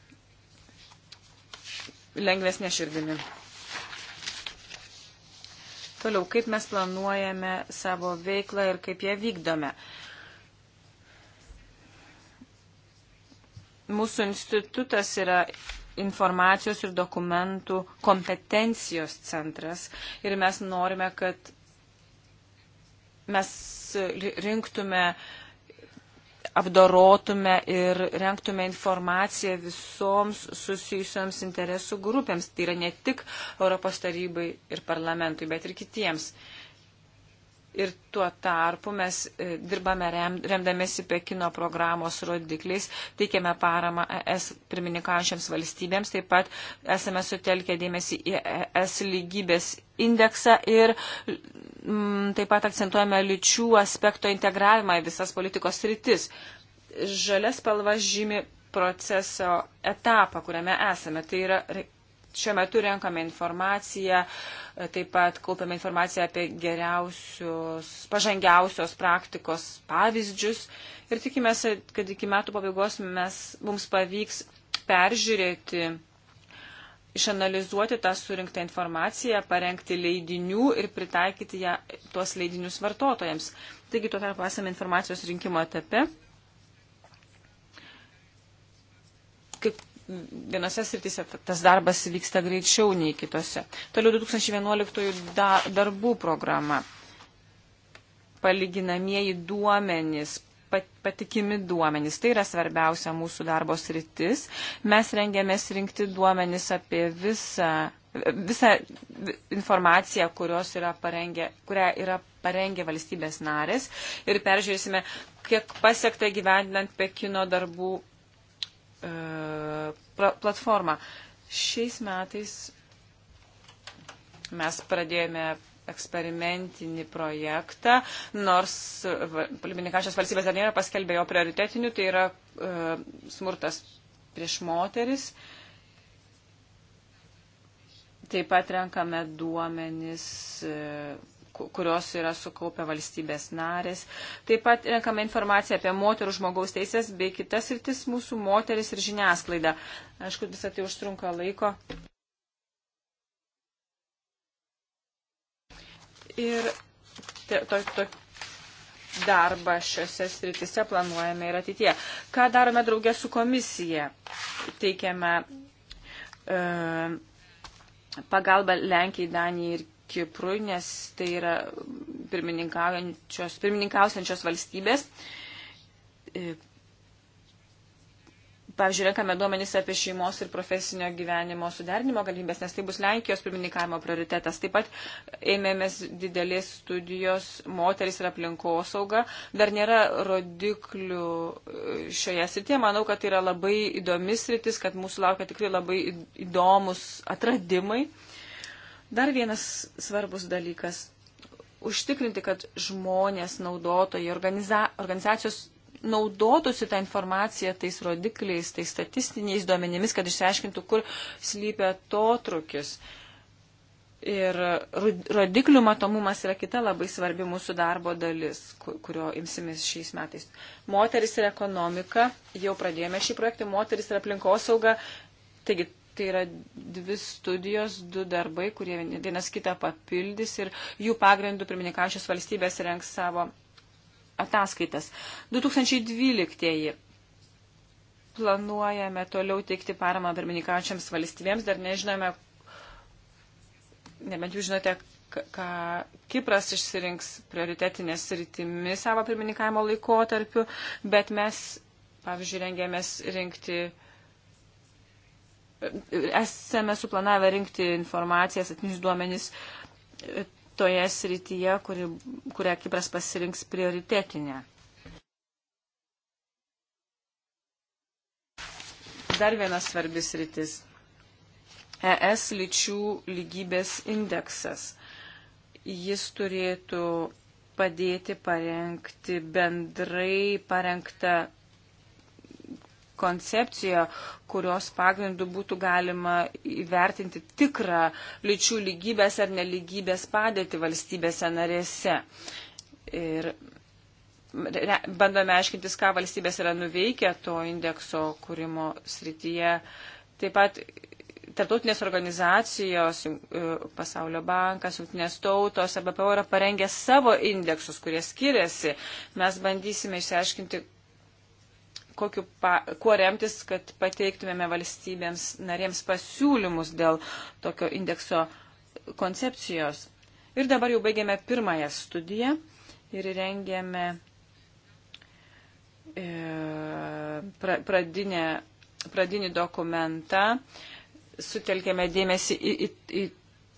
lengvesnė širdimi. Toliau, kaip mes planuojame savo veiklą ir kaip ją vykdome. Mūsų institutas yra informacijos ir dokumentų kompetencijos centras ir mes norime, kad mes rinktume uh, apdorotume ir renktume informaciją visoms susijusiams interesų grupėms. Tai yra ne tik Europos tarybai ir parlamentui, bet ir kitiems. Uh, Ir tuo tarpu mes e, dirbame rem, remdamėsi Pekino programos rodikliais, teikiame paramą ES pirmininkaujančiams valstybėms, taip pat esame sutelkę dėmesį į ES lygybės indeksą ir m, mm, taip pat akcentuojame lyčių aspekto integravimą į visas politikos rytis. Žalias spalva žymi proceso etapą, kuriame esame. Tai yra šiuo metu renkame informaciją, e, taip pat kaupiame informaciją apie geriausius, pažangiausios praktikos pavyzdžius ir tikimės, kad iki metų pabaigos mes, mums pavyks peržiūrėti išanalizuoti tą surinktą informaciją, parengti leidinių ir pritaikyti ją, tuos leidinius vartotojams. Taigi tuo tarpu esame informacijos rinkimo etape. Kaip vienose srityse tas darbas vyksta greičiau nei kitose. Toliau 2011 da, darbų programa. Palyginamieji duomenys, pat, patikimi duomenys. Tai yra svarbiausia mūsų darbo sritis. Mes rengiamės rinkti duomenys apie visą, visą informaciją, yra parengę, kurią yra parengę valstybės narės ir peržiūrėsime, kiek pasiekta gyvendinant Pekino darbų E, platformą. Šiais metais mes pradėjome eksperimentinį projektą, nors Polibinikašios valstybės dar nėra paskelbė jo prioritetinių, tai yra e, smurtas prieš moteris. Taip pat renkame duomenis e, kurios yra sukaupę valstybės narės. Taip pat renkame informaciją apie moterų žmogaus teisės bei kitas rytis mūsų moteris ir žiniasklaida. Aišku, visą tai užtrunka laiko. Ir te, to, to, darbą šiuose sritise planuojame ir ateitie. Ką darome draugė su komisija? Teikiame e, pagalbą Lenkijai, Danijai ir Kiprui, nes tai yra pirmininkausiančios valstybės. E, pavyzdžiui, renkame duomenys apie šeimos ir profesinio gyvenimo suderinimo galimybės, nes tai bus Lenkijos pirmininkavimo prioritetas. Taip pat ėmėmės didelės studijos moteris ir aplinkosauga. Dar nėra rodiklių e, šioje srityje. Manau, kad tai yra labai įdomis sritis, kad mūsų laukia tikrai labai įdomus atradimai. Uh, Dar vienas svarbus dalykas - užtikrinti, kad žmonės, naudotojai, organiza, organizacijos naudotųsi tą informaciją tais rodikliais, tais statistiniais duomenimis, kad išsiaiškintų, kur slypia to trukis. Ir rodiklių matomumas yra kita labai svarbi mūsų darbo dalis, kurio imsimės šiais metais. Moteris ir ekonomika, jau pradėjome šį projektą, moteris ir aplinkosauga, taigi Tai yra dvi studijos, du darbai, kurie vienas kitą papildys ir jų pagrindų pirmininkaujančios valstybės renks savo ataskaitas. 2012 planuojame toliau teikti paramą pirmininkaujančiams valstybėms, dar nežinome, nebent jūs žinote, ką Kipras išsirinks prioritetinės rytimi savo pirmininkavimo laikotarpiu, bet mes, pavyzdžiui, rengėmės rinkti esame suplanavę rinkti informaciją, atmins duomenys e, toje srityje, kuri, kurią Kipras pasirinks prioritetinę. Dar vienas svarbis rytis. ES lyčių lygybės indeksas. Jis turėtų padėti parengti bendrai parengtą koncepciją, kurios pagrindų būtų galima įvertinti tikrą lyčių lygybės ar neligybės padėti valstybėse narėse. Ir bandome aiškintis, ką valstybės yra nuveikę to indekso kūrimo srityje. Taip pat tarptautinės organizacijos, e, Pasaulio bankas, Junktinės tautos, ABPO yra parengę savo indeksus, kurie skiriasi. Mes bandysime išsiaiškinti, kokiu, pa, kuo remtis, kad pateiktumėme valstybėms narėms pasiūlymus dėl tokio indekso koncepcijos. Ir dabar jau baigėme pirmąją studiją ir rengėme e, pra, pradinę, pradinį dokumentą, sutelkėme dėmesį į, į, į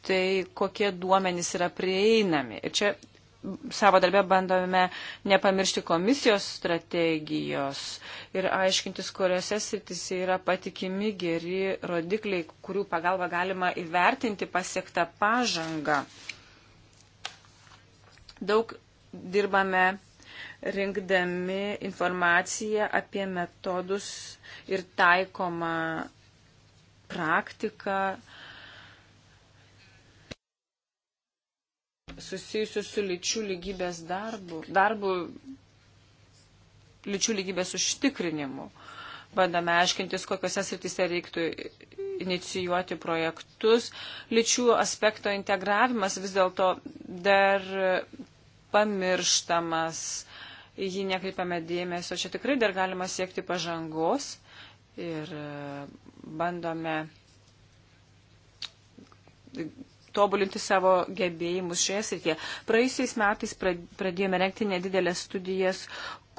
tai, kokie duomenys yra prieinami. Ir čia savo darbę bandome nepamiršti komisijos strategijos ir aiškintis, kuriuose sritise yra patikimi geri rodikliai, kurių pagalba galima įvertinti pasiektą pažangą. Daug dirbame rinkdami informaciją apie metodus ir taikomą praktiką, susijusius su lyčių lygybės darbu, darbu lyčių lygybės užtikrinimu. Bandame aiškintis, kokiuose srityse reiktų inicijuoti projektus. Lyčių aspekto integravimas vis dėlto dar pamirštamas, į jį nekreipiame dėmesio. Čia tikrai dar galima siekti pažangos ir bandome tobulinti savo gebėjimus šioje srityje. Praėjusiais metais pradėjome renkti nedidelės studijas,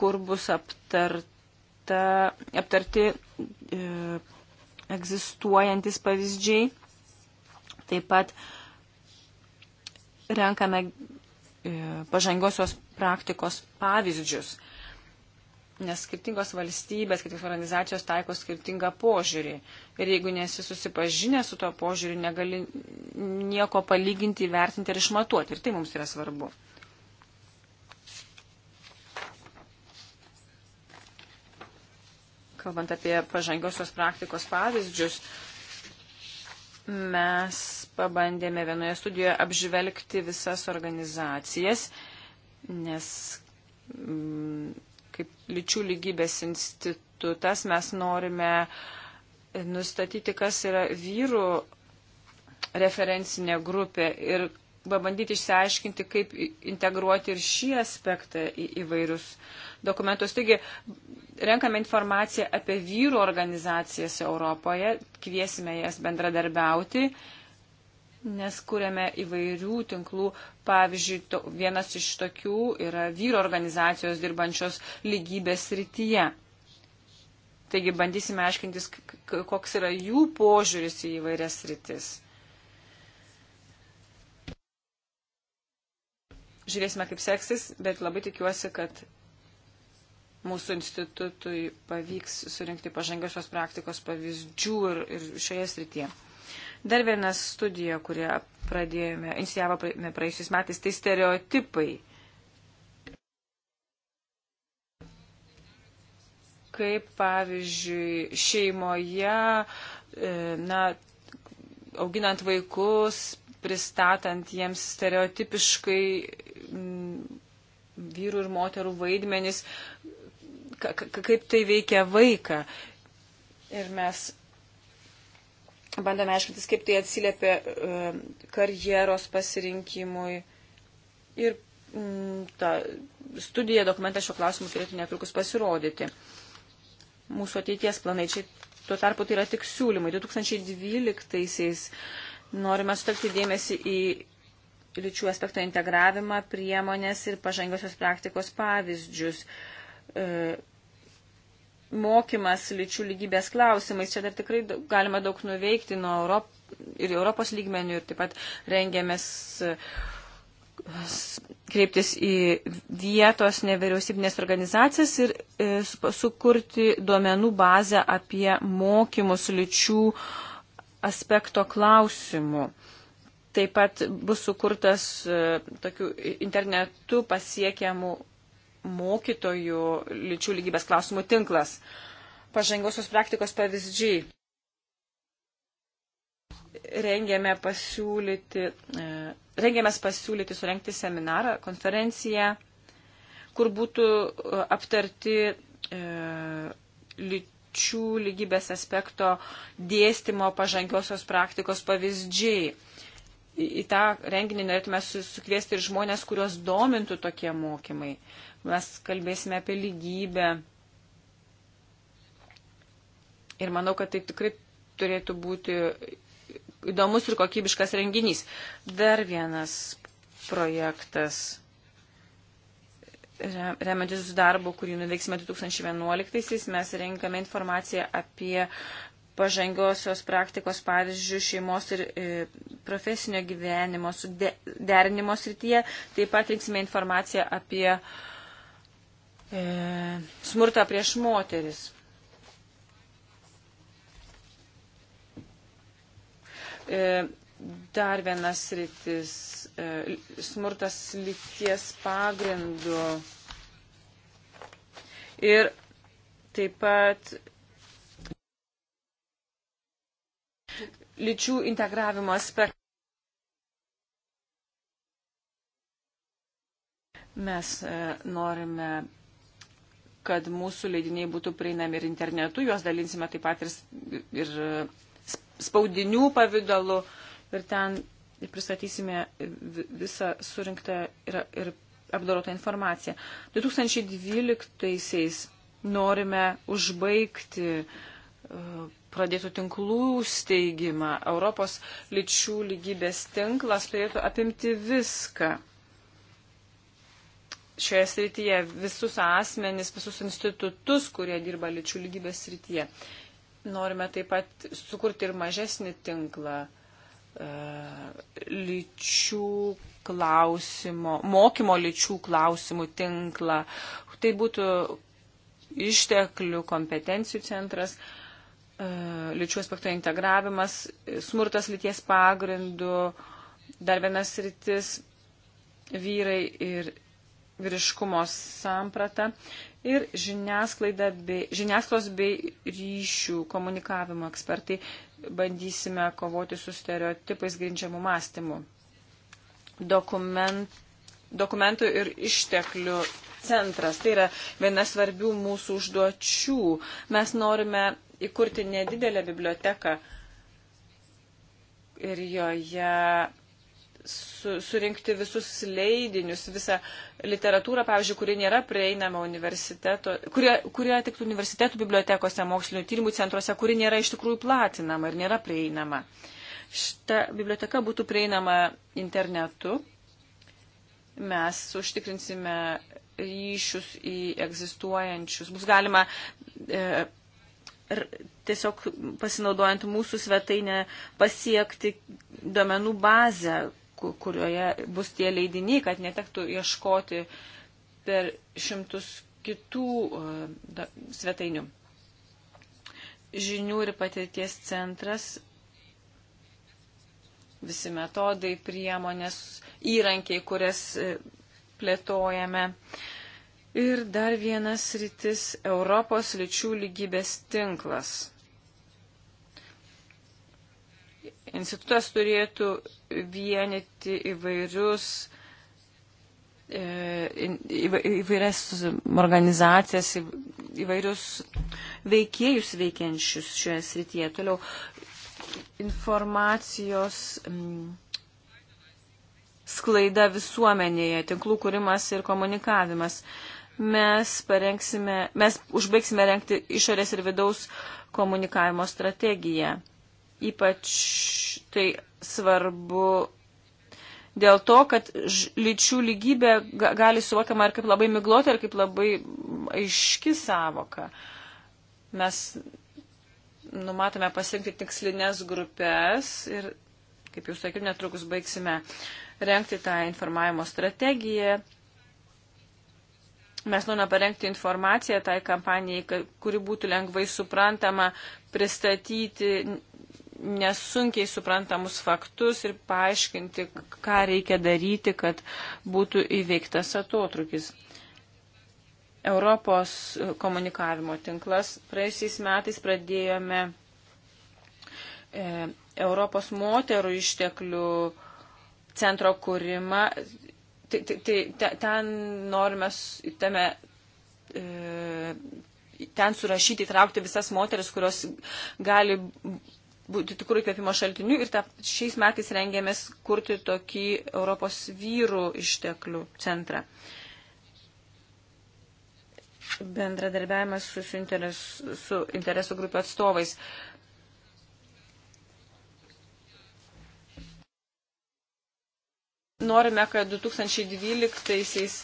kur bus aptarta, aptarti e, egzistuojantis pavyzdžiai. Taip pat renkame e, pažangiosios praktikos pavyzdžius. E, nes skirtingos valstybės, skirtingos organizacijos taiko skirtingą požiūrį. Ir jeigu nesi susipažinę su tuo požiūriu, negali nieko palyginti, vertinti ir išmatuoti. Ir tai mums yra svarbu. Kalbant apie pažangiosios praktikos pavyzdžius, mes pabandėme vienoje studijoje apžvelgti visas organizacijas, nes mm, kaip lyčių lygybės institutas mes norime nustatyti, kas yra vyrų referencinė grupė ir pabandyti išsiaiškinti, kaip integruoti ir šį aspektą į įvairius dokumentus. Taigi, renkame informaciją apie vyrų organizacijas Europoje, kviesime jas bendradarbiauti nes kuriame įvairių tinklų. Pavyzdžiui, to, vienas iš tokių yra vyro organizacijos dirbančios lygybės rytyje. Taigi bandysime aiškintis, koks yra jų požiūris į įvairias rytis. Žiūrėsime, kaip seksis, bet labai tikiuosi, kad mūsų institutui pavyks surinkti pažangiosios praktikos pavyzdžių ir, ir šioje srityje. Dar viena studija, kurią pradėjome, inicijavome praėjusiais metais, tai stereotipai. Kaip pavyzdžiui šeimoje, e, na, auginant vaikus, pristatant jiems stereotipiškai mm, vyrų ir moterų vaidmenis, kaip tai veikia vaiką. Ir mes bandome aiškintis, kaip tai atsiliepia e, karjeros pasirinkimui. Ir mm, ta studija, dokumentas šio klausimu turėtų netrukus pasirodyti. Mūsų ateities planai čia tuo tarpu tai yra tik siūlymai. 2012-aisiais norime sutelkti dėmesį į lyčių aspekto integravimą, priemonės ir pažangiosios praktikos pavyzdžius. E, mokymas lyčių lygybės klausimais. Čia dar tikrai galima daug nuveikti nuo Europ ir Europos lygmenių ir taip pat rengiamės kreiptis į vietos nevyriausybinės organizacijas ir e, sukurti duomenų bazę apie mokymus lyčių aspekto klausimų. Taip pat bus sukurtas e, tokių internetu pasiekiamų mokytojų lyčių lygybės klausimų tinklas. Pažangiausios praktikos pavyzdžiai. Rengėme pasiūlyti, e, rengėmės pasiūlyti surenkti seminarą, konferenciją, kur būtų e, aptarti e, lyčių lygybės aspekto dėstymo pažangiosios praktikos pavyzdžiai į tą renginį norėtume sukviesti ir žmonės, kuriuos domintų tokie mokymai. Mes kalbėsime apie lygybę. Ir manau, kad tai tikrai turėtų būti įdomus ir kokybiškas renginys. Dar vienas projektas, remiantis darbu, kurį nuveiksime 2011-aisiais, mes renkame informaciją apie pažangiosios praktikos pavyzdžių šeimos ir e, profesinio gyvenimo de, derinimo srityje. Taip pat rinksime informaciją apie e, smurtą prieš moteris. E, dar vienas rytis e, - smurtas lyties pagrindu. Ir taip pat lyčių integravimo aspektą. Mes e, norime, kad mūsų leidiniai būtų prieinami ir internetu, juos dalinsime taip pat ir, ir e, spaudinių pavydalu ir ten pristatysime e, visą surinktą ir, ir apdorotą informaciją. 2012 norime užbaigti uh, pradėtų tinklų steigimą. Europos lyčių lygybės tinklas turėtų apimti viską. Šioje srityje visus asmenis, visus institutus, kurie dirba lyčių lygybės srityje. Norime taip pat sukurti ir mažesnį tinklą e, lyčių klausimo, mokymo lyčių klausimų tinklą. Tai būtų išteklių kompetencijų centras. Uh, E, lyčių aspekto integravimas, smurtas lyties pagrindu, dar vienas rytis vyrai ir vyriškumo samprata ir žiniasklaida bei, žiniasklaidos bei ryšių komunikavimo ekspertai bandysime kovoti su stereotipais grindžiamų mąstymų. Dokument, dokumentų ir išteklių centras. Tai yra viena svarbių mūsų užduočių. Mes norime įkurti nedidelę biblioteką ir joje su, surinkti visus leidinius, visą literatūrą, pavyzdžiui, kuri nėra prieinama universiteto, kurie, kurie tik universitetų bibliotekose, mokslinio tyrimų centruose, kuri nėra iš tikrųjų platinama ir nėra prieinama. Šita biblioteka būtų prieinama internetu. Mes užtikrinsime ryšius į egzistuojančius. Bus galima e, tiesiog pasinaudojant mūsų svetainę pasiekti domenų bazę, kurioje bus tie leidiniai, kad netektų ieškoti per šimtus kitų e, svetainių. Žinių ir patirties centras, visi metodai, priemonės, įrankiai, kurias e, plėtojame. Uh, Ir dar vienas rytis - Europos lyčių lygybės tinklas. Institutas turėtų vienyti įvairius e, įvairias organizacijas, įvairius veikėjus veikiančius šioje srityje. Toliau informacijos sklaida visuomenėje, tinklų kūrimas ir komunikavimas. Uh, mes, mes užbaigsime renkti išorės ir vidaus komunikavimo strategiją. Ypač tai svarbu dėl to, kad lyčių lygybė gali suvokiama ir kaip labai migloti, ir kaip labai aiški savoka. Mes numatome pasirinkti tikslinės grupės ir, kaip jau sakiau, netrukus baigsime renkti tą informavimo strategiją Mes norime parengti informaciją tai kampanijai, kuri būtų lengvai suprantama, pristatyti nesunkiai suprantamus faktus ir paaiškinti, ką reikia daryti, kad būtų įveiktas atotrukis. Europos komunikavimo tinklas. Praėjusiais metais pradėjome e, Europos moterų išteklių centro kūrimą, tai, tai, tai ten norime tame. E, ten surašyti, įtraukti visas moteris, kurios gali būti tikrų įkvėpimo šaltinių ir ta, šiais metais rengėmės kurti tokį Europos vyrų išteklių centrą. Bendradarbiavimas su, su, interes, su interesų grupių atstovais. E, norime, kad 2012-aisiais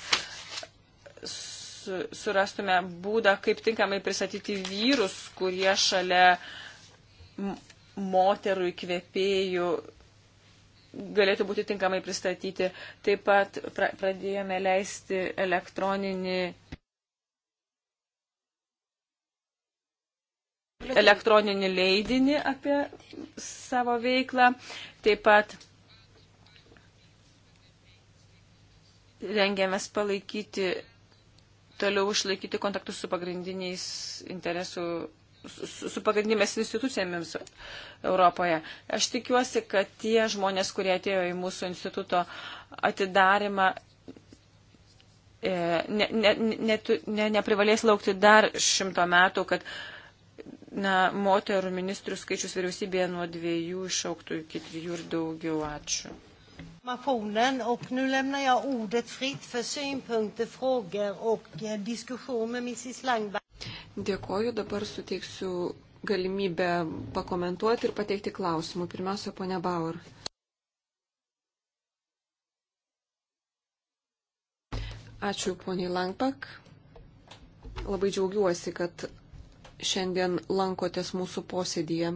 surastume būdą, kaip tinkamai pristatyti vyrus, kurie šalia moterų įkvėpėjų galėtų būti tinkamai pristatyti. Taip pat pra pradėjome leisti elektroninį. elektroninį leidinį apie savo veiklą. Taip pat rengiamės palaikyti, toliau išlaikyti kontaktus su pagrindiniais interesų, su, su pagrindinėmis institucijomis Europoje. Aš tikiuosi, kad tie žmonės, kurie atėjo į mūsų instituto atidarimą, e, ne, ne, ne, ne, neprivalės laukti dar šimto metų, kad na, moterų ministrų skaičius vyriausybėje nuo dviejų išauktų iki trijų ir daugiau. Ačiū informationen och nu lämnar jag ordet fritt för synpunkter, frågor och eh, diskussion med Mrs Langberg. Dėkoju, dabar suteiksiu galimybę pakomentuoti ir pateikti klausimų. Pirmiausia, ponia Bauer. Ačiū poniai Langpak. Labai džiaugiuosi, kad šiandien lankotės mūsų posėdėje.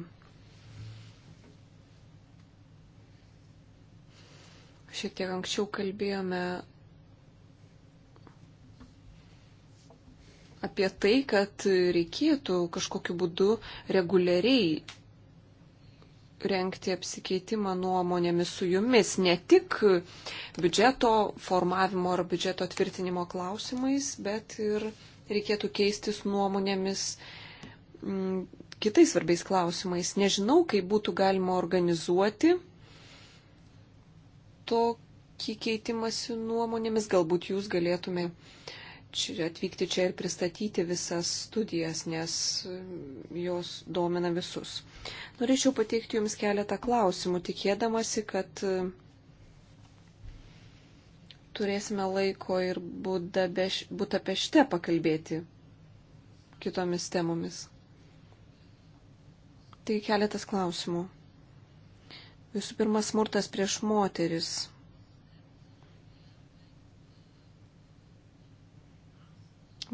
Šiek tiek anksčiau kalbėjome apie tai, kad reikėtų kažkokiu būdu reguliariai renkti apsikeitimą nuomonėmis su jumis, ne tik biudžeto formavimo ar biudžeto tvirtinimo klausimais, bet ir reikėtų keistis nuomonėmis m, mm, kitais svarbiais klausimais. Nežinau, kaip būtų galima organizuoti tokį keitimąsi nuomonėmis, galbūt jūs galėtume čia, atvykti čia ir pristatyti visas studijas, nes mm, jos domina visus. Norėčiau pateikti Jums keletą klausimų, tikėdamasi, kad mm, turėsime laiko ir Budabeš, Butapešte pakalbėti kitomis temomis. Tai keletas klausimų. Visų pirma, smurtas prieš moteris.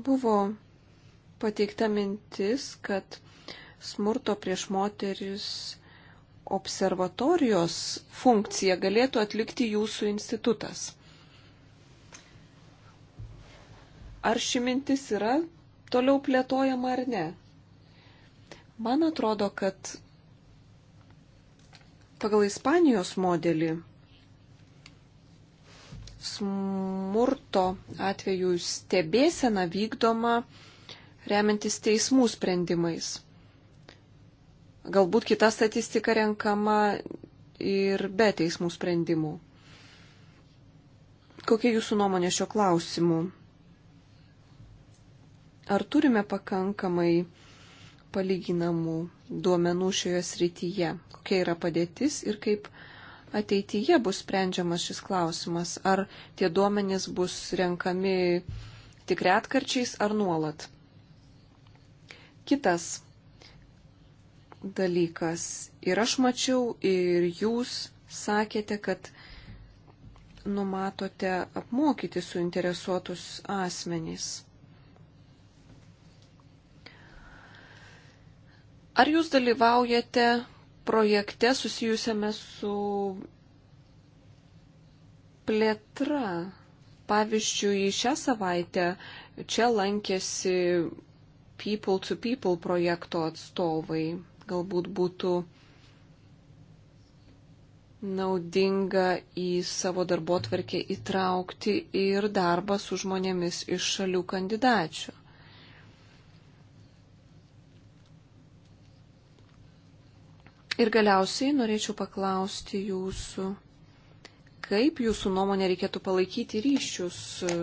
Buvo pateikta mintis, kad smurto prieš moteris observatorijos funkciją galėtų atlikti jūsų institutas. Ar ši mintis yra toliau plėtojama ar ne? Man atrodo, kad pagal Ispanijos modelį smurto atveju stebėsena vykdoma remiantis teismų sprendimais. Galbūt kita statistika renkama ir be teismų sprendimų. Kokia jūsų nuomonė šio klausimu? Ar turime pakankamai palyginamų duomenų šioje srityje, kokia yra padėtis ir kaip ateityje bus sprendžiamas šis klausimas, ar tie duomenys bus renkami tik retkarčiais ar nuolat. Kitas dalykas. Ir aš mačiau, ir jūs sakėte, kad numatote apmokyti suinteresuotus asmenys. Ar jūs dalyvaujate projekte susijusiame su plėtra? Pavyzdžiui, šią savaitę čia lankėsi People to People projekto atstovai. Galbūt būtų naudinga į savo darbo tvarkę įtraukti ir darbą su žmonėmis iš šalių kandidačių. Ir galiausiai norėčiau paklausti jūsų, kaip jūsų nuomonė reikėtų palaikyti ryšius e,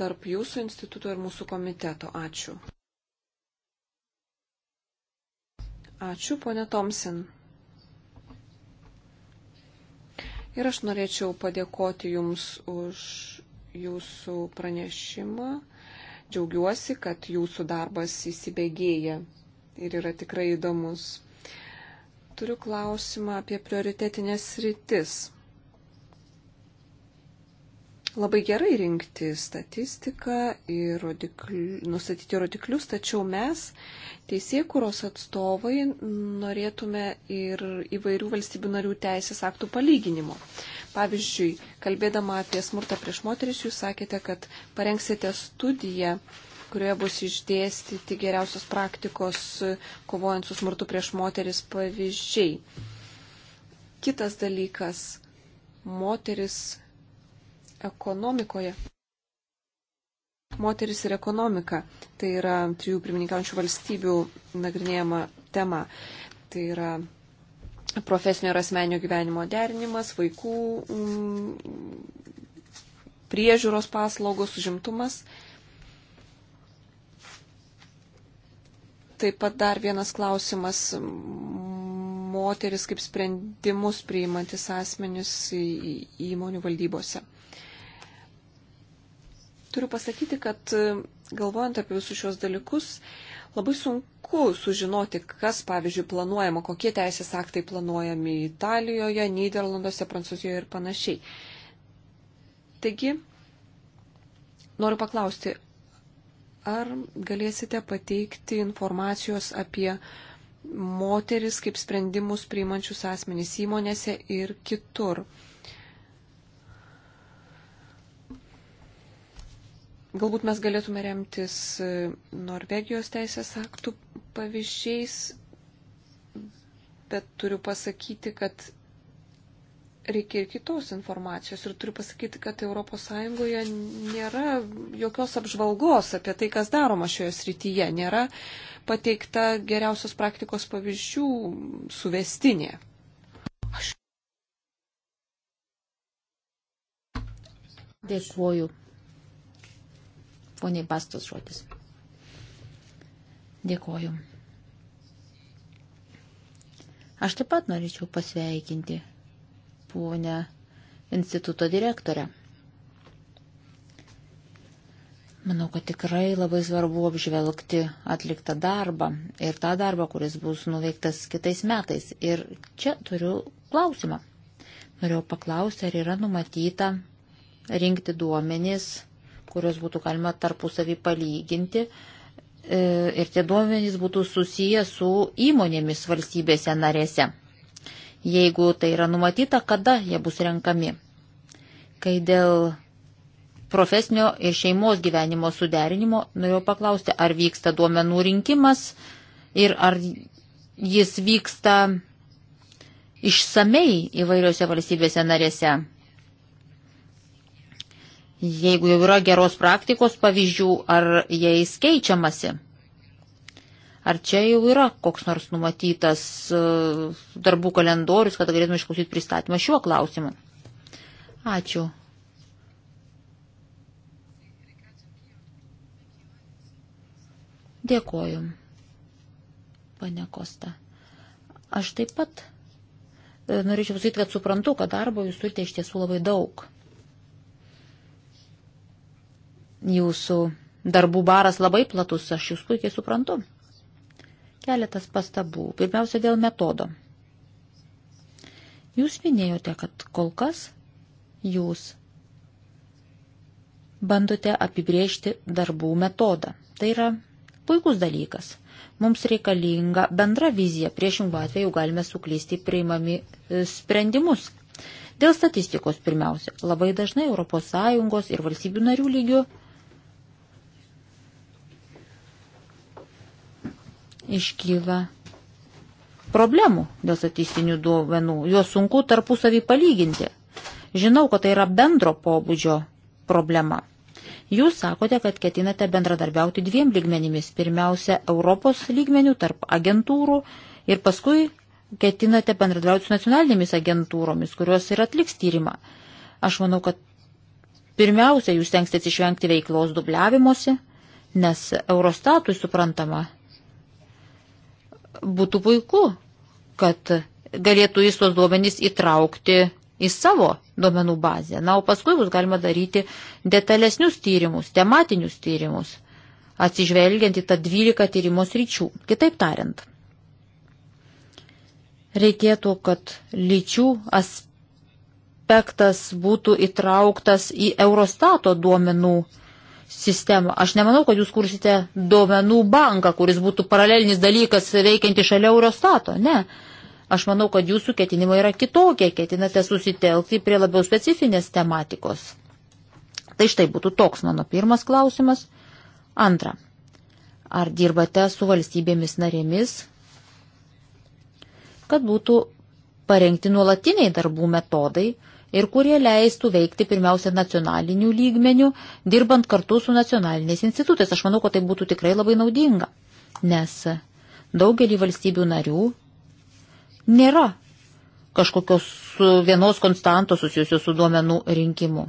tarp jūsų instituto ir mūsų komiteto. Ačiū. Ačiū, ponė Tomsin. Ir aš norėčiau padėkoti Jums už Jūsų pranešimą. Džiaugiuosi, kad Jūsų darbas įsibėgėja ir yra tikrai įdomus. Turiu klausimą apie prioritetinės rytis. Labai gerai rinkti statistiką ir rodikli, nustatyti rodiklius, tačiau mes, teisėkuros atstovai, norėtume ir įvairių valstybių narių teisės aktų palyginimo. Pavyzdžiui, kalbėdama apie smurtą prieš moteris, jūs sakėte, kad parengsite studiją kurioje bus išdėstyti geriausios praktikos kovojant su smurtu prieš moteris pavyzdžiai. Kitas dalykas - moteris ekonomikoje. Moteris ir ekonomika - tai yra trijų pirmininkaujančių valstybių nagrinėjama tema. Tai yra profesinio ir asmenio gyvenimo derinimas, vaikų mm, priežiūros paslaugos, užimtumas. Taip pat dar vienas klausimas. Moteris kaip sprendimus priimantis asmenis įmonių valdybose. Turiu pasakyti, kad galvojant apie visus šios dalykus, labai sunku sužinoti, kas, pavyzdžiui, planuojama, kokie teisės aktai planuojami Italijoje, Niderlanduose, Prancūzijoje ir panašiai. Taigi, noriu paklausti, Ar galėsite pateikti informacijos apie moteris kaip sprendimus priimančius asmenys įmonėse ir kitur? Galbūt mes galėtume remtis e, Norvegijos teisės aktų pavyzdžiais, bet turiu pasakyti, kad reikia ir kitos informacijos. Ir turiu pasakyti, kad ES nėra jokios apžvalgos apie tai, kas daroma šioje srityje. Nėra pateikta geriausios praktikos pavyzdžių suvestinė. Aš. Dėkuoju. Poniai Bastos žodis. Dėkuoju. Aš taip pat norėčiau pasveikinti ponę instituto direktorę. Manau, kad tikrai labai svarbu apžvelgti atliktą darbą ir tą darbą, kuris bus nuveiktas kitais metais. Ir čia turiu klausimą. Norėjau paklausti, ar yra numatyta rinkti duomenys, kuriuos būtų galima tarpusavį palyginti. E, ir tie duomenys būtų susiję su įmonėmis valstybėse narėse jeigu tai yra numatyta, kada jie bus renkami. Kai dėl profesinio ir šeimos gyvenimo suderinimo norėjau paklausti, ar vyksta duomenų rinkimas ir ar jis vyksta išsamei įvairiose valstybėse narėse. Jeigu jau yra geros praktikos pavyzdžių, ar jais keičiamasi. Ar čia jau yra koks nors numatytas e, darbų kalendorius, kad galėtume išklausyti pristatymą šiuo klausimu? Ačiū. Dėkoju, pane Kosta. Aš taip pat e, norėčiau pasakyti, kad suprantu, kad darbo jūs turite iš tiesų labai daug. Jūsų darbų baras labai platus, aš jūs puikiai suprantu. Keletas pastabų. Pirmiausia, dėl metodo. Jūs minėjote, kad kol kas jūs bandote apibriežti darbų metodą. Tai yra puikus dalykas. Mums reikalinga bendra vizija, priešingų atveju galime suklysti priimami e, sprendimus. Dėl statistikos pirmiausia, labai dažnai ES ir valstybių narių lygių iškyla problemų dėl statistinių duomenų. Juos sunku tarpusavį palyginti. Žinau, kad tai yra bendro pobūdžio problema. Jūs sakote, kad ketinate bendradarbiauti dviem lygmenimis. Pirmiausia, Europos lygmenių tarp agentūrų ir paskui ketinate bendradarbiauti su nacionalinėmis agentūromis, kurios ir atliks tyrimą. Aš manau, kad pirmiausia, jūs tenksite išvengti veiklos dubliavimuose, nes Eurostatui suprantama būtų puiku, kad galėtų jis tos duomenys įtraukti į savo duomenų bazę. Na, o paskui bus galima daryti detalesnius tyrimus, tematinius tyrimus, atsižvelgiant į tą 12 tyrimos ryčių. Kitaip tariant, reikėtų, kad lyčių aspektas būtų įtrauktas į Eurostato duomenų bazę sistemą. Aš nemanau, kad jūs kursite duomenų banką, kuris būtų paralelinis dalykas veikianti šalia Eurostato. Ne. Aš manau, kad jūsų ketinimai yra kitokie, ketinate susitelkti prie labiau specifinės tematikos. Tai štai būtų toks mano pirmas klausimas. Antra. Ar dirbate su valstybėmis narėmis, kad būtų parengti nuolatiniai darbų metodai, ir kurie leistų veikti pirmiausia nacionalinių lygmenių, dirbant kartu su nacionaliniais institutais. Aš manau, kad tai būtų tikrai labai naudinga, nes daugelį valstybių narių nėra kažkokios vienos konstantos susijusios su duomenų rinkimu.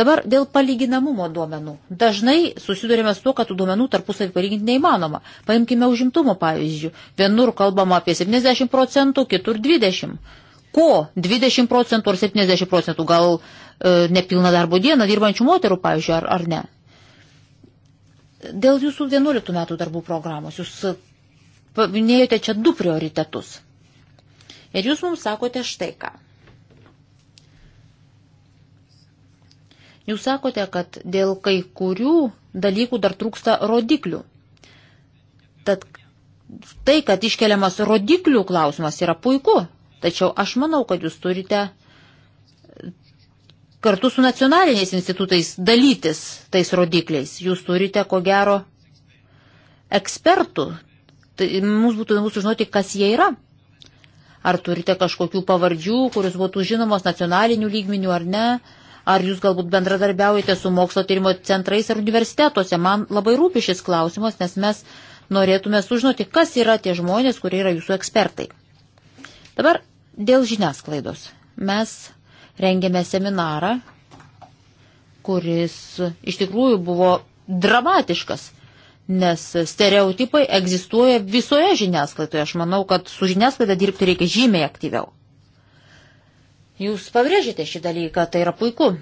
Dabar dėl palyginamumo duomenų. Dažnai susidurėme su to, kad tų duomenų tarpusavį palyginti neįmanoma. Paimkime užimtumo pavyzdžių. Vienur kalbama apie 70 procentų, kitur 20 ko 20 procentų ar 70 procentų, gal e, nepilna darbo diena dirbančių moterų, pavyzdžiui, ar, ar ne. Dėl jūsų 11 metų darbų programos jūs paminėjote čia du prioritetus. Ir jūs mums sakote štai ką. Jūs sakote, kad dėl kai kurių dalykų dar trūksta rodiklių. Tad tai, kad iškeliamas rodiklių klausimas yra puiku, Tačiau aš manau, kad jūs turite kartu su nacionaliniais institutais dalytis tais rodikliais. Jūs turite, ko gero, ekspertų. Tai mums būtų įdomu sužinoti, kas jie yra. Ar turite kažkokių pavardžių, kuris būtų žinomos nacionalinių lygminių ar ne? Ar jūs galbūt bendradarbiaujate su mokslo tyrimo centrais ar universitetuose? Man labai rūpi šis klausimas, nes mes norėtume sužinoti, kas yra tie žmonės, kurie yra jūsų ekspertai. Dabar Dėl žiniasklaidos mes rengėme seminarą, kuris iš tikrųjų buvo dramatiškas, nes stereotipai egzistuoja visoje žiniasklaidoje. Aš manau, kad su žiniasklaida dirbti reikia žymiai aktyviau. Jūs pabrėžite šį dalyką, tai yra puiku.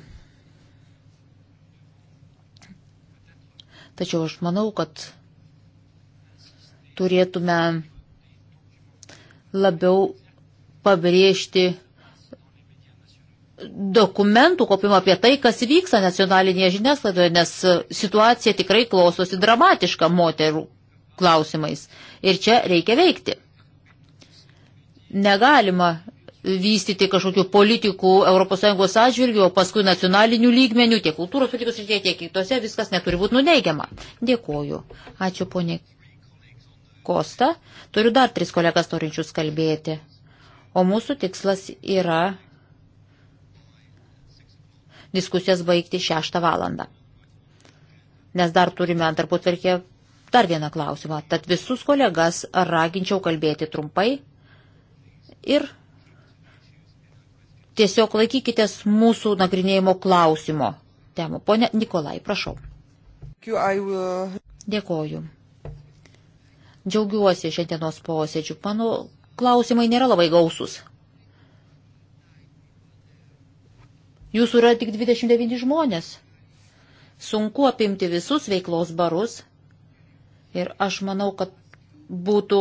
Tačiau aš manau, kad turėtume labiau pabrėžti dokumentų kopimo apie tai, kas vyksta nacionalinėje žiniasklaidoje, nes situacija tikrai klausosi dramatiška moterų klausimais. Ir čia reikia veikti. Negalima vystyti kažkokių politikų ES atžvilgių, o paskui nacionalinių lygmenių, tiek kultūros politikos srityje, tiek kitose, viskas neturi būti nuneigiama. Dėkoju. Ačiū, ponė Kosta. Turiu dar tris kolegas norinčius kalbėti. O mūsų tikslas yra diskusijas baigti 6 valandą. Nes dar turime ant tarputverkė dar vieną klausimą. Tad visus kolegas raginčiau kalbėti trumpai ir tiesiog laikykitės mūsų nagrinėjimo klausimo temų. Pone Nikolai, prašau. Dėkoju. Džiaugiuosi šiandienos posėdžių. Manau, klausimai nėra labai gausus. Jūsų yra tik 29 žmonės. Sunku apimti visus veiklos barus. Ir aš manau, kad būtų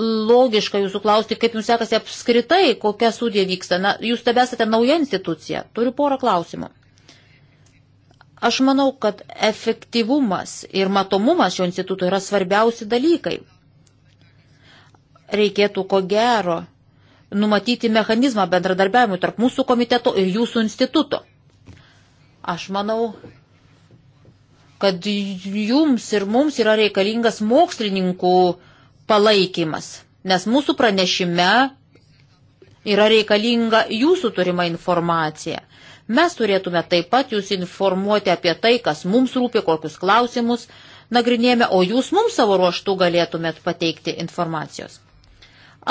logiška jūsų klausti, kaip jums sekasi apskritai, kokia studija vyksta. Na, jūs tebesate nauja institucija. Turiu porą klausimų. Aš manau, kad efektyvumas ir matomumas šio instituto yra svarbiausi dalykai. Reikėtų ko gero numatyti mechanizmą bendradarbiavimui tarp mūsų komiteto ir jūsų instituto. Aš manau, kad jums ir mums yra reikalingas mokslininkų palaikymas, nes mūsų pranešime yra reikalinga jūsų turima informacija. Mes turėtume taip pat jūs informuoti apie tai, kas mums rūpi, kokius klausimus nagrinėjame, o jūs mums savo ruoštų galėtumėt pateikti informacijos.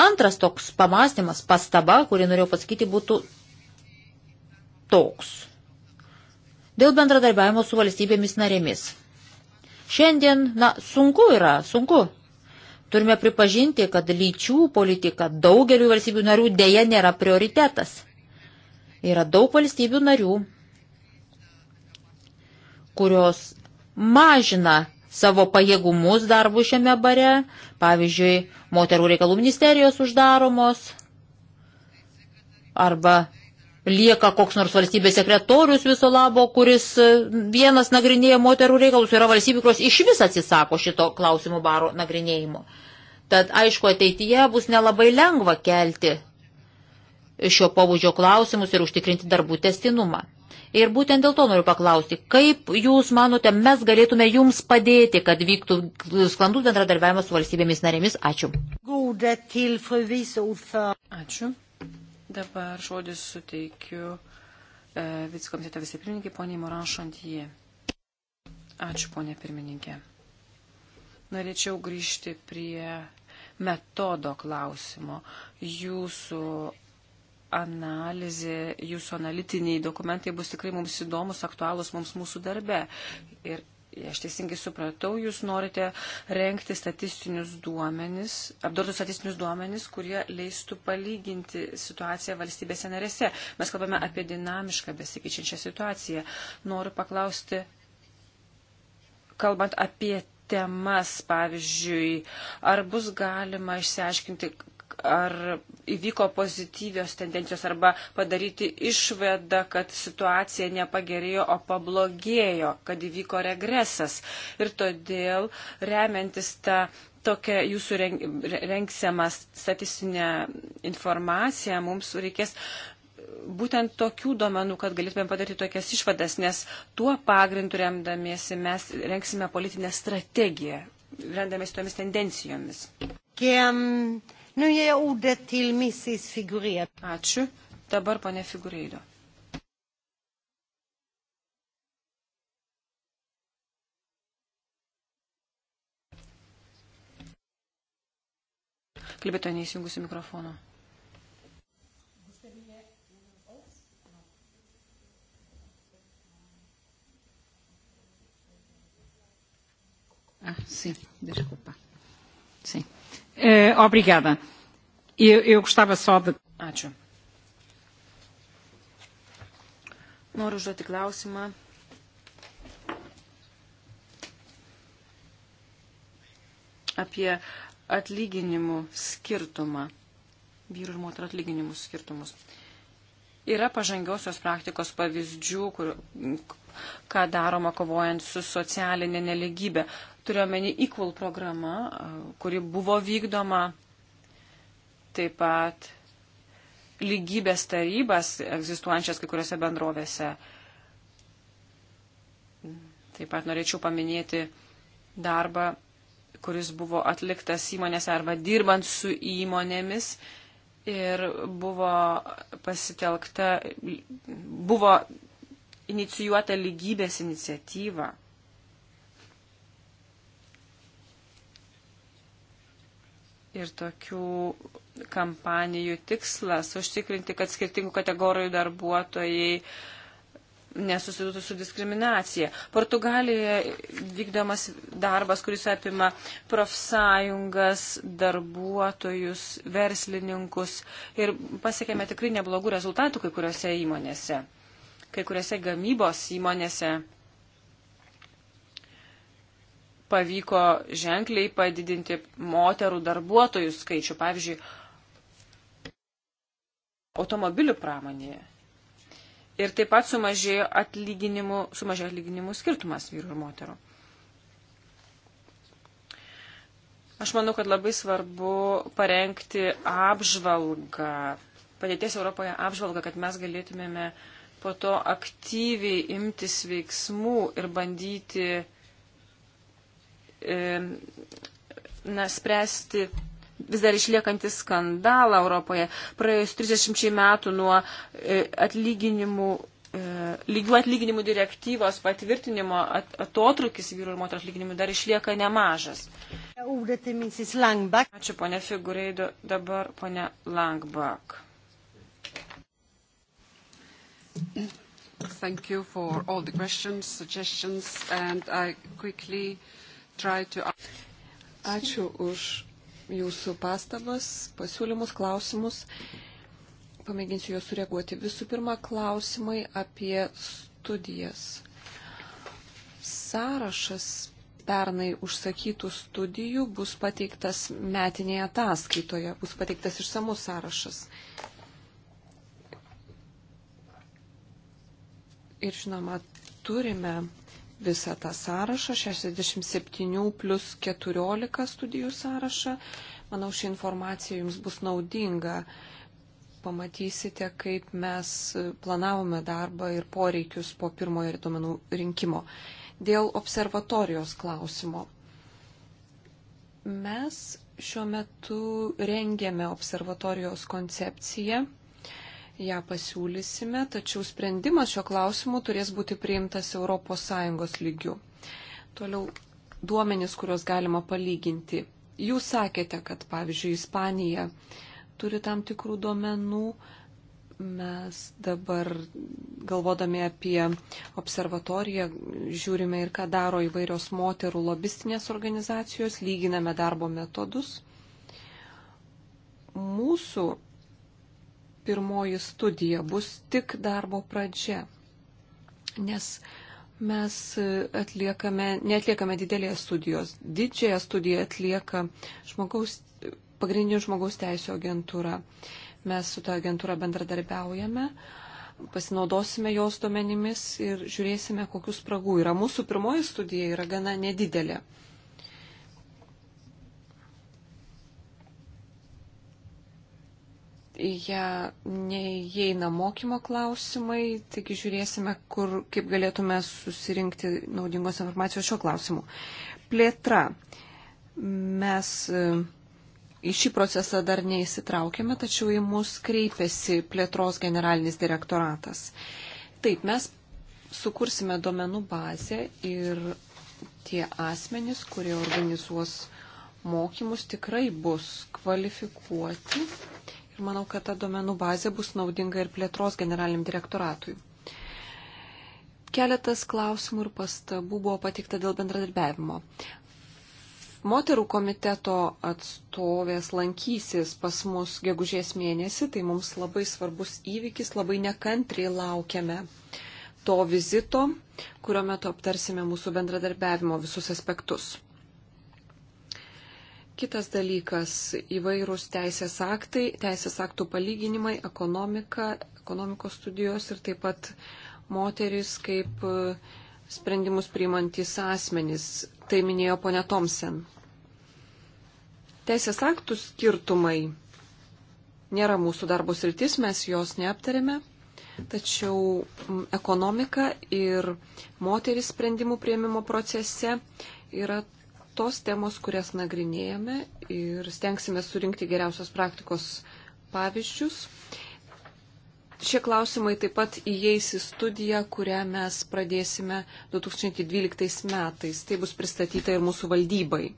Antras toks pamastymas, pastaba, kurį norėjau pasakyti, būtų toks. Dėl bendradarbiavimo su valstybėmis narėmis. Šiandien, na, sunku yra, sunku. Turime pripažinti, kad lyčių politika daugeliu valstybių narių dėja nėra prioritetas. Yra daug valstybių narių, kurios mažina savo pajėgumus darbų šiame bare, pavyzdžiui, moterų reikalų ministerijos uždaromos, arba lieka koks nors valstybės sekretorius viso labo, kuris e, vienas nagrinėja moterų reikalus, yra valstybių, kurios iš vis atsisako šito klausimų baro nagrinėjimo. Tad aišku, ateityje bus nelabai lengva kelti šio pobūdžio klausimus ir užtikrinti darbų testinumą. Ir būtent dėl to noriu paklausti, kaip jūs manote, mes galėtume jums padėti, kad vyktų sklandus bendradarbiavimas su valstybėmis narėmis? Ačiū. Ačiū. Dabar žodis suteikiu e, vicekomiteto vicepirmininkai poniai Moran Šantyje. Ačiū, ponė pirmininkė. Norėčiau grįžti prie metodo klausimo. Jūsų analizė, jūsų analitiniai dokumentai bus tikrai mums įdomus, aktualus mums mūsų darbe. Ir aš teisingai supratau, jūs norite renkti statistinius duomenis, apdorti statistinius duomenis, kurie leistų palyginti situaciją valstybėse narėse. Mes kalbame apie dinamišką besikeičiančią situaciją. Noriu paklausti, kalbant apie temas, pavyzdžiui, ar bus galima išsiaiškinti, ar įvyko pozityvios tendencijos arba padaryti išvadą, kad situacija nepagerėjo, o pablogėjo, kad įvyko regresas. Ir todėl remiantis tą tokią jūsų renksimą statistinę informaciją mums reikės būtent tokių duomenų, kad galėtume padaryti tokias išvadas, nes tuo pagrindu remdamiesi mes renksime politinę strategiją, remdamiesi tomis tendencijomis. Kiem... Nu jie ordet til Mrs. Figureido. Ačiū. Dabar ponė Figureido. Kalbėtoja neįsijungusi mikrofono. Ah, sì, disculpa. Sì. Eh, obrigada. Eu, eu gostava só de. Ačiū. Noriu užduoti klausimą. apie atlyginimų skirtumą, vyrų ir moterų atlyginimų skirtumus. Yra pažangiosios praktikos pavyzdžių, kur, ką daroma kovojant su socialinė neligybė turiuomenį Equal programą, kuri buvo vykdoma taip pat lygybės tarybas egzistuojančias kai kuriuose bendrovėse. Taip pat norėčiau paminėti darbą, kuris buvo atliktas įmonėse arba dirbant su įmonėmis ir buvo pasitelkta, buvo inicijuota lygybės iniciatyva. Ir tokių kampanijų tikslas užtikrinti, kad skirtingų kategorijų darbuotojai nesusidūtų su diskriminacija. Portugalijoje vykdomas darbas, kuris apima profsąjungas, darbuotojus, verslininkus ir pasiekėme tikrai neblogų rezultatų kai kuriuose įmonėse, kai kuriuose gamybos įmonėse pavyko ženkliai padidinti moterų darbuotojų skaičių, pavyzdžiui, automobilių pramonėje. Ir taip pat sumažėjo atlyginimų, sumažėjo atlyginimų skirtumas vyrų ir moterų. Aš manau, kad labai svarbu parengti apžvalgą, padėties Europoje apžvalgą, kad mes galėtumėme po to aktyviai imtis veiksmų ir bandyti uh, E, na, spręsti vis dar išliekantį skandalą Europoje. Praėjus 30 metų nuo e, atlyginimų, e, lygių atlyginimų direktyvos patvirtinimo atotrukis vyrų ir moterų atlyginimų dar išlieka nemažas. Ačiū ponia Figureido, dabar ponia Langbak. Thank you for all the questions, suggestions, and I quickly uh, to... Ačiū už jūsų pastabas, pasiūlymus, klausimus. Pamėginsiu juos sureaguoti. Visų pirma, klausimai apie studijas. Sąrašas pernai užsakytų studijų bus pateiktas metinėje ataskaitoje, bus pateiktas išsamus sąrašas. Ir žinoma, turime visą tą sąrašą, 67 plus 14 studijų sąrašą. Manau, ši informacija jums bus naudinga. Pamatysite, kaip mes planavome darbą ir poreikius po pirmojo duomenų rinkimo. Dėl observatorijos klausimo. Mes šiuo metu rengėme observatorijos koncepciją ją pasiūlysime, tačiau sprendimas šio klausimu turės būti priimtas ES lygiu. Toliau duomenys, kuriuos galima palyginti. Jūs sakėte, kad pavyzdžiui Ispanija turi tam tikrų duomenų. Mes dabar galvodami apie observatoriją žiūrime ir ką daro įvairios moterų lobistinės organizacijos, lyginame darbo metodus. Mūsų pirmoji studija bus tik darbo pradžia, nes mes atliekame, netliekame didelės studijos. Didžiąją studiją atlieka žmogaus, pagrindinių žmogaus teisų agentūra. Mes su ta agentūra bendradarbiaujame, pasinaudosime jos duomenimis ir žiūrėsime, kokius spragų yra. Mūsų pirmoji studija yra gana nedidelė. ją neįeina mokymo klausimai, taigi žiūrėsime, kur, kaip galėtume susirinkti naudingos informacijos šio klausimu. Plėtra. Mes e, į šį procesą dar neįsitraukėme, tačiau į mus kreipėsi plėtros generalinis direktoratas. Taip, mes sukursime duomenų bazę ir tie asmenys, kurie organizuos mokymus, tikrai bus kvalifikuoti Manau, kad ta duomenų bazė bus naudinga ir plėtros generaliniam direktoratui. Keletas klausimų ir pastabų buvo patikta dėl bendradarbiavimo. Moterų komiteto atstovės lankysis pas mus gegužės mėnesį, tai mums labai svarbus įvykis, labai nekantriai laukiame to vizito, kurio metu aptarsime mūsų bendradarbiavimo visus aspektus. Kitas dalykas - įvairūs teisės aktai, teisės aktų palyginimai, ekonomika, ekonomikos studijos ir taip pat moteris kaip e, sprendimus priimantis asmenys. Tai minėjo ponė Tomsen. Teisės aktų skirtumai nėra mūsų darbos rytis, mes jos neaptarėme, tačiau ekonomika ir moteris sprendimų prieimimo procese yra tos temos, kurias nagrinėjame ir stengsime surinkti geriausios praktikos pavyzdžius. Šie klausimai taip pat įeis į studiją, kurią mes pradėsime 2012 metais. Tai bus pristatyta ir mūsų valdybai.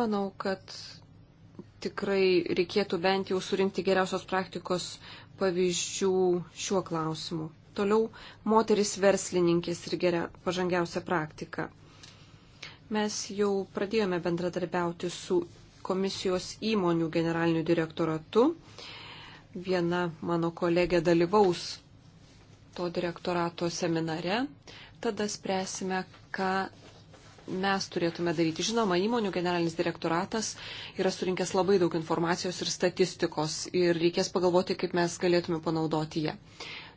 Manau, kad tikrai reikėtų bent jau surinkti geriausios praktikos pavyzdžių šiuo klausimu. Toliau moteris verslininkės ir geria pažangiausia praktika. Mes jau pradėjome bendradarbiauti su komisijos įmonių generaliniu direktoratu. Viena mano kolegė dalyvaus to direktorato seminare. Tada spręsime, ką mes turėtume daryti. Žinoma, įmonių generalinis direktoratas yra surinkęs labai daug informacijos ir statistikos ir reikės pagalvoti, kaip mes galėtume panaudoti ją.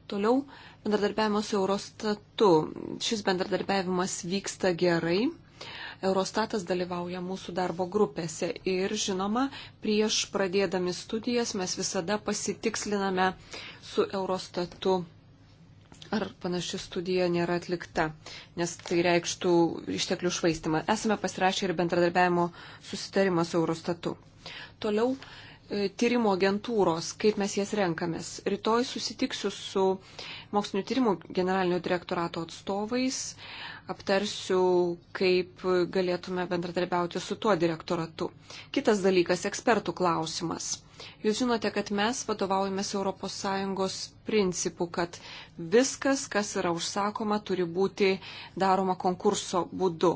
Toliau bendradarbiavimas su Eurostatu. Šis bendradarbiavimas vyksta gerai. Eurostatas dalyvauja mūsų darbo grupėse ir, žinoma, prieš pradėdami studijas mes visada pasitiksliname su Eurostatu, ar panaši studija nėra atlikta, nes tai reikštų išteklių švaistimą. Esame pasirašę ir bendradarbiavimo susitarimą su Eurostatu. Toliau E, tyrimo agentūros, kaip mes jas renkamės. Rytoj susitiksiu su mokslinio tyrimų generalinio direktorato atstovais, aptarsiu, kaip galėtume bendradarbiauti su tuo direktoratu. Kitas dalykas - ekspertų klausimas. Jūs žinote, kad mes vadovaujamės ES principu, kad viskas, kas yra užsakoma, turi būti daroma konkurso būdu.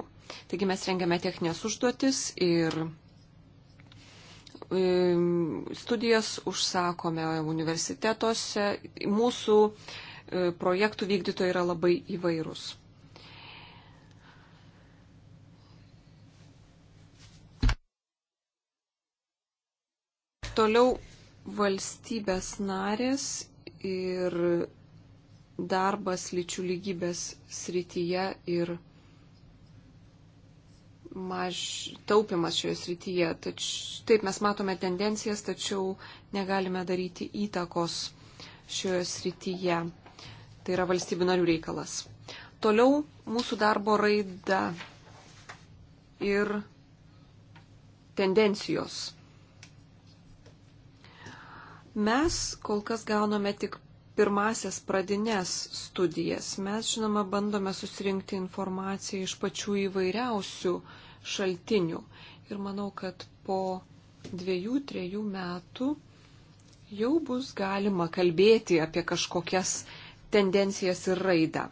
Taigi mes rengiame techninės užduotis ir studijas užsakome universitetuose. Mūsų e, projektų vykdytojai yra labai įvairūs. Toliau valstybės narės ir darbas lyčių lygybės srityje ir maž taupimas šioje srityje. Tač, taip mes matome tendencijas, tačiau negalime daryti įtakos šioje srityje. Tai yra valstybių narių reikalas. Toliau mūsų darbo raida ir tendencijos. Mes kol kas gauname tik pirmasias pradinės studijas. Mes, žinoma, bandome susirinkti informaciją iš pačių įvairiausių uh, šaltinių. Ir manau, kad po dviejų, trejų metų jau bus galima kalbėti apie kažkokias tendencijas ir raidą.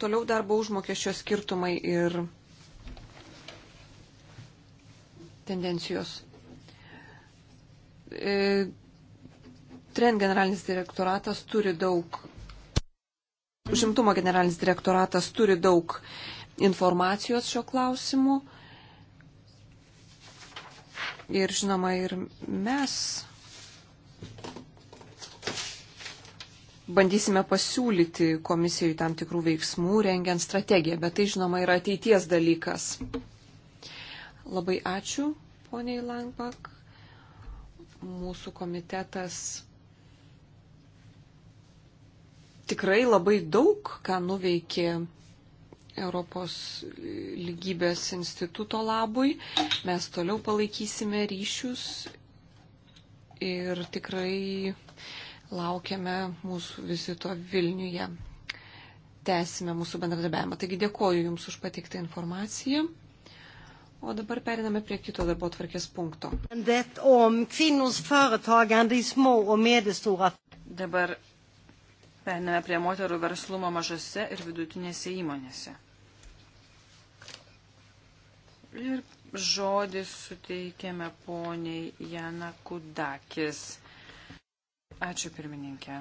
Toliau darbo užmokesčio skirtumai ir tendencijos. E, Trend generalinis direktoratas turi daug, užimtumo generalinis direktoratas turi daug informacijos šio klausimu Ir žinoma, ir mes bandysime pasiūlyti komisijai tam tikrų veiksmų, rengiant strategiją, bet tai, žinoma, yra ateities dalykas. Labai ačiū, poniai Langbak. Mūsų komitetas tikrai labai daug ką nuveikė Europos lygybės instituto labui. Mes toliau palaikysime ryšius ir tikrai laukiame mūsų vizito Vilniuje. Tęsime mūsų bendradarbiavimą. Taigi dėkoju Jums už pateiktą informaciją. O dabar periname prie kito darbo tvarkės punkto. Dabar Periname prie moterų verslumo mažose ir vidutinėse įmonėse. Ir žodį suteikėme poniai Jana Kudakis. Ačiū pirmininkė.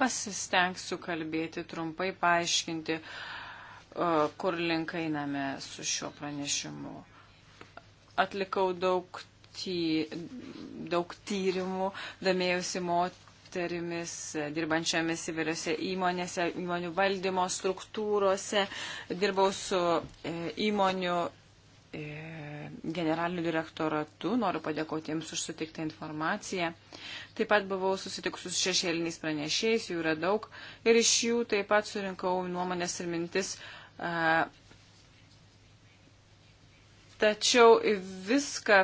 Pasistengsiu kalbėti trumpai, paaiškinti, e, kur link einame su šiuo pranešimu. Atlikau daug, ty, daug tyrimų, damėjausi mot moterimis, dirbančiamis įvairiose įmonėse, įmonių valdymo struktūrose. Dirbau su e, įmonių e, generaliniu direktoratu. Noriu padėkoti jiems už sutiktą informaciją. Taip pat buvau susitikusius šešėliniais pranešėjais, jų yra daug. Ir iš jų taip pat surinkau nuomonės ir mintis. E, Tačiau viską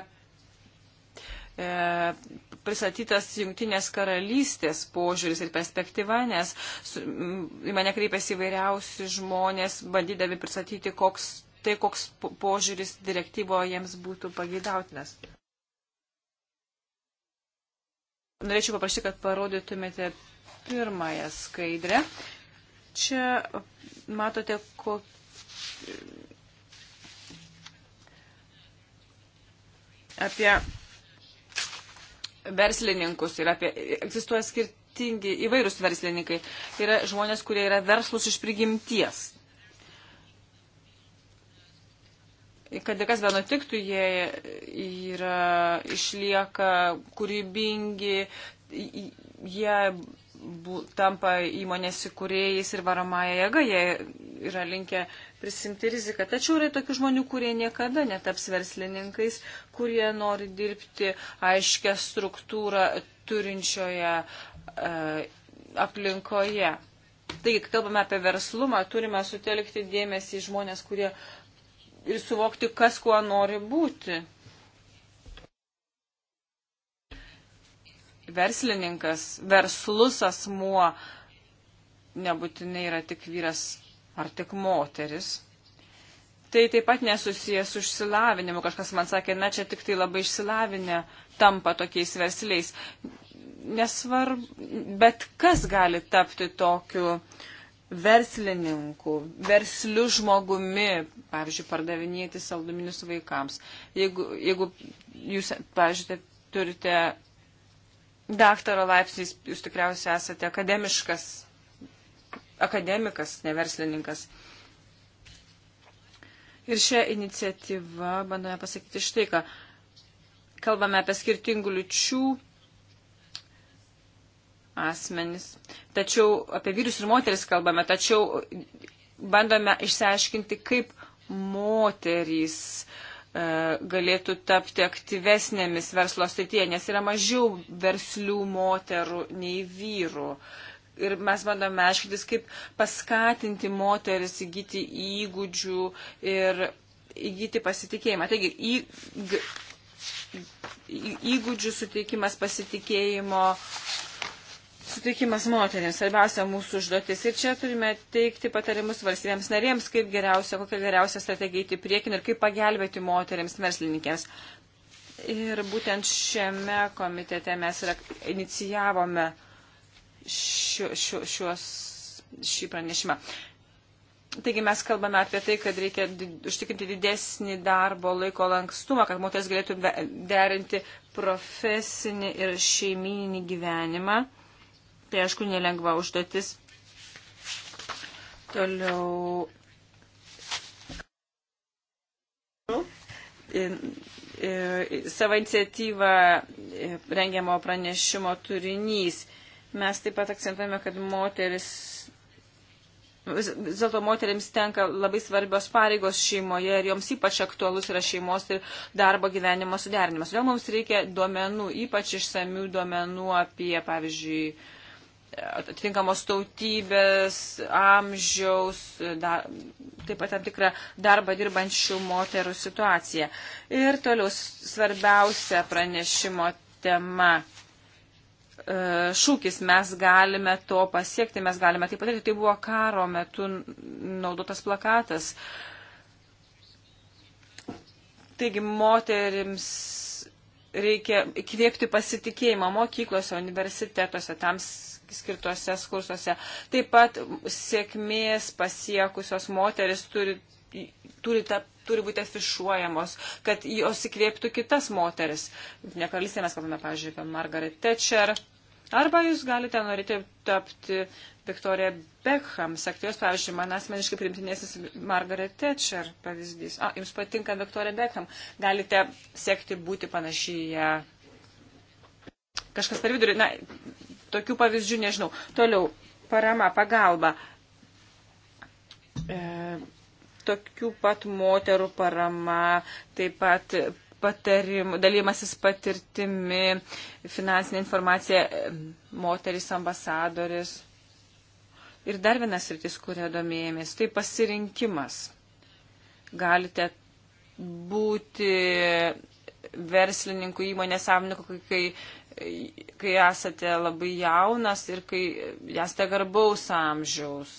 E, pristatytas Junktinės karalystės požiūris ir perspektyva, nes į mane kreipiasi įvairiausi žmonės, bandydami pristatyti, koks, tai koks požiūris direktyvoje jiems būtų pageidautinas. Norėčiau paprašyti, kad parodytumėte pirmąją skaidrę. Čia matote, kokia apie verslininkus ir apie, egzistuoja skirtingi įvairūs verslininkai. Tai yra žmonės, kurie yra verslus iš prigimties. Kad ir kas be nutiktų, jie yra, išlieka kūrybingi, jie bu, tampa įmonės įkūrėjais ir varomąją jėgą, jie yra linkę prisimti riziką. Tačiau yra tokių žmonių, kurie niekada netaps verslininkais, kurie nori dirbti aiškę struktūrą turinčioje e, aplinkoje. Taigi, kalbame apie verslumą, turime sutelkti dėmesį į žmonės, kurie ir suvokti, kas kuo nori būti. Verslininkas, verslus asmuo nebūtinai yra tik vyras ar tik moteris. Tai taip pat nesusijęs su išsilavinimu. Kažkas man sakė, na čia tik tai labai išsilavinę tampa tokiais versliais. Nesvarbu, bet kas gali tapti tokiu verslininku, versliu žmogumi, pavyzdžiui, pardavinėti salduminius vaikams. Jeigu, jeigu jūs, pavyzdžiui, turite daktaro laipsnį, jūs tikriausiai esate akademiškas akademikas, neverslininkas. Ir šią iniciatyvą bandome pasakyti štai ką. Kalbame apie skirtingų lyčių asmenis, tačiau apie vyrus ir moteris kalbame, tačiau bandome išsiaiškinti, kaip moterys e, galėtų tapti aktyvesnėmis verslo srityje, nes yra mažiau verslių moterų nei vyrų. E, ir mes bandome aiškintis, kaip paskatinti moteris įgyti įgūdžių ir įgyti pasitikėjimą. Taigi, įg, įgūdžių suteikimas pasitikėjimo. Sutikimas moteriams, svarbiausia mūsų užduotis. Ir čia turime teikti patarimus valstybėms narėms, kaip geriausia, kokia geriausia strategija įti priekin ir kaip pagelbėti moteriams verslininkėms. Ir būtent šiame komitete mes inicijavome uh, šiu, šiu, šiuos, šį pranešimą. Taigi mes kalbame apie tai, kad reikia užtikrinti didesnį darbo laiko lankstumą, kad moteris galėtų derinti profesinį ir šeimininį gyvenimą. Tai aišku, nelengva užduotis. Toliau. E, e, savo iniciatyvą e, rengiamo pranešimo turinys. Mes taip pat akcentuojame, kad moteris. Vis dėlto moteriams tenka labai svarbios pareigos šeimoje ir joms ypač aktualus yra šeimos ir darbo gyvenimo suderinimas. Todėl mums reikia duomenų, ypač išsamių duomenų apie, pavyzdžiui, atitinkamos tautybės, amžiaus, dar, taip pat tam tikrą darbą dirbančių moterų situaciją. Ir toliau svarbiausia pranešimo tema E, šūkis, mes galime to pasiekti, mes galime tai padaryti. Tai buvo karo metu naudotas plakatas. Taigi moterims reikia įkvėpti pasitikėjimą mokyklose, universitetuose, tam skirtuose kursuose. Taip pat sėkmės pasiekusios moteris turi turi, ta, turi būti afišuojamos, kad jos įkvėptų kitas moteris. Ne karalystė mes kalbame, pavyzdžiui, apie Margaret Thatcher. Arba jūs galite norėti tapti Viktorija Beckham, sekti jos, pavyzdžiui, man asmeniškai primtinesis Margaret Thatcher pavyzdys. A, jums patinka Viktorija Beckham, galite sekti būti panašyje. Kažkas per vidurį, na, tokių pavyzdžių nežinau. Toliau, parama, pagalba. E, tokių pat moterų parama, taip pat patarimų, dalymasis patirtimi, finansinė informacija, moteris ambasadoris. Ir dar vienas rytis, kurią domėjomės, tai pasirinkimas. Galite būti verslininkų įmonės savininku, kai, kai esate labai jaunas ir kai esate garbaus amžiaus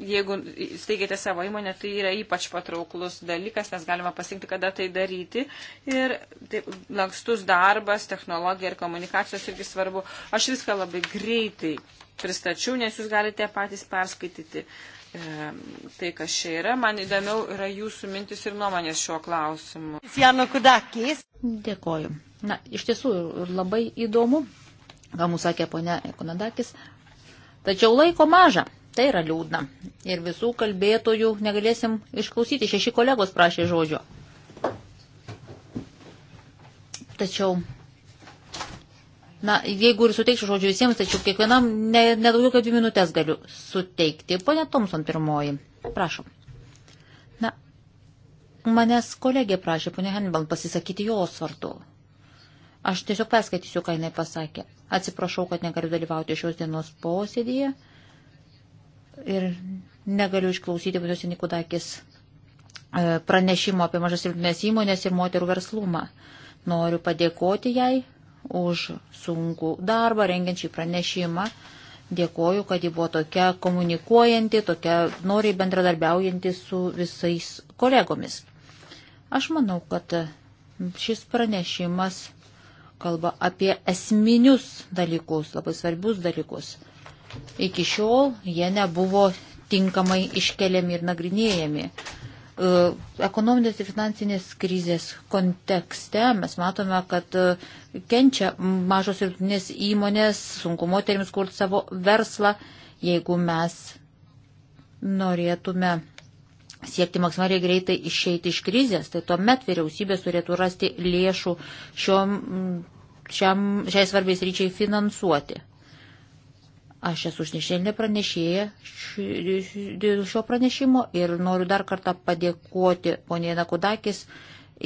jeigu steigėte savo įmonę, tai yra ypač patrauklus dalykas, nes galima pasirinkti, kada tai daryti. Ir taip, lankstus darbas, technologija ir komunikacijos irgi svarbu. Aš viską labai greitai pristačiau, nes jūs galite patys perskaityti e, tai, kas čia yra. Man įdomiau yra jūsų mintis ir nuomonės šiuo klausimu. Jano Kudakis. Dėkoju. Na, iš tiesų labai įdomu, ką mums sakė ponia Ekonadakis. Tačiau laiko maža. Tai yra liūdna. Ir visų kalbėtojų negalėsim išklausyti. Šeši kolegos prašė žodžio. Tačiau, na, jeigu ir suteikčiau žodžių visiems, tačiau kiekvienam nedaugiau ne kaip dvi minutės galiu suteikti. Pone Tomson pirmoji, prašom. Na, manęs kolegė prašė, pone Henbal, pasisakyti jos vardu. Aš tiesiog perskaitysiu, ką jinai pasakė. Atsiprašau, kad negaliu dalyvauti šios dienos posėdėje ir negaliu išklausyti Vilius Nikudakis e, pranešimo apie mažas silpnes įmonės ir moterų verslumą. Noriu padėkoti jai už sunkų darbą rengiant šį pranešimą. Dėkoju, kad ji buvo tokia komunikuojanti, tokia noriai bendradarbiaujanti su visais kolegomis. Aš manau, kad šis pranešimas kalba apie esminius dalykus, labai svarbius dalykus. Iki šiol jie nebuvo tinkamai iškeliami ir nagrinėjami. E, ekonominės ir finansinės krizės kontekste mes matome, kad e, kenčia mažos ir didinės įmonės, sunku moteriams kurti savo verslą, jeigu mes norėtume siekti maksimaliai greitai išeiti iš krizės, tai tuomet vyriausybės turėtų rasti lėšų šiom, šiam, šiai svarbiais ryčiai finansuoti. Aš esu šnešėlinė pranešėja dėl šio pranešimo ir noriu dar kartą padėkoti poniai Nakudakis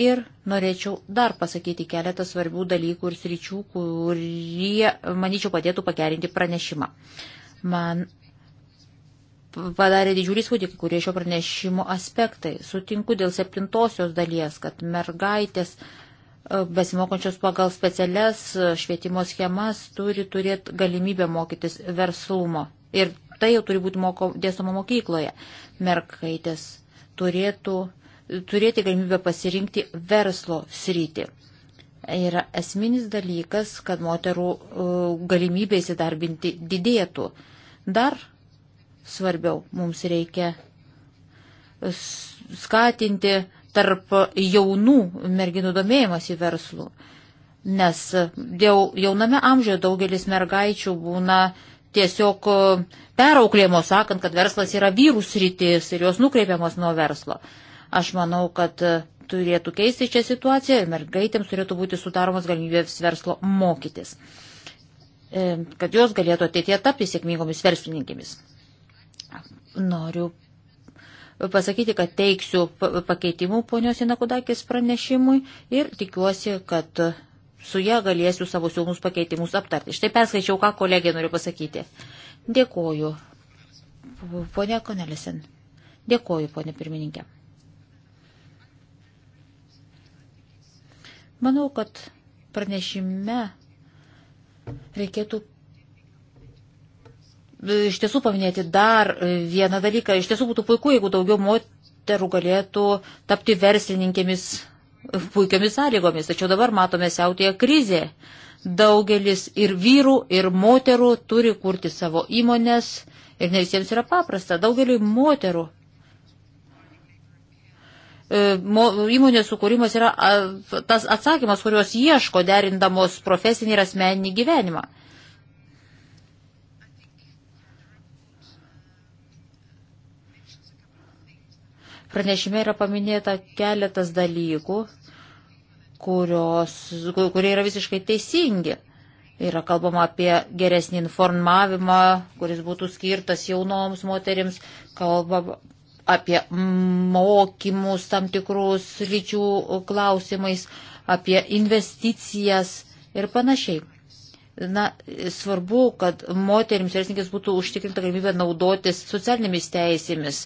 ir norėčiau dar pasakyti keletą svarbių dalykų ir sričių, kurie, manyčiau, padėtų pagerinti pranešimą. Man padarė didžiulį įspūdį, kurie šio pranešimo aspektai. Sutinku dėl septintosios dalies, kad mergaitės uh, besimokančios pagal specialias švietimo schemas turi turėti galimybę mokytis verslumo. Ir tai jau turi būti moko, dėstoma mokykloje. Merkaitės turėtų turėti galimybę pasirinkti verslo sritį. Yra esminis dalykas, kad moterų e, galimybė įsidarbinti didėtų. Dar svarbiau mums reikia skatinti tarp jaunų merginų domėjimas į verslų. Nes jau jauname amžiuje daugelis mergaičių būna tiesiog perauklėjimo sakant, kad verslas yra vyrų sritis ir jos nukreipiamos nuo verslo. Aš manau, kad turėtų keisti šią situaciją ir mergaitėms turėtų būti sudaromos galimybės verslo mokytis, e, kad jos galėtų ateitie tapti sėkmingomis verslininkėmis. Noriu pasakyti, kad teiksiu pakeitimų ponios Inakudakis pranešimui ir tikiuosi, kad su ją galėsiu savo siūlomus pakeitimus aptarti. Štai perskaičiau, ką kolegė noriu pasakyti. Dėkoju. Pone Konelisen. Dėkoju, ponė pirmininkė. Manau, kad pranešime reikėtų iš tiesų paminėti dar e, vieną dalyką. Iš tiesų būtų puiku, jeigu daugiau moterų galėtų tapti verslininkėmis puikiamis sąlygomis. Tačiau dabar matome siautėje krizė. Daugelis ir vyrų, ir moterų turi kurti savo įmonės ir ne visiems yra paprasta. Daugeliui moterų e, įmonės sukūrimas yra tas atsakymas, kurios ieško derindamos profesinį ir asmeninį gyvenimą. Pranešime yra paminėta keletas dalykų, kurios, kurie yra visiškai teisingi. Yra kalbama apie geresnį informavimą, kuris būtų skirtas jaunoms moterims, kalbama apie mokymus tam tikrus lyčių klausimais, apie investicijas ir panašiai. Na, svarbu, kad moterims verslininkės būtų užtikrinta galimybė naudotis socialinėmis teisėmis,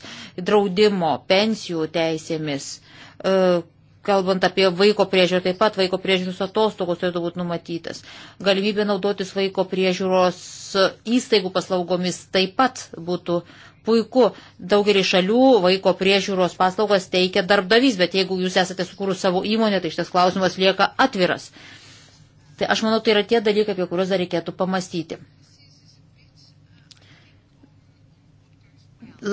draudimo, pensijų teisėmis. E, kalbant apie vaiko priežiūrą, taip pat vaiko priežiūros atostogos turėtų būti numatytas. Galimybė naudotis vaiko priežiūros įstaigų paslaugomis taip pat būtų puiku. Daugelį šalių vaiko priežiūros paslaugas teikia darbdavys, bet jeigu jūs esate sukūrus savo įmonę, tai šitas klausimas lieka atviras. Tai aš manau, tai yra tie dalykai, apie kuriuos dar reikėtų pamastyti.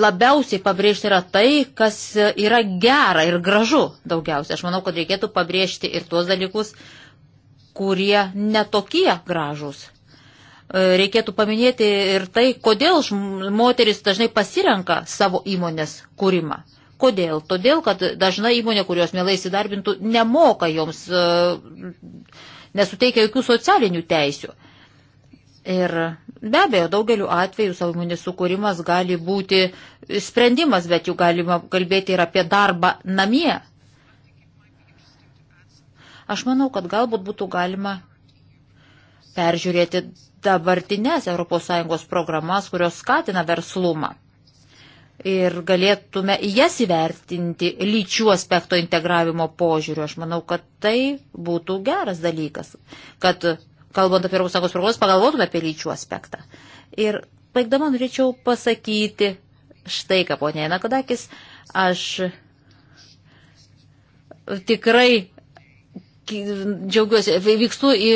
Labiausiai pabrėžti yra tai, kas yra gera ir gražu daugiausiai. Aš manau, kad reikėtų pabrėžti ir tuos dalykus, kurie netokie gražus. E, reikėtų paminėti ir tai, kodėl moteris dažnai pasirenka savo įmonės kūrimą. Kodėl? Todėl, kad dažna įmonė, kurios mielai įsidarbintų, nemoka joms uh, nesuteikia jokių socialinių teisių. Ir be abejo, daugeliu atveju savimonės sukūrimas gali būti sprendimas, bet jau galima kalbėti ir apie darbą namie. Aš manau, kad galbūt būtų galima peržiūrėti dabartinės ES programas, kurios skatina verslumą ir galėtume jas įvertinti lyčių aspekto integravimo požiūriu. Aš manau, kad tai būtų geras dalykas, kad, kalbant apie Europos Sąjungos programas, pagalvotume apie lyčių aspektą. Ir baigdama norėčiau pasakyti štai ką, ponė Nakadakis, aš tikrai džiaugiuosi, vykstu į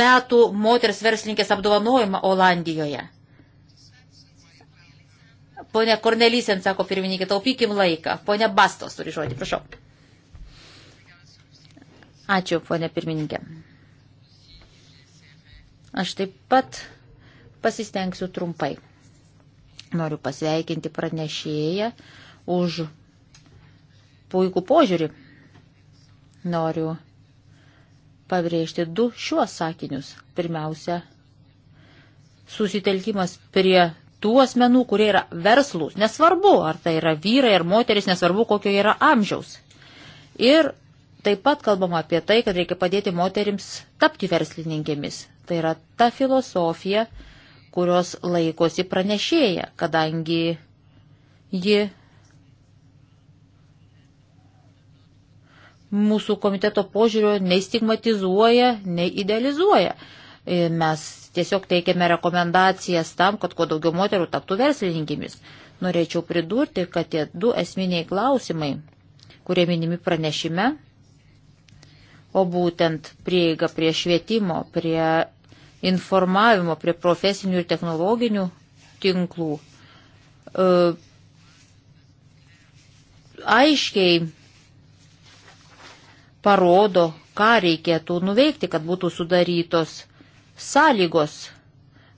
metų moters verslininkės apdovanojimą Olandijoje. Pone Kornelysen, sako pirmininkė, taupykim laiką. Pone Bastos turi žodį, prašau. Ačiū, ponė pirmininkė. Aš taip pat pasistengsiu trumpai. Noriu pasveikinti pranešėją už puikų požiūrį. Noriu pabrėžti du šiuos sakinius. Pirmiausia, susitelkimas prie tų asmenų, kurie yra verslus, nesvarbu, ar tai yra vyrai ar moteris, nesvarbu, kokio yra amžiaus. Ir taip pat kalbama apie tai, kad reikia padėti moterims tapti verslininkėmis. Tai yra ta filosofija, kurios laikosi pranešėja, kadangi ji mūsų komiteto požiūrio nei stigmatizuoja, nei idealizuoja. Mes tiesiog teikiame rekomendacijas tam, kad kuo daugiau moterų taptų verslininkimis. Norėčiau pridurti, kad tie du esminiai klausimai, kurie minimi pranešime, o būtent prieiga prie švietimo, prie informavimo, prie profesinių ir technologinių tinklų, e, aiškiai parodo, ką reikėtų nuveikti, kad būtų sudarytos sąlygos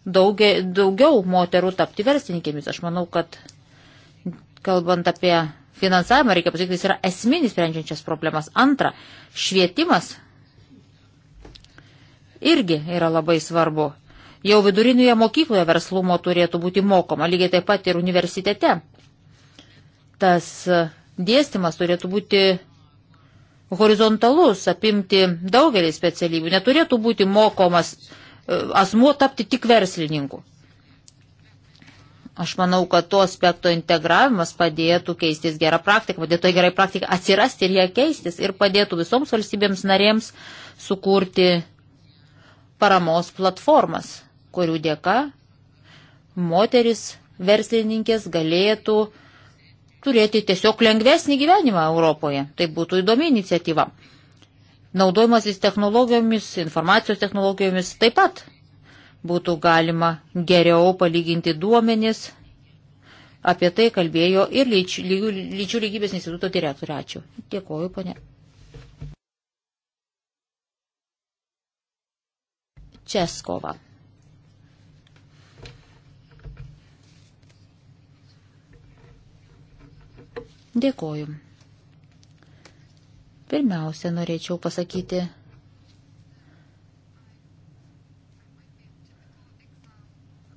daugia, daugiau moterų tapti verslininkėmis. Aš manau, kad kalbant apie finansavimą, reikia pasakyti, jis yra esminis sprendžiančias problemas. Antra, švietimas irgi yra labai svarbu. Jau vidurinėje mokykloje verslumo turėtų būti mokoma, lygiai taip pat ir universitete. Tas e, dėstymas turėtų būti horizontalus, apimti daugelį specialybių. Neturėtų būti mokomas asmuo tapti tik verslininku. Aš manau, kad to aspekto integravimas padėtų keistis gerą praktiką, padėtų gerai praktiką atsirasti ir ją keistis ir padėtų visoms valstybėms narėms sukurti paramos platformas, kurių dėka moteris verslininkės galėtų turėti tiesiog lengvesnį gyvenimą Europoje. Tai būtų įdomi iniciatyva naudojimasis technologijomis, informacijos technologijomis taip pat būtų galima geriau palyginti duomenis. Apie tai kalbėjo ir lyčių, lyčių lygybės instituto direktorė. Ačiū. Dėkoju, ponė. Českova. Dėkoju. Pirmiausia, norėčiau pasakyti,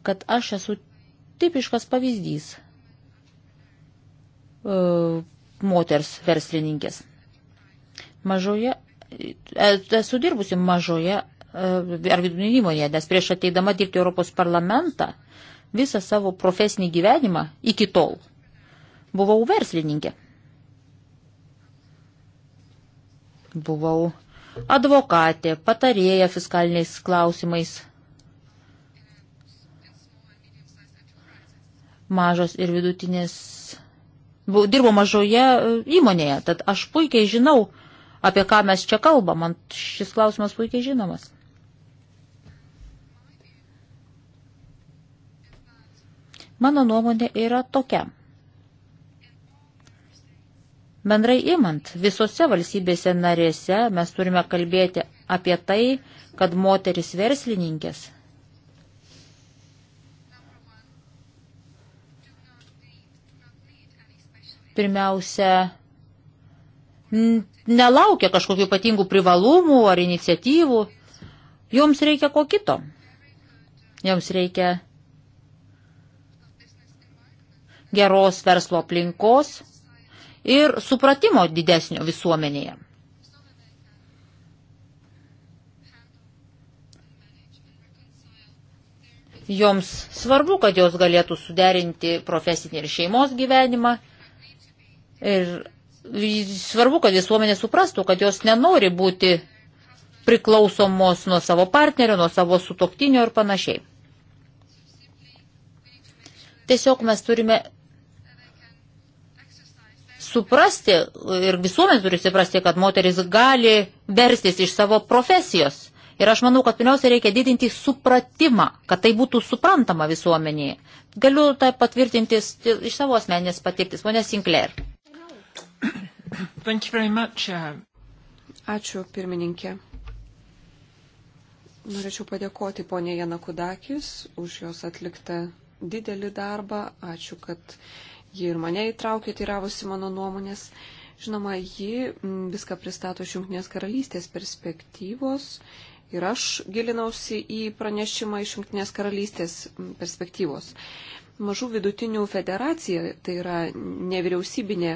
kad aš esu tipiškas pavyzdys e, moters verslininkės. Mažoje, e, esu dirbusi mažoje e, ar vidutinė įmonėje, nes prieš ateidama dirbti Europos parlamentą visą savo profesinį gyvenimą iki tol buvau verslininkė. buvau advokatė, patarėja fiskaliniais klausimais. Mažos ir vidutinės. Dirbo mažoje e, įmonėje, tad aš puikiai žinau, apie ką mes čia kalbam. Man šis klausimas puikiai žinomas. Mano nuomonė yra tokia. Bendrai imant, visose valstybėse narėse mes turime kalbėti apie tai, kad moteris verslininkės pirmiausia nelaukia kažkokių ypatingų privalumų ar iniciatyvų. Joms reikia ko kito. Joms reikia geros verslo aplinkos ir supratimo didesnio visuomenėje. Joms svarbu, kad jos galėtų suderinti profesinį ir šeimos gyvenimą. Ir svarbu, kad visuomenė suprastų, kad jos nenori būti priklausomos nuo savo partnerio, nuo savo sutoktinio ir panašiai. Tiesiog mes turime suprasti ir visuomet turi suprasti, kad moteris gali verstis iš savo profesijos. Ir aš manau, kad pirmiausia reikia didinti supratimą, kad tai būtų suprantama visuomenėje. Galiu tai patvirtinti iš savo asmeninės patirtis. Pone Sinclair. Uh, Ačiū, pirmininkė. Norėčiau padėkoti ponė Janakudakis už jos atliktą didelį darbą. Ačiū, kad ji ir mane įtraukė, tyravosi mano nuomonės. Žinoma, ji mm, viską pristato iš Junktinės karalystės perspektyvos ir aš gilinausi į pranešimą iš Junktinės karalystės mm, perspektyvos. Mažų vidutinių federacija, tai yra nevyriausybinė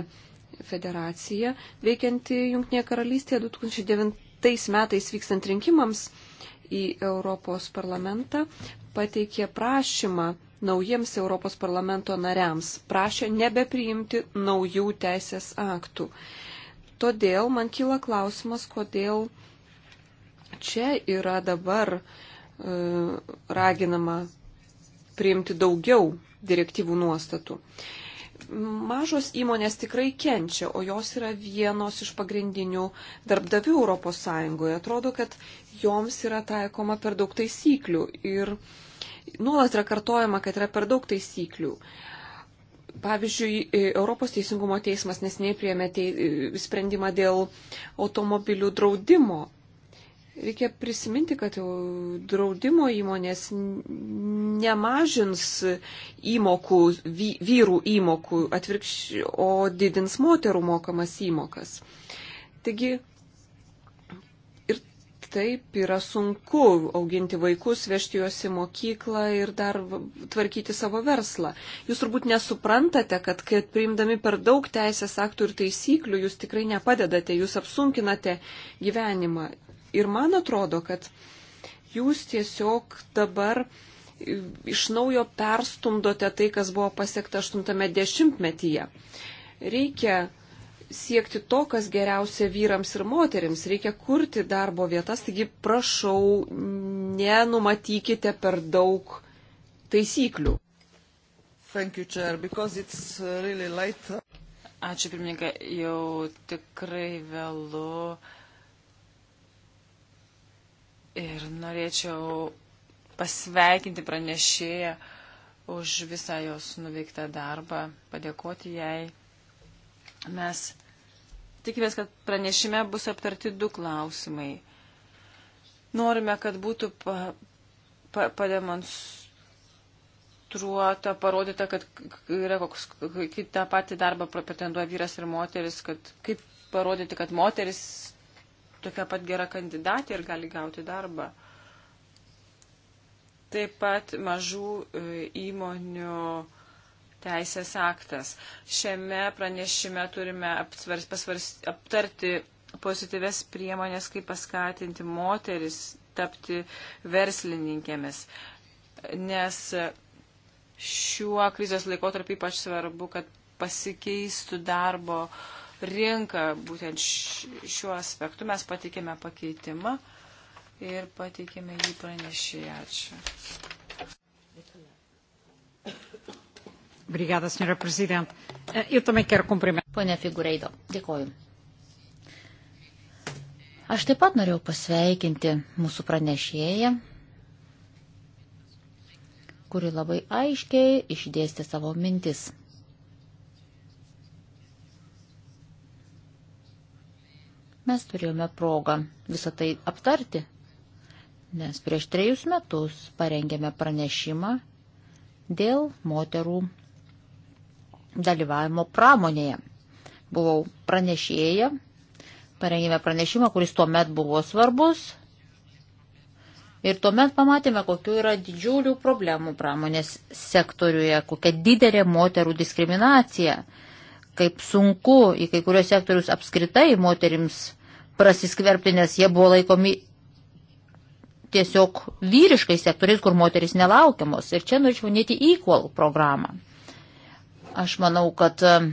federacija, veikianti Junktinėje karalystėje 2009 metais vykstant rinkimams į Europos parlamentą, pateikė prašymą naujiems Europos parlamento nariams, prašė nebepriimti naujų teisės aktų. Todėl man kyla klausimas, kodėl čia yra dabar e, raginama priimti daugiau direktyvų nuostatų. E, mažos įmonės tikrai kenčia, o jos yra vienos iš pagrindinių darbdavių ES. Atrodo, kad joms yra taikoma per daug taisyklių ir nuolat yra kartojama, kad yra per daug taisyklių. Pavyzdžiui, Europos Teisingumo teismas nesiniai priėmė tei, sprendimą dėl automobilių draudimo Reikia prisiminti, kad draudimo įmonės nemažins įmokų, vyrų įmokų, atvirkščiai, o didins moterų mokamas įmokas. Taigi ir taip yra sunku auginti vaikus, vežti juos į mokyklą ir dar tvarkyti savo verslą. Jūs turbūt nesuprantate, kad kai priimdami per daug teisės aktų ir taisyklių, jūs tikrai nepadedate, jūs apsunkinate gyvenimą Ir man atrodo, kad jūs tiesiog dabar iš naujo perstumdote tai, kas buvo pasiekta 80-metyje. Reikia siekti to, kas geriausia vyrams ir moteriams. Reikia kurti darbo vietas, taigi prašau, nenumatykite per daug taisyklių. You, chair, uh, really Ačiū, pirmininkai, jau tikrai vėlu. Uh, Ir norėčiau pasveikinti pranešėją už visą jos nuveiktą darbą, padėkoti jai. Mes tikimės, kad pranešime bus aptarti du klausimai. Norime, kad būtų pa, pa, pademonstruota, parodyta, kad yra koks kitą patį darbą pretenduoja vyras ir moteris, kad kaip parodyti, kad moteris tokia pat gera kandidatė ir gali gauti darbą. Taip pat mažų e, įmonių teisės aktas. Šiame pranešime turime apsvars, pasvars, aptarti pozityves priemonės, kaip paskatinti moteris tapti verslininkėmis. Nes šiuo krizės laikotarpiu ypač svarbu, kad pasikeistų darbo uh, rinką. Būtent šiuo aspektu mes patikėme pakeitimą ir patikėme jį pranešėjai. Ačiū. Obrigada, senhora Presidente. Eu também quero cumprimentar. Pone Figureido, dėkoju. Aš taip pat norėjau pasveikinti mūsų pranešėją, kuri labai aiškiai išdėstė savo mintis. mes turėjome progą visą tai aptarti, nes prieš trejus metus parengėme pranešimą dėl moterų dalyvavimo pramonėje. Buvau pranešėja, parengėme pranešimą, kuris tuomet buvo svarbus. Ir tuomet pamatėme, kokiu yra didžiulių problemų pramonės sektoriuje, kokia didelė moterų diskriminacija. Uh, kaip sunku į kai kurios sektorius apskritai moterims prasiskverbti, nes jie buvo laikomi tiesiog vyriškai sektoriais, kur moteris nelaukiamos. Ir čia norėčiau nėti Equal programą. Aš manau, kad um,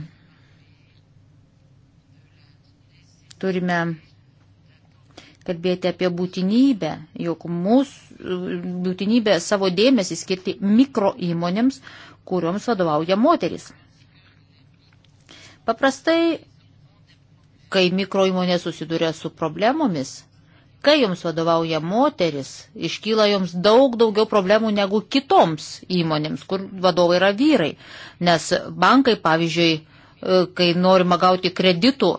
turime kalbėti apie būtinybę, jog mūsų būtinybę savo dėmesį skirti mikro įmonėms, kurioms vadovauja moteris. Paprastai, kai mikroįmonė susiduria su problemomis, kai jums vadovauja moteris, iškyla jums daug daugiau problemų negu kitoms įmonėms, kur vadovai yra vyrai. Nes bankai, pavyzdžiui, e, kai norima gauti kreditų,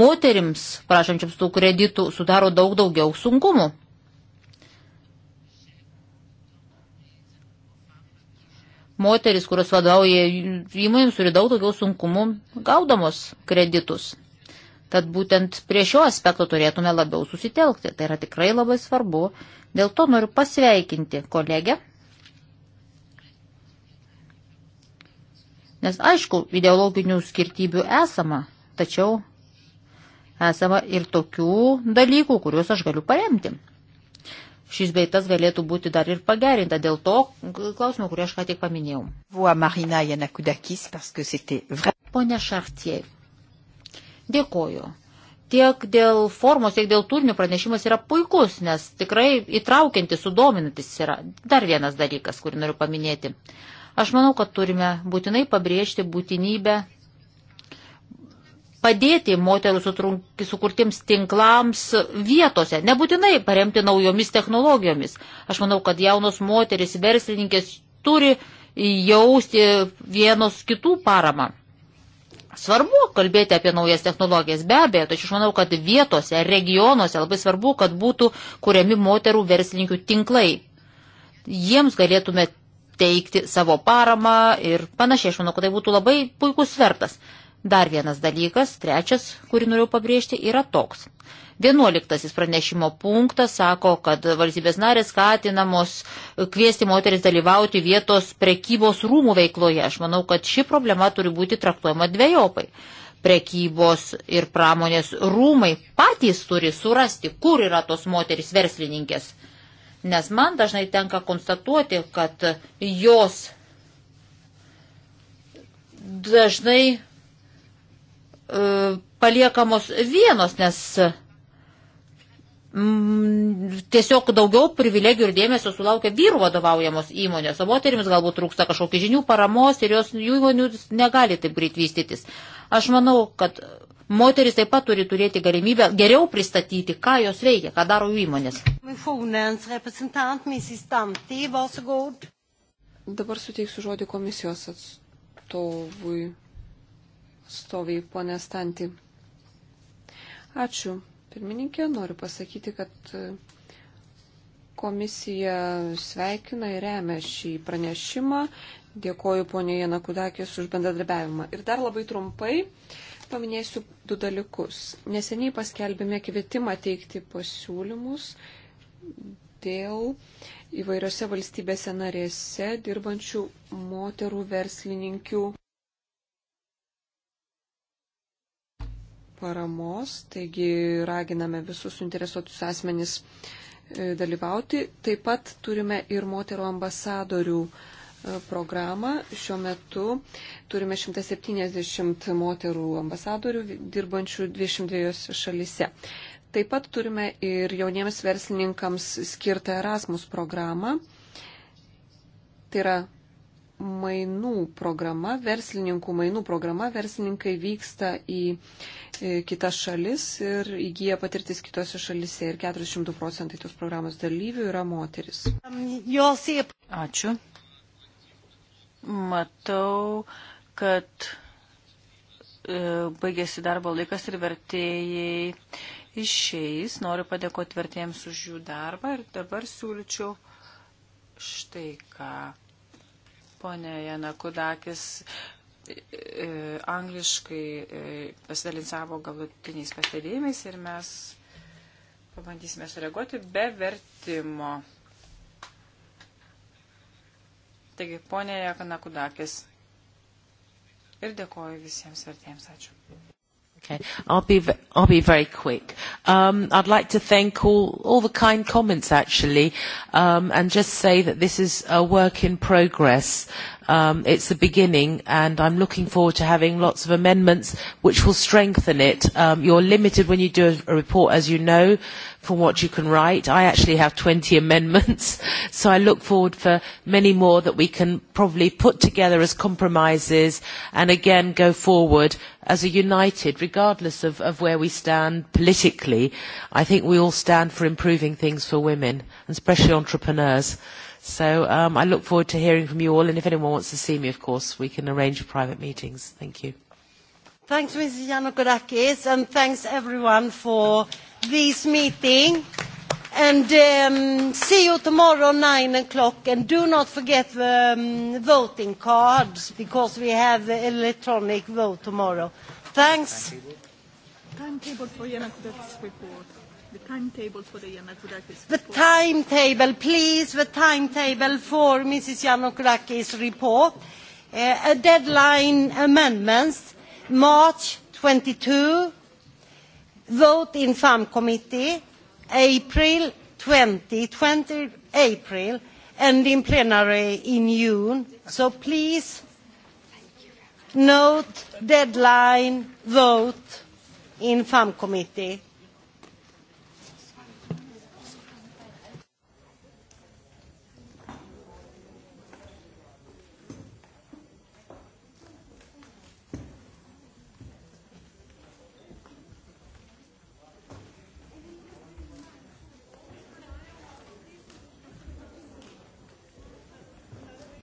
moterims prašančiams tų kreditų sudaro daug daugiau sunkumų. Moteris, kurios vadovauja įmonėms, turi daug daugiau sunkumų gaudamos kreditus. Tad būtent prie šio aspekto turėtume labiau susitelkti. Tai yra tikrai labai svarbu. Dėl to noriu pasveikinti kolegę. Nes aišku, ideologinių skirtybių esama, tačiau esama ir tokių dalykų, kuriuos aš galiu paremti šis beitas galėtų būti dar ir pagerinta dėl to klausimo, kurį aš ką tik paminėjau. Pone Šartie, dėkoju. Tiek dėl formos, tiek dėl turinio pranešimas yra puikus, nes tikrai įtraukiantis, sudominantis yra. Dar vienas dalykas, kurį noriu paminėti. Aš manau, kad turime būtinai pabrėžti būtinybę padėti moterų sukurtiems tinklams vietose, nebūtinai paremti naujomis technologijomis. Aš manau, kad jaunos moteris, verslininkės turi jausti vienos kitų paramą. Svarbu kalbėti apie naujas technologijas, be abejo, tačiau aš manau, kad vietose, regionuose labai svarbu, kad būtų kuriami moterų verslininkų tinklai. Jiems galėtume teikti savo paramą ir panašiai, aš manau, kad tai būtų labai puikus svertas. Dar vienas dalykas, trečias, kurį noriu pabrėžti, yra toks. Vienuoliktasis pranešimo punktas sako, kad valstybės narės skatinamos kviesti moteris dalyvauti vietos prekybos rūmų veikloje. Aš manau, kad ši problema turi būti traktuojama dviejopai. Prekybos ir pramonės rūmai patys turi surasti, kur yra tos moteris verslininkės. Nes man dažnai tenka konstatuoti, kad jos dažnai E, paliekamos vienos, nes mm, tiesiog daugiau privilegijų ir dėmesio sulaukia vyrų vadovaujamos įmonės, o moterims galbūt trūksta kažkokių žinių, paramos ir jos jų įmonių negali taip greit vystytis. Aš manau, kad moteris taip pat turi turėti galimybę geriau pristatyti, ką jos veikia, ką daro jų įmonės. Dabar suteiksiu žodį komisijos atstovui atstoviai, ponė Stanti. Ačiū. Pirmininkė, noriu pasakyti, kad e, komisija sveikina ir remia šį pranešimą. Dėkoju ponė Jena Kudakis už bendradarbiavimą. Ir dar labai trumpai paminėsiu du dalykus. Neseniai paskelbėme kvietimą teikti pasiūlymus dėl įvairiose valstybėse narėse dirbančių moterų verslininkių paramos, taigi raginame visus suinteresuotus asmenys e, dalyvauti. Taip pat turime ir moterų ambasadorių e, programą. Šiuo metu turime 170 moterų ambasadorių dirbančių 22 šalise. Taip pat turime ir jauniems verslininkams skirtą Erasmus programą. Tai yra mainų programa, verslininkų mainų programa, verslininkai vyksta į e, kitas šalis ir įgyja patirtis kitose šalise ir 400 procentai tos programos dalyvių yra moteris. Um, Ačiū. Matau, kad e, baigėsi darbo laikas ir vertėjai išeis. Noriu padėkoti vertėjams už jų darbą ir dabar siūlyčiau štai ką. Pone Jana Kudakis e, e, angliškai e, pasidalins savo galutiniais pastebėjimais ir mes pabandysime sureaguoti be vertimo. Taigi, ponė Jana Kudakis. Ir dėkoju visiems vertėjams. Ačiū. Okay. I'll be, I'll be very quick. Um, I'd like to thank all, all the kind comments, actually, um, and just say that this is a work in progress. Um, it's the beginning, and I'm looking forward to having lots of amendments which will strengthen it. Um, you're limited when you do a, a report, as you know, for what you can write. I actually have 20 amendments, so I look forward for many more that we can probably put together as compromises and again go forward as a united, regardless of, of where we stand politically. I think we all stand for improving things for women, especially entrepreneurs. So um, I look forward to hearing from you all, and if anyone wants to see me, of course, we can arrange private meetings. Thank you. Thanks, Ms. Yanokodakis, and thanks everyone for this meeting. And um, see you tomorrow, 9 o'clock. And do not forget the um, voting cards, because we have the electronic vote tomorrow. Thanks. Timetable for Yanakudakis report. The timetable for the Yanakudakis report. The timetable, please, the timetable for Mrs. Yanakudakis report. Uh, a deadline amendments, March 22, vote in FAM committee April 20, 20 April, and in plenary in June. So please note deadline vote in FAM committee.